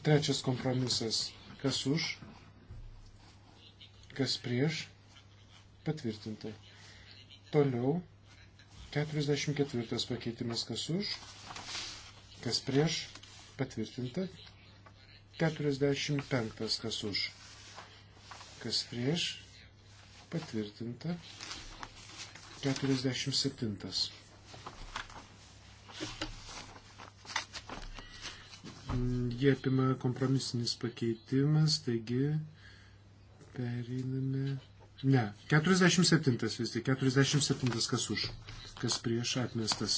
Trečias kompromisas. Kas už, kas prieš, patvirtinta. Toliau 44 pakeitimas. Kas už, kas prieš, patvirtinta. 45 kas už, kas prieš, patvirtinta. 47. Jie apima kompromisinis pakeitimas, taigi pereiname. Ne, 47 vis tik, 47 kas už, kas prieš atmestas.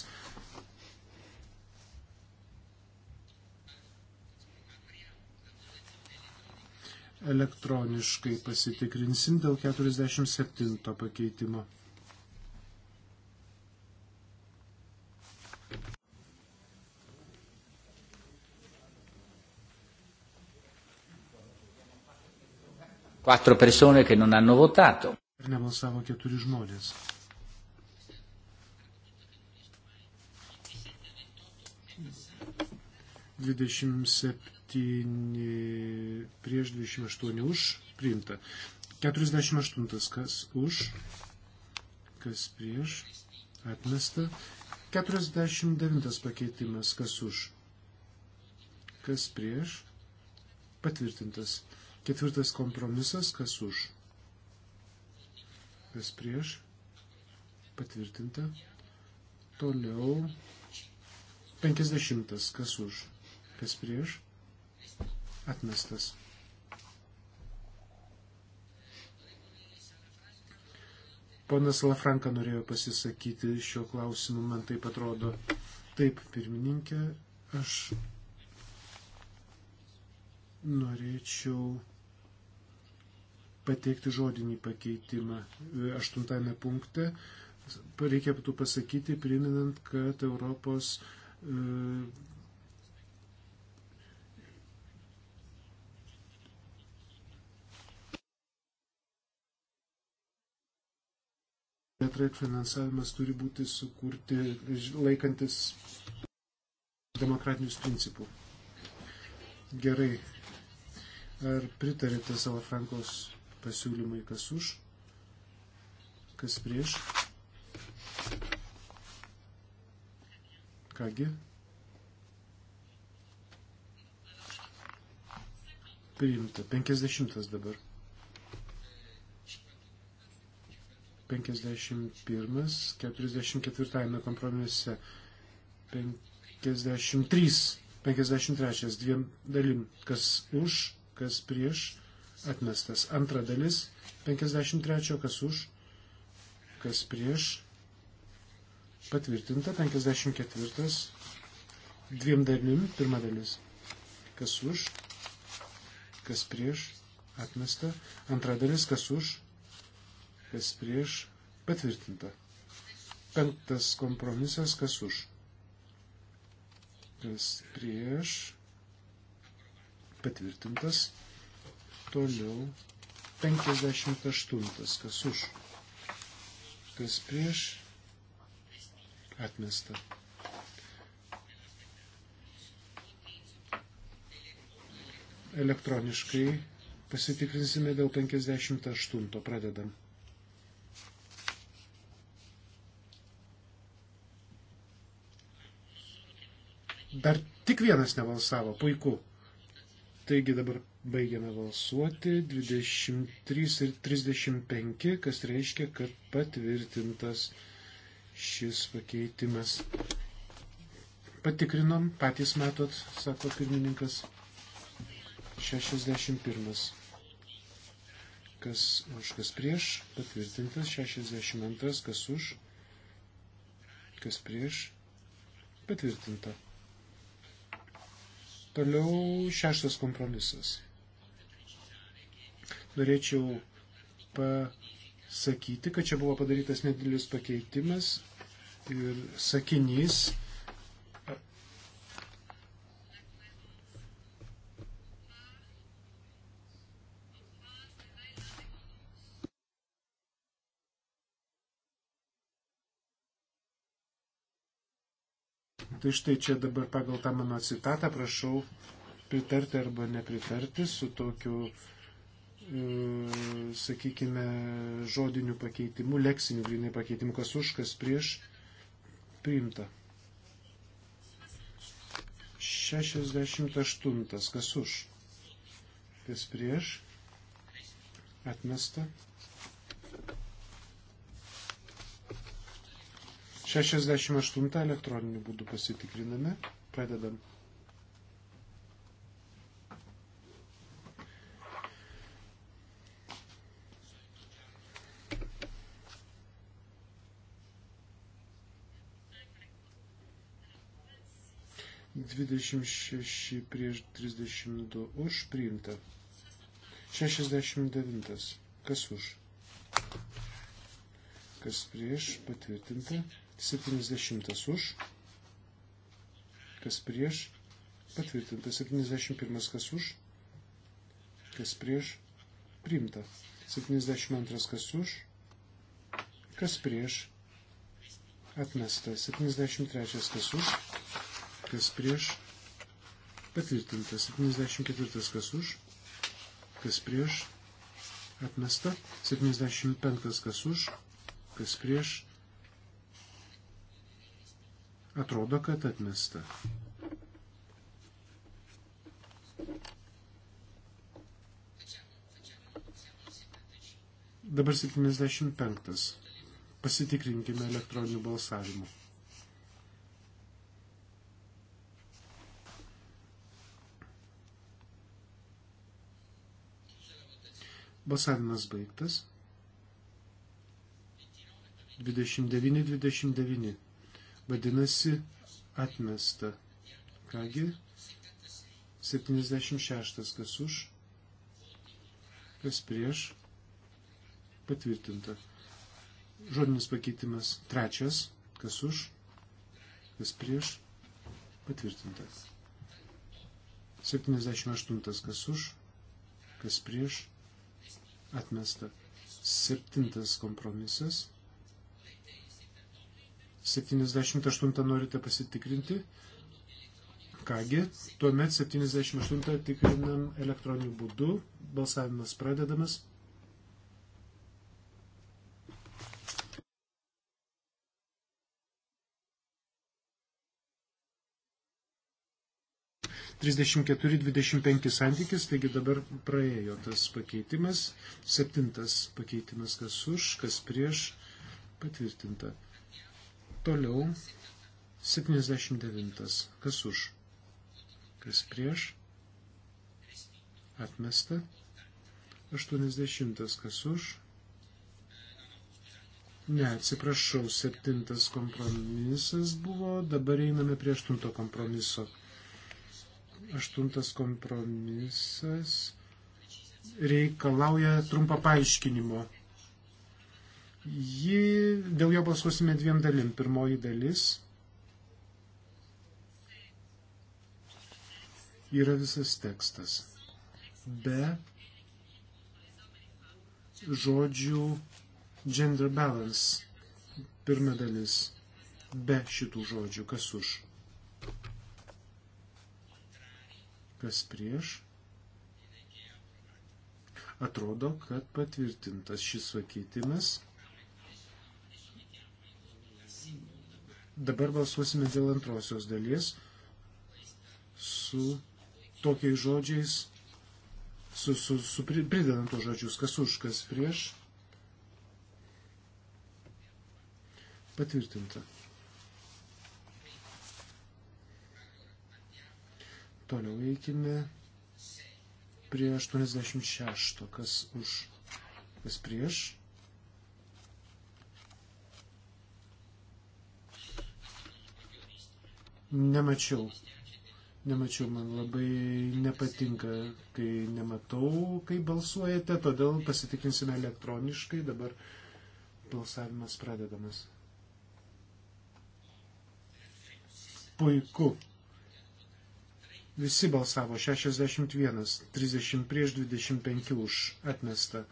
Elektroniškai pasitikrinsim dėl 47 pakeitimo. Quattro persone che non hanno votato. Ir nebalsavo keturi žmonės. Dvidešimt septyni prieš dvidešimt aštuoni už priimta. Keturiasdešimt aštuntas kas už, kas prieš atmesta. Keturiasdešimt devintas pakeitimas kas už, kas prieš patvirtintas. Ketvirtas kompromisas, kas už. Kas prieš. Patvirtinta. Toliau. Penkisdešimtas, kas už. Kas prieš. Atmestas. Ponas Lafranka norėjo pasisakyti šio klausimu, man taip atrodo. Taip, pirmininkė, aš norėčiau pateikti žodinį pakeitimą. Aštuntame punkte reikėtų pasakyti, priminant, kad Europos e, plėtra ir finansavimas turi būti sukurti laikantis demokratinius principų. Gerai. Ar pritarėte savo Frankos pasiūlymai, kas už, kas prieš. Kągi. Priimta. 50 dabar. 51, 44 kompromise. 53, 53 dviem dalim. Kas už, kas prieš atmestas. Antra dalis 53, kas už, kas prieš, patvirtinta 54, dviem dalim, pirma dalis, kas už, kas prieš, atmesta, antra dalis, kas už, kas prieš, patvirtinta. Penktas kompromisas, kas už, kas prieš, patvirtintas. Toliau 58. Kas už? Kas prieš? Atmesta. Elektroniškai pasitikrinsime dėl 58. Pradedam. Dar tik vienas nebalsavo. Puiku. Taigi dabar Baigiame balsuoti 23 ir 35, kas reiškia, kad patvirtintas šis pakeitimas. Patikrinom, patys matot, sako pirmininkas. 61. Kas už, kas prieš, patvirtintas. 62. Kas už, kas prieš, patvirtinta. Toliau šeštas kompromisas norėčiau pasakyti, kad čia buvo padarytas nedidelis pakeitimas ir sakinys. Tai štai čia dabar pagal tą mano citatą prašau pritarti arba nepritarti su tokiu uh, E, sakykime, žodinių pakeitimų, leksinių grinai pakeitimų, kas už, kas prieš, priimta. 68. Kas už, kas prieš, atmesta. 68 elektroniniu būdu pasitikriname, pradedam. 26 prieš 32 už priimta. 69. Kas už? Kas prieš patvirtinta. 70 už. Kas prieš patvirtinta. 71 kas už. Kas prieš priimta. 72 kas už. Kas prieš atmesta. 73 kas už kas prieš, patvirtinta. 74 kas už, kas prieš, atmesta. 75 kas už, kas prieš, atrodo, kad atmesta. Dabar 75. Pasitikrinkime elektroniniu balsavimu. Balsavimas baigtas. 29-29. Vadinasi, atmesta. Kągi, 76 kas už, kas prieš, patvirtinta. Žodinis pakeitimas trečias, kas už, kas prieš, patvirtinta. 78 kas už, kas prieš, atmesta. Septintas kompromisas. 78 norite pasitikrinti. Kągi, tuomet 78 tikrinam elektroniniu būdu. Balsavimas pradedamas. 34-25 santykis, taigi dabar praėjo tas pakeitimas. Septintas pakeitimas, kas už, kas prieš, patvirtinta. Toliau 79, kas už, kas prieš, atmesta. 80, kas už. Ne, atsiprašau, septintas kompromisas buvo, dabar einame prie aštunto kompromiso. Aštuntas kompromisas reikalauja trumpo paaiškinimo. Jį, dėl jo balsuosime dviem dalim. Pirmoji dalis yra visas tekstas. Be žodžių gender balance. Pirma dalis. Be šitų žodžių. Kas už? kas prieš. Atrodo, kad patvirtintas šis pakeitimas. Dabar balsuosime dėl antrosios dalies su tokiais žodžiais, su, su, su pridedant tos žodžius, kas už, kas prieš. Patvirtinta. Toliau eikime prie 86, kas už, kas prieš. Nemačiau. Nemačiau, man labai nepatinka, kai nematau, kai balsuojate, todėl pasitikrinsime elektroniškai. Dabar balsavimas pradedamas. Puiku. Visi balsavo 61, 30 prieš 25 už atmesta,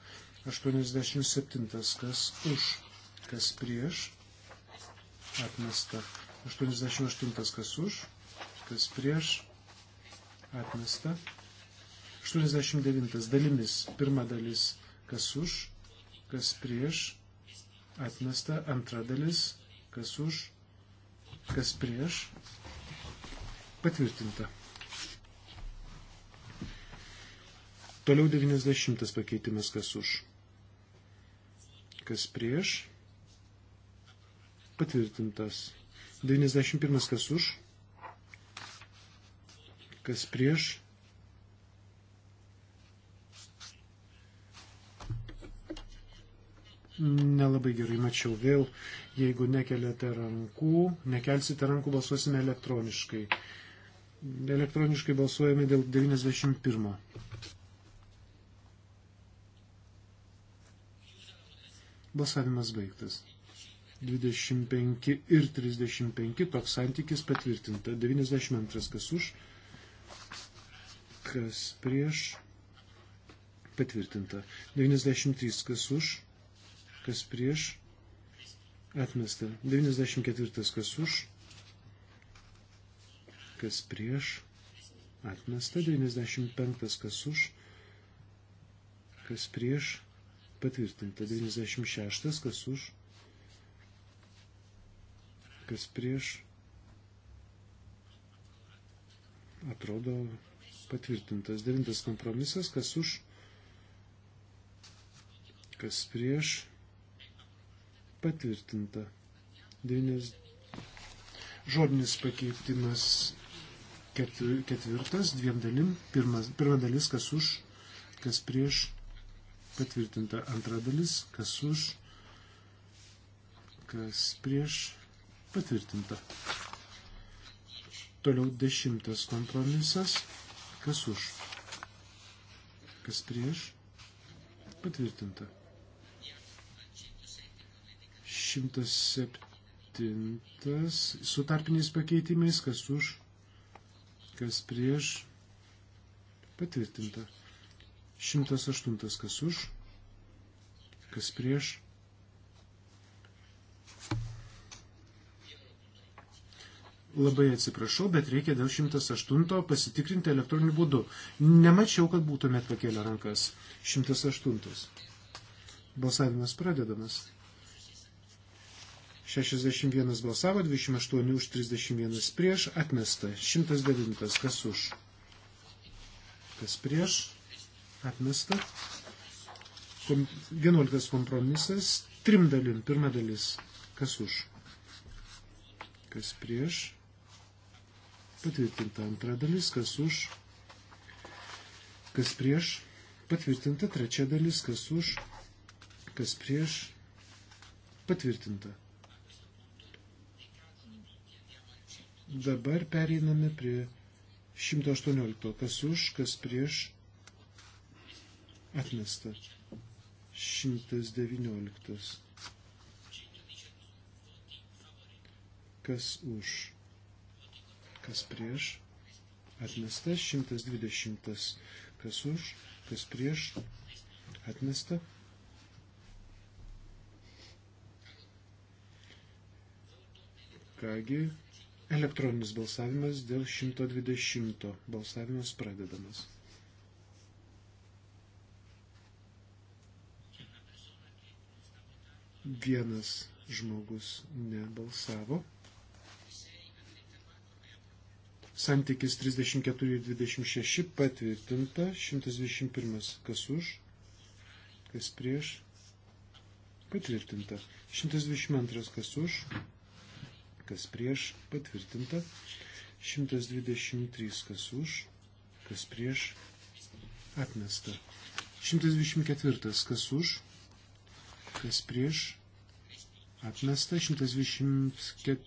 87 kas už, kas prieš atmesta, 88 kas už, kas prieš atmesta, 89 dalimis, pirma dalis kas už, kas prieš atmesta, antra dalis kas už, kas prieš patvirtinta. Toliau 90 pakeitimas kas už. Kas prieš. Patvirtintas. 91 kas už. Kas prieš. Nelabai gerai mačiau vėl. Jeigu nekeliate rankų, nekelsite rankų, balsuosime elektroniškai. Elektroniškai balsuojame dėl 91. Balsavimas baigtas. 25 ir 35 toks santykis patvirtinta. 92 kas už, kas prieš patvirtinta. 93 kas už, kas prieš atmesta. 94 kas už, kas prieš atmesta. 95 kas už, kas prieš atmesta Patvirtinta 96, kas už, kas prieš. Atrodo patvirtintas. Devintas kompromisas, kas už, kas prieš. Patvirtinta. Devinės... Žodinis pakeitimas ketvirtas dviem dalim. Pirmas, pirma dalis, kas už, kas prieš Patvirtinta antra dalis, kas už, kas prieš, patvirtinta. Toliau dešimtas kompromisas, kas už, kas prieš, patvirtinta. 107 su tarpiniais pakeitimais, kas už, kas prieš, patvirtinta. 108 kas už, kas prieš. Labai atsiprašau, bet reikia dėl 108 pasitikrinti elektroniniu būdu. Nemačiau, kad būtumėt pakėlę rankas. 108. Balsavimas pradedamas. 61 balsavo, 28 už 31 prieš, atmesta. 109 kas už. Kas prieš? atmesta. 11 kompromisas trim dalim. Pirma dalis. Kas už? Kas prieš? Patvirtinta antra dalis. Kas už? Kas prieš? Patvirtinta trečia dalis. Kas už? Kas prieš? Patvirtinta. Dabar pereiname prie 118. Kas už, kas prieš, Atmesta. 119. Kas už? Kas prieš? Atmesta. 120. Kas už? Kas prieš? Atmesta. Kągi, elektroninis balsavimas dėl 120. Balsavimas pradedamas. Vienas žmogus nebalsavo. Santykis 34-26 patvirtinta. 121. Kas už? Kas prieš? Patvirtinta. 122. Kas už? Kas prieš? Patvirtinta. 123. Kas už? Kas prieš? Atmesta. 124. Kas už? kas prieš, atmesta, 125,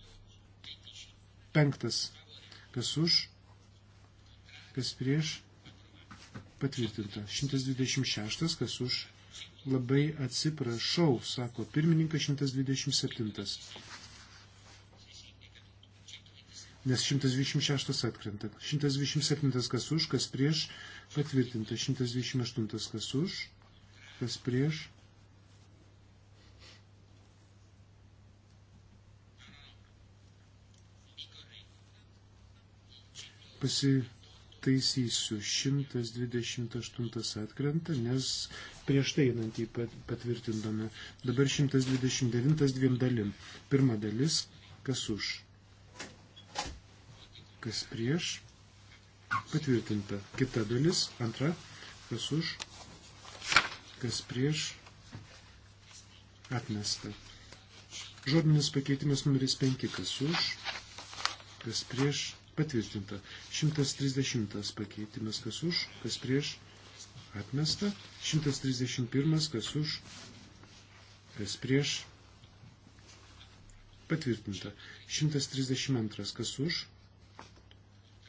kas už, kas prieš, patvirtinta, 126, kas už, labai atsiprašau, sako pirmininkas 127. Nes 126 atkrenta. 127 kas už, kas prieš, patvirtinta. 128 kas už, kas prieš, pasitaisysiu. 128 atkrenta, nes prieš tai einantį patvirtindome. Dabar 129 dviem dalim. Pirma dalis, kas už. Kas prieš. Patvirtinta. Kita dalis, antra, kas už, kas prieš, atmesta. Žodinis pakeitimas numeris 5, kas už, kas prieš, patvirtinta. 130 pakeitimas kas už, kas prieš atmesta. 131 kas už, kas prieš patvirtinta. 132 kas už,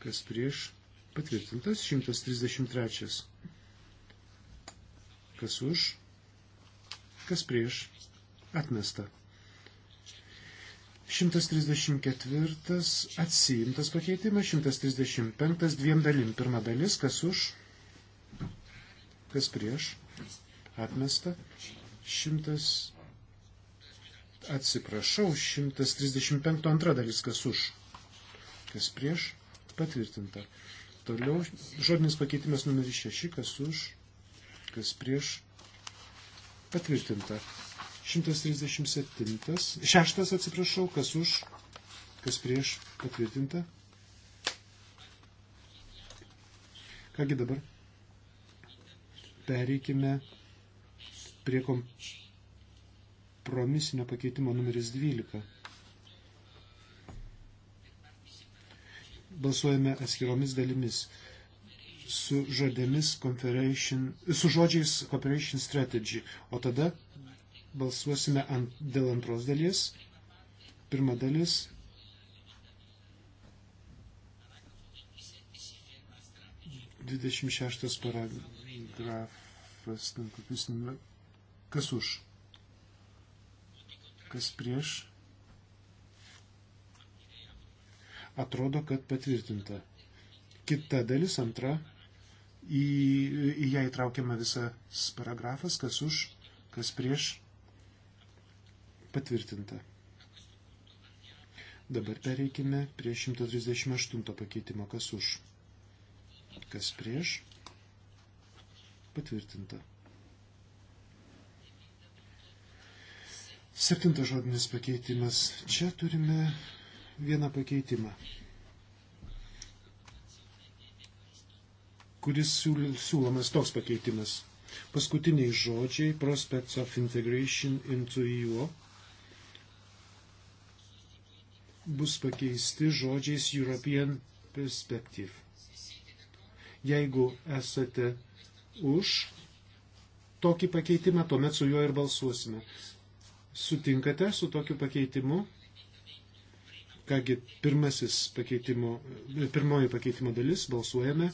kas prieš patvirtintas. 133 kas už, kas prieš atmesta. 134 atsiimtas pakeitimas, 135 dviem dalim. Pirma dalis, kas už, kas prieš, atmesta. 100, atsiprašau, 135 antra dalis, kas už, kas prieš, patvirtinta. Toliau žodinis pakeitimas numeris 6, kas už, kas prieš, patvirtinta. 137, šeštas atsiprašau, kas už, kas prieš patvirtinta. Kągi dabar pereikime prie kompromisinio pakeitimo numeris 12. Balsuojame atskiromis dalimis su, žodėmis, su žodžiais Cooperation Strategy, o tada balsuosime ant, dėl antros dalies. Pirma dalis. Dvidešimt šeštas paragrafas. Kas už? Kas prieš? Atrodo, kad patvirtinta. Kita dalis, antra. Į, į ją įtraukiama visas paragrafas, kas už, kas prieš Patvirtinta. Dabar pereikime prie 138 pakeitimo, kas už. Kas prieš. Patvirtinta. Septintas žodinis pakeitimas. Čia turime vieną pakeitimą, kuris siūlomas toks pakeitimas. Paskutiniai žodžiai Prospects of Integration into EU bus pakeisti žodžiais European Perspective. Jeigu esate už tokį pakeitimą, tuomet su juo ir balsuosime. Sutinkate su tokiu pakeitimu? Kągi, pirmasis pakeitimo, pirmoji pakeitimo dalis, balsuojame.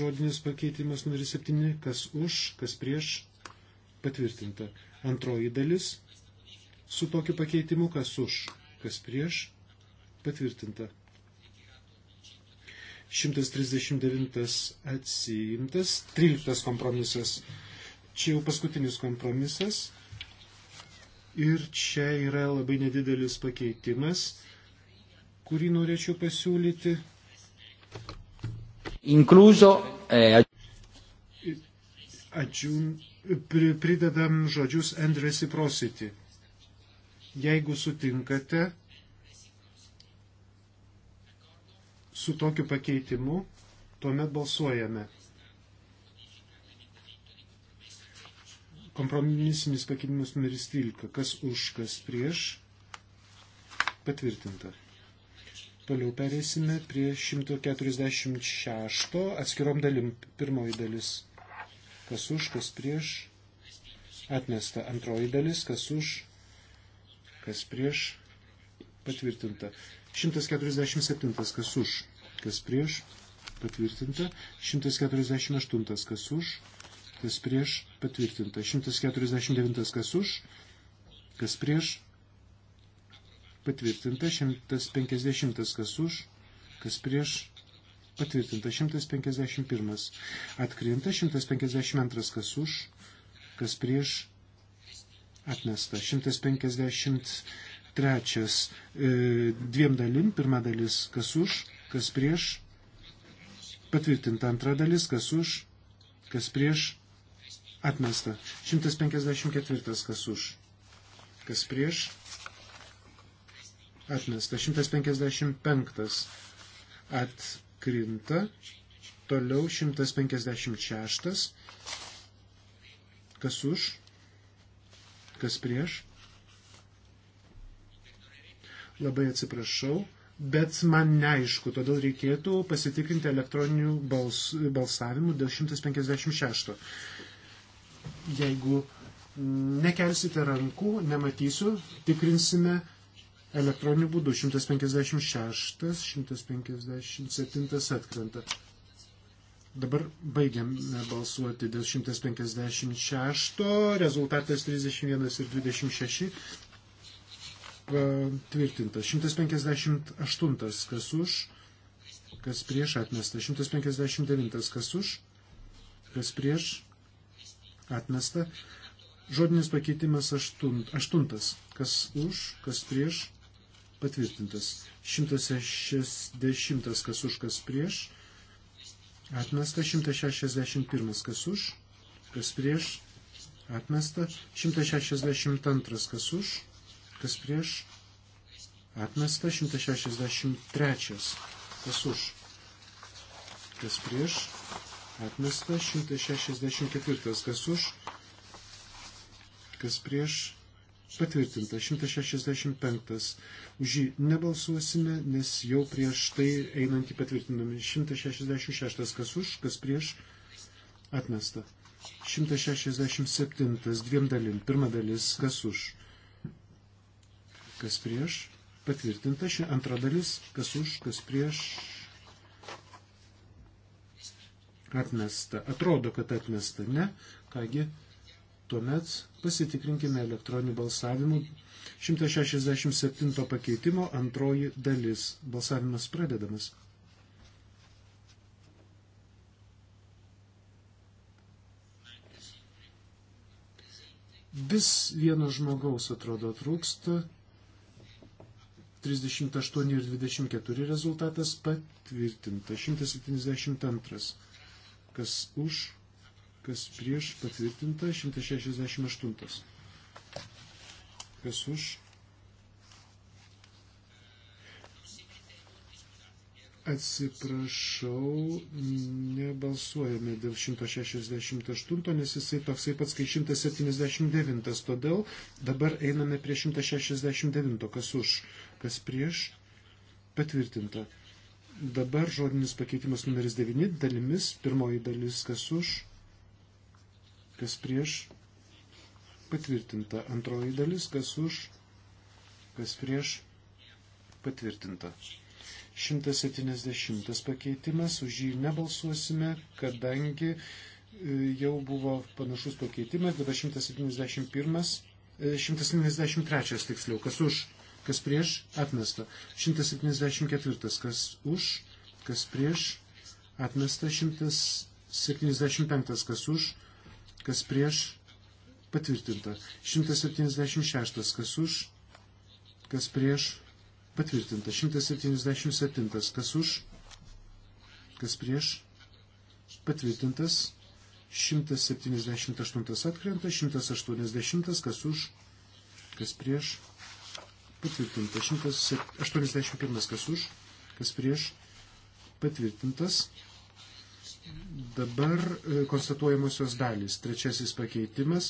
Žodinis pakeitimas numeris 7, kas už, kas prieš, patvirtinta. Antroji dalis, su tokiu pakeitimu, kas už, kas prieš, patvirtinta. 139 atsiimtas, 13 kompromisas. Čia jau paskutinis kompromisas. Ir čia yra labai nedidelis pakeitimas, kurį norėčiau pasiūlyti. Inkluso. Eh, Ačiū. Pridedam žodžius and reciprocity. Jeigu sutinkate su tokiu pakeitimu, tuomet balsuojame. Kompromisinis pakeitimas numeris 13. Kas už, kas prieš. Patvirtinta. Toliau perėsime prie 146 atskirom dalim. Pirmoji dalis. Kas už, kas prieš. Atmesta. Antroji dalis. Kas už, kas prieš, patvirtinta. 147, kas už, kas prieš, patvirtinta. 148, kas už, kas prieš, patvirtinta. 149, kas už, kas prieš, patvirtinta. 150, kas už, kas prieš, patvirtinta 151. Atkrinta 152 kas už, kas prieš atmesta. 153 e, dviem dalim, pirma dalis kas už, kas prieš, patvirtinta antra dalis kas už, kas prieš, atmesta. 154 kas už, kas prieš, atmesta. 155 atkrinta. Toliau 156. Kas už? kas prieš. Labai atsiprašau, bet man neaišku, todėl reikėtų pasitikrinti elektroninių bals, balsavimų dėl 156. Jeigu nekelsite rankų, nematysiu, tikrinsime elektroniniu būdu 156, 157 atkrenta. Dabar baigiam balsuoti dėl 156, rezultatas 31 ir 26 patvirtintas. 158 kas už, kas prieš atmesta. 159 kas už, kas prieš atmesta. Žodinis pakeitimas 8, 8 kas už, kas prieš patvirtintas. 160 kas už, kas prieš atmesta Atmesta 161. Kas už, kas prieš. Atmesta 162. Kas už, kas prieš. Atmesta 163. Kas už, kas prieš. Atmesta 164. Kas už, kas prieš Patvirtinta 165. Už jį nebalsuosime, nes jau prieš tai einantį patvirtinami 166. Kas už, kas prieš atmesta. 167. Dviem dalim. Pirma dalis. Kas už, kas prieš patvirtinta. Ši antra dalis. Kas už, kas prieš atmesta. Atrodo, kad atmesta. Ne. Kągi. Tuomet pasitikrinkime elektroniniu balsavimu 167 pakeitimo antroji dalis. Balsavimas pradedamas. Vis vieno žmogaus atrodo trūksta. 38 ir 24 rezultatas patvirtinta. 172. Kas už? kas prieš patvirtinta 168. Kas už Atsiprašau, nebalsuojame dėl 168, nes jisai toksai pats kaip 179. Todėl dabar einame prie 169. Kas už, kas prieš, patvirtinta. Dabar žodinis pakeitimas numeris 9 dalimis. Pirmoji dalis, kas už, kas prieš, patvirtinta. Antroji dalis, kas už, kas prieš, patvirtinta. 170 pakeitimas, už jį nebalsuosime, kadangi e, jau buvo panašus pakeitimas, dabar 171, 173 e, tiksliau, kas už, kas prieš, atmesta. 174, kas už, kas prieš, atmesta. 175, kas už, kas prieš, patvirtinta. 176, kas už, kas prieš, patvirtinta. 177, kas už, kas prieš, patvirtintas. 178 atkrenta, 180, kas už, kas prieš, patvirtinta. 181, kas už, kas prieš, patvirtintas. Dabar e, konstatuojamosios dalys. Trečiasis pakeitimas.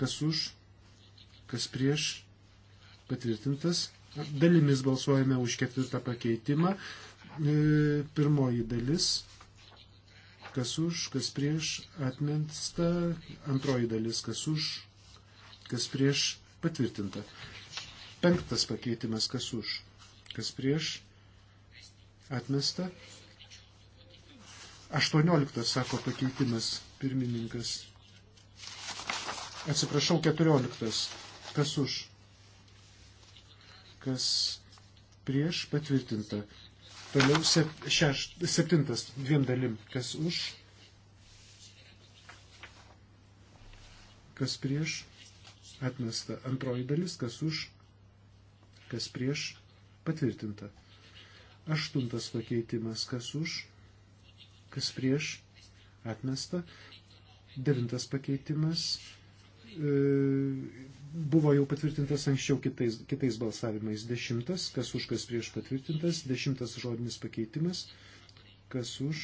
Kas už, kas prieš patvirtintas. Dalimis balsuojame už ketvirtą pakeitimą. E, pirmoji dalis. Kas už, kas prieš atmesta. Antroji dalis. Kas už, kas prieš patvirtinta. Penktas pakeitimas. Kas už, kas prieš atmesta. 18, sako pakeitimas pirmininkas. Atsiprašau, 14. Kas už? Kas prieš patvirtinta. Toliau 7. Šeš, dviem dalim. Kas už? Kas prieš? Atmesta. Antroji dalis. Kas už? Kas prieš? Patvirtinta. Aštuntas pakeitimas. Kas už? kas prieš, atmesta. Devintas pakeitimas e, buvo jau patvirtintas anksčiau kitais, kitais balsavimais. Dešimtas, kas už, kas prieš patvirtintas. Dešimtas žodinis pakeitimas, kas už,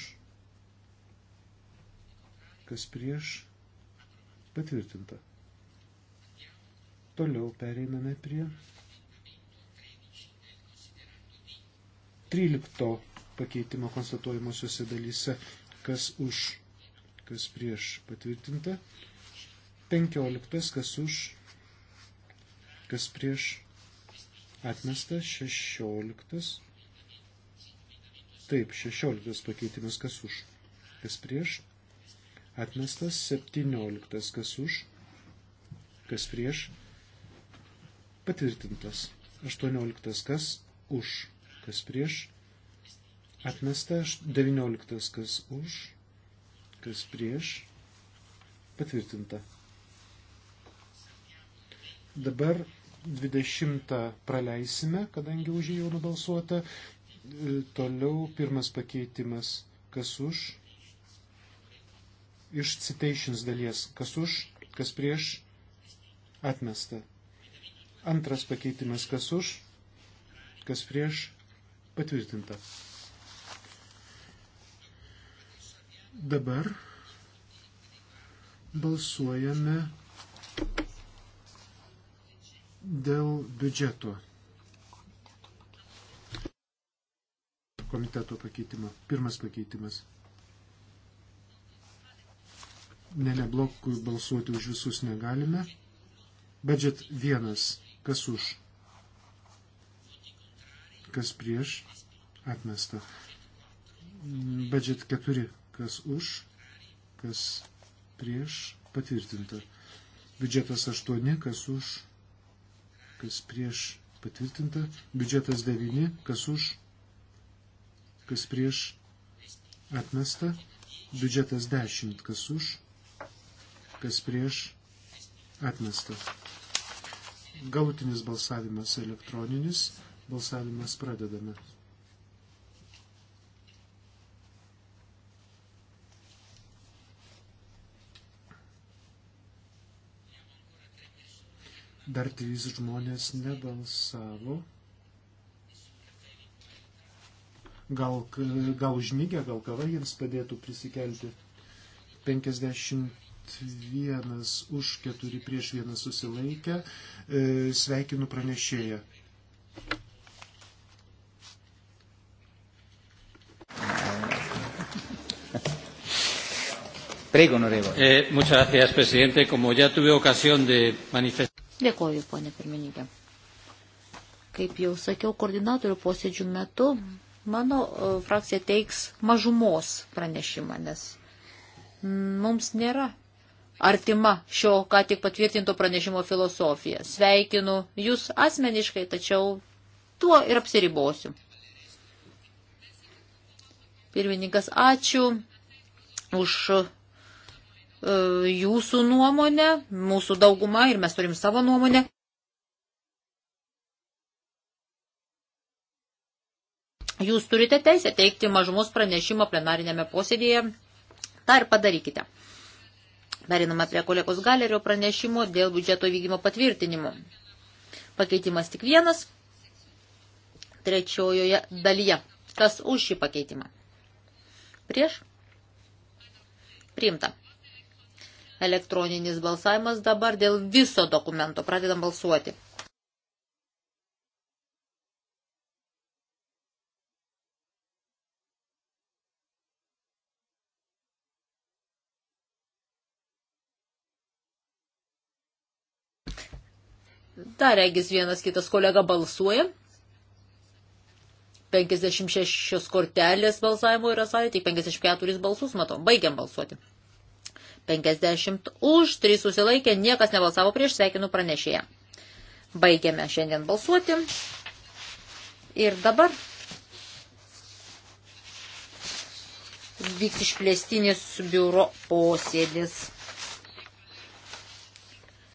kas prieš patvirtinta. Toliau pereiname prie 13 pakeitimo konstatuojamosiose dalyse, kas už, kas prieš patvirtinta. 15, kas už, kas prieš atmestas. 16, taip, 16 pakeitimas, kas už, kas prieš atmestas. 17, kas už, kas prieš patvirtintas. 18, kas už, kas prieš Atmesta 19. Kas už, kas prieš. Patvirtinta. Dabar 20 praleisime, kadangi už jį jau nubalsuota. Toliau pirmas pakeitimas. Kas už? Iš citations dalies. Kas už, kas prieš? Atmesta. Antras pakeitimas. Kas už, kas prieš? Patvirtinta. Dabar balsuojame dėl biudžeto komiteto pakeitimo. Pirmas pakeitimas. Ne, ne, blokui balsuoti už visus negalime. Budget vienas. Kas už? Kas prieš? Atmesta. Budget keturi kas už, kas prieš, patvirtinta. Biudžetas 8, kas už, kas prieš, patvirtinta. Biudžetas 9, kas už, kas prieš, atmesta. Biudžetas 10, kas už, kas prieš, atmesta. Galutinis balsavimas elektroninis. Balsavimas pradedame. Dar trys žmonės nebalsavo. Gal, gal užmygę, gal kava jiems padėtų prisikelti. 51 už 4 prieš 1 susilaikę. E, sveikinu pranešėją. Prego, onorevole. Eh, muchas gracias, presidente. Como ya tuve ocasión de manifestar. Dėkoju, ponė pirmininkė. Kaip jau sakiau, koordinatorių posėdžių metu mano e, frakcija teiks mažumos pranešimą, nes mums nėra artima šio ką tik patvirtinto pranešimo filosofija. Sveikinu jūs asmeniškai, tačiau tuo ir apsiribosiu. Pirmininkas, ačiū už E, jūsų nuomonę, mūsų dauguma ir mes turim savo nuomonę. Jūs turite teisę teikti mažumos pranešimą plenarinėme posėdėje. Ta ir padarykite. Periname prie kolegos galerio pranešimo dėl biudžeto vykdymo patvirtinimo. Pakeitimas tik vienas. Trečiojoje dalyje. Kas už šį pakeitimą? Prieš? Priimta. Elektroninis balsavimas dabar dėl viso dokumento. Pradedam balsuoti. Dar regis vienas kitas kolega balsuoja. 56 kortelės balsavimo yra salė, tik 54 balsus matau. Baigiam balsuoti. 50 už, 3 susilaikė, niekas nebalsavo prieš, sveikinu pranešėją. Baigėme šiandien balsuoti. Ir dabar vyks išplėstinis biuro posėdis.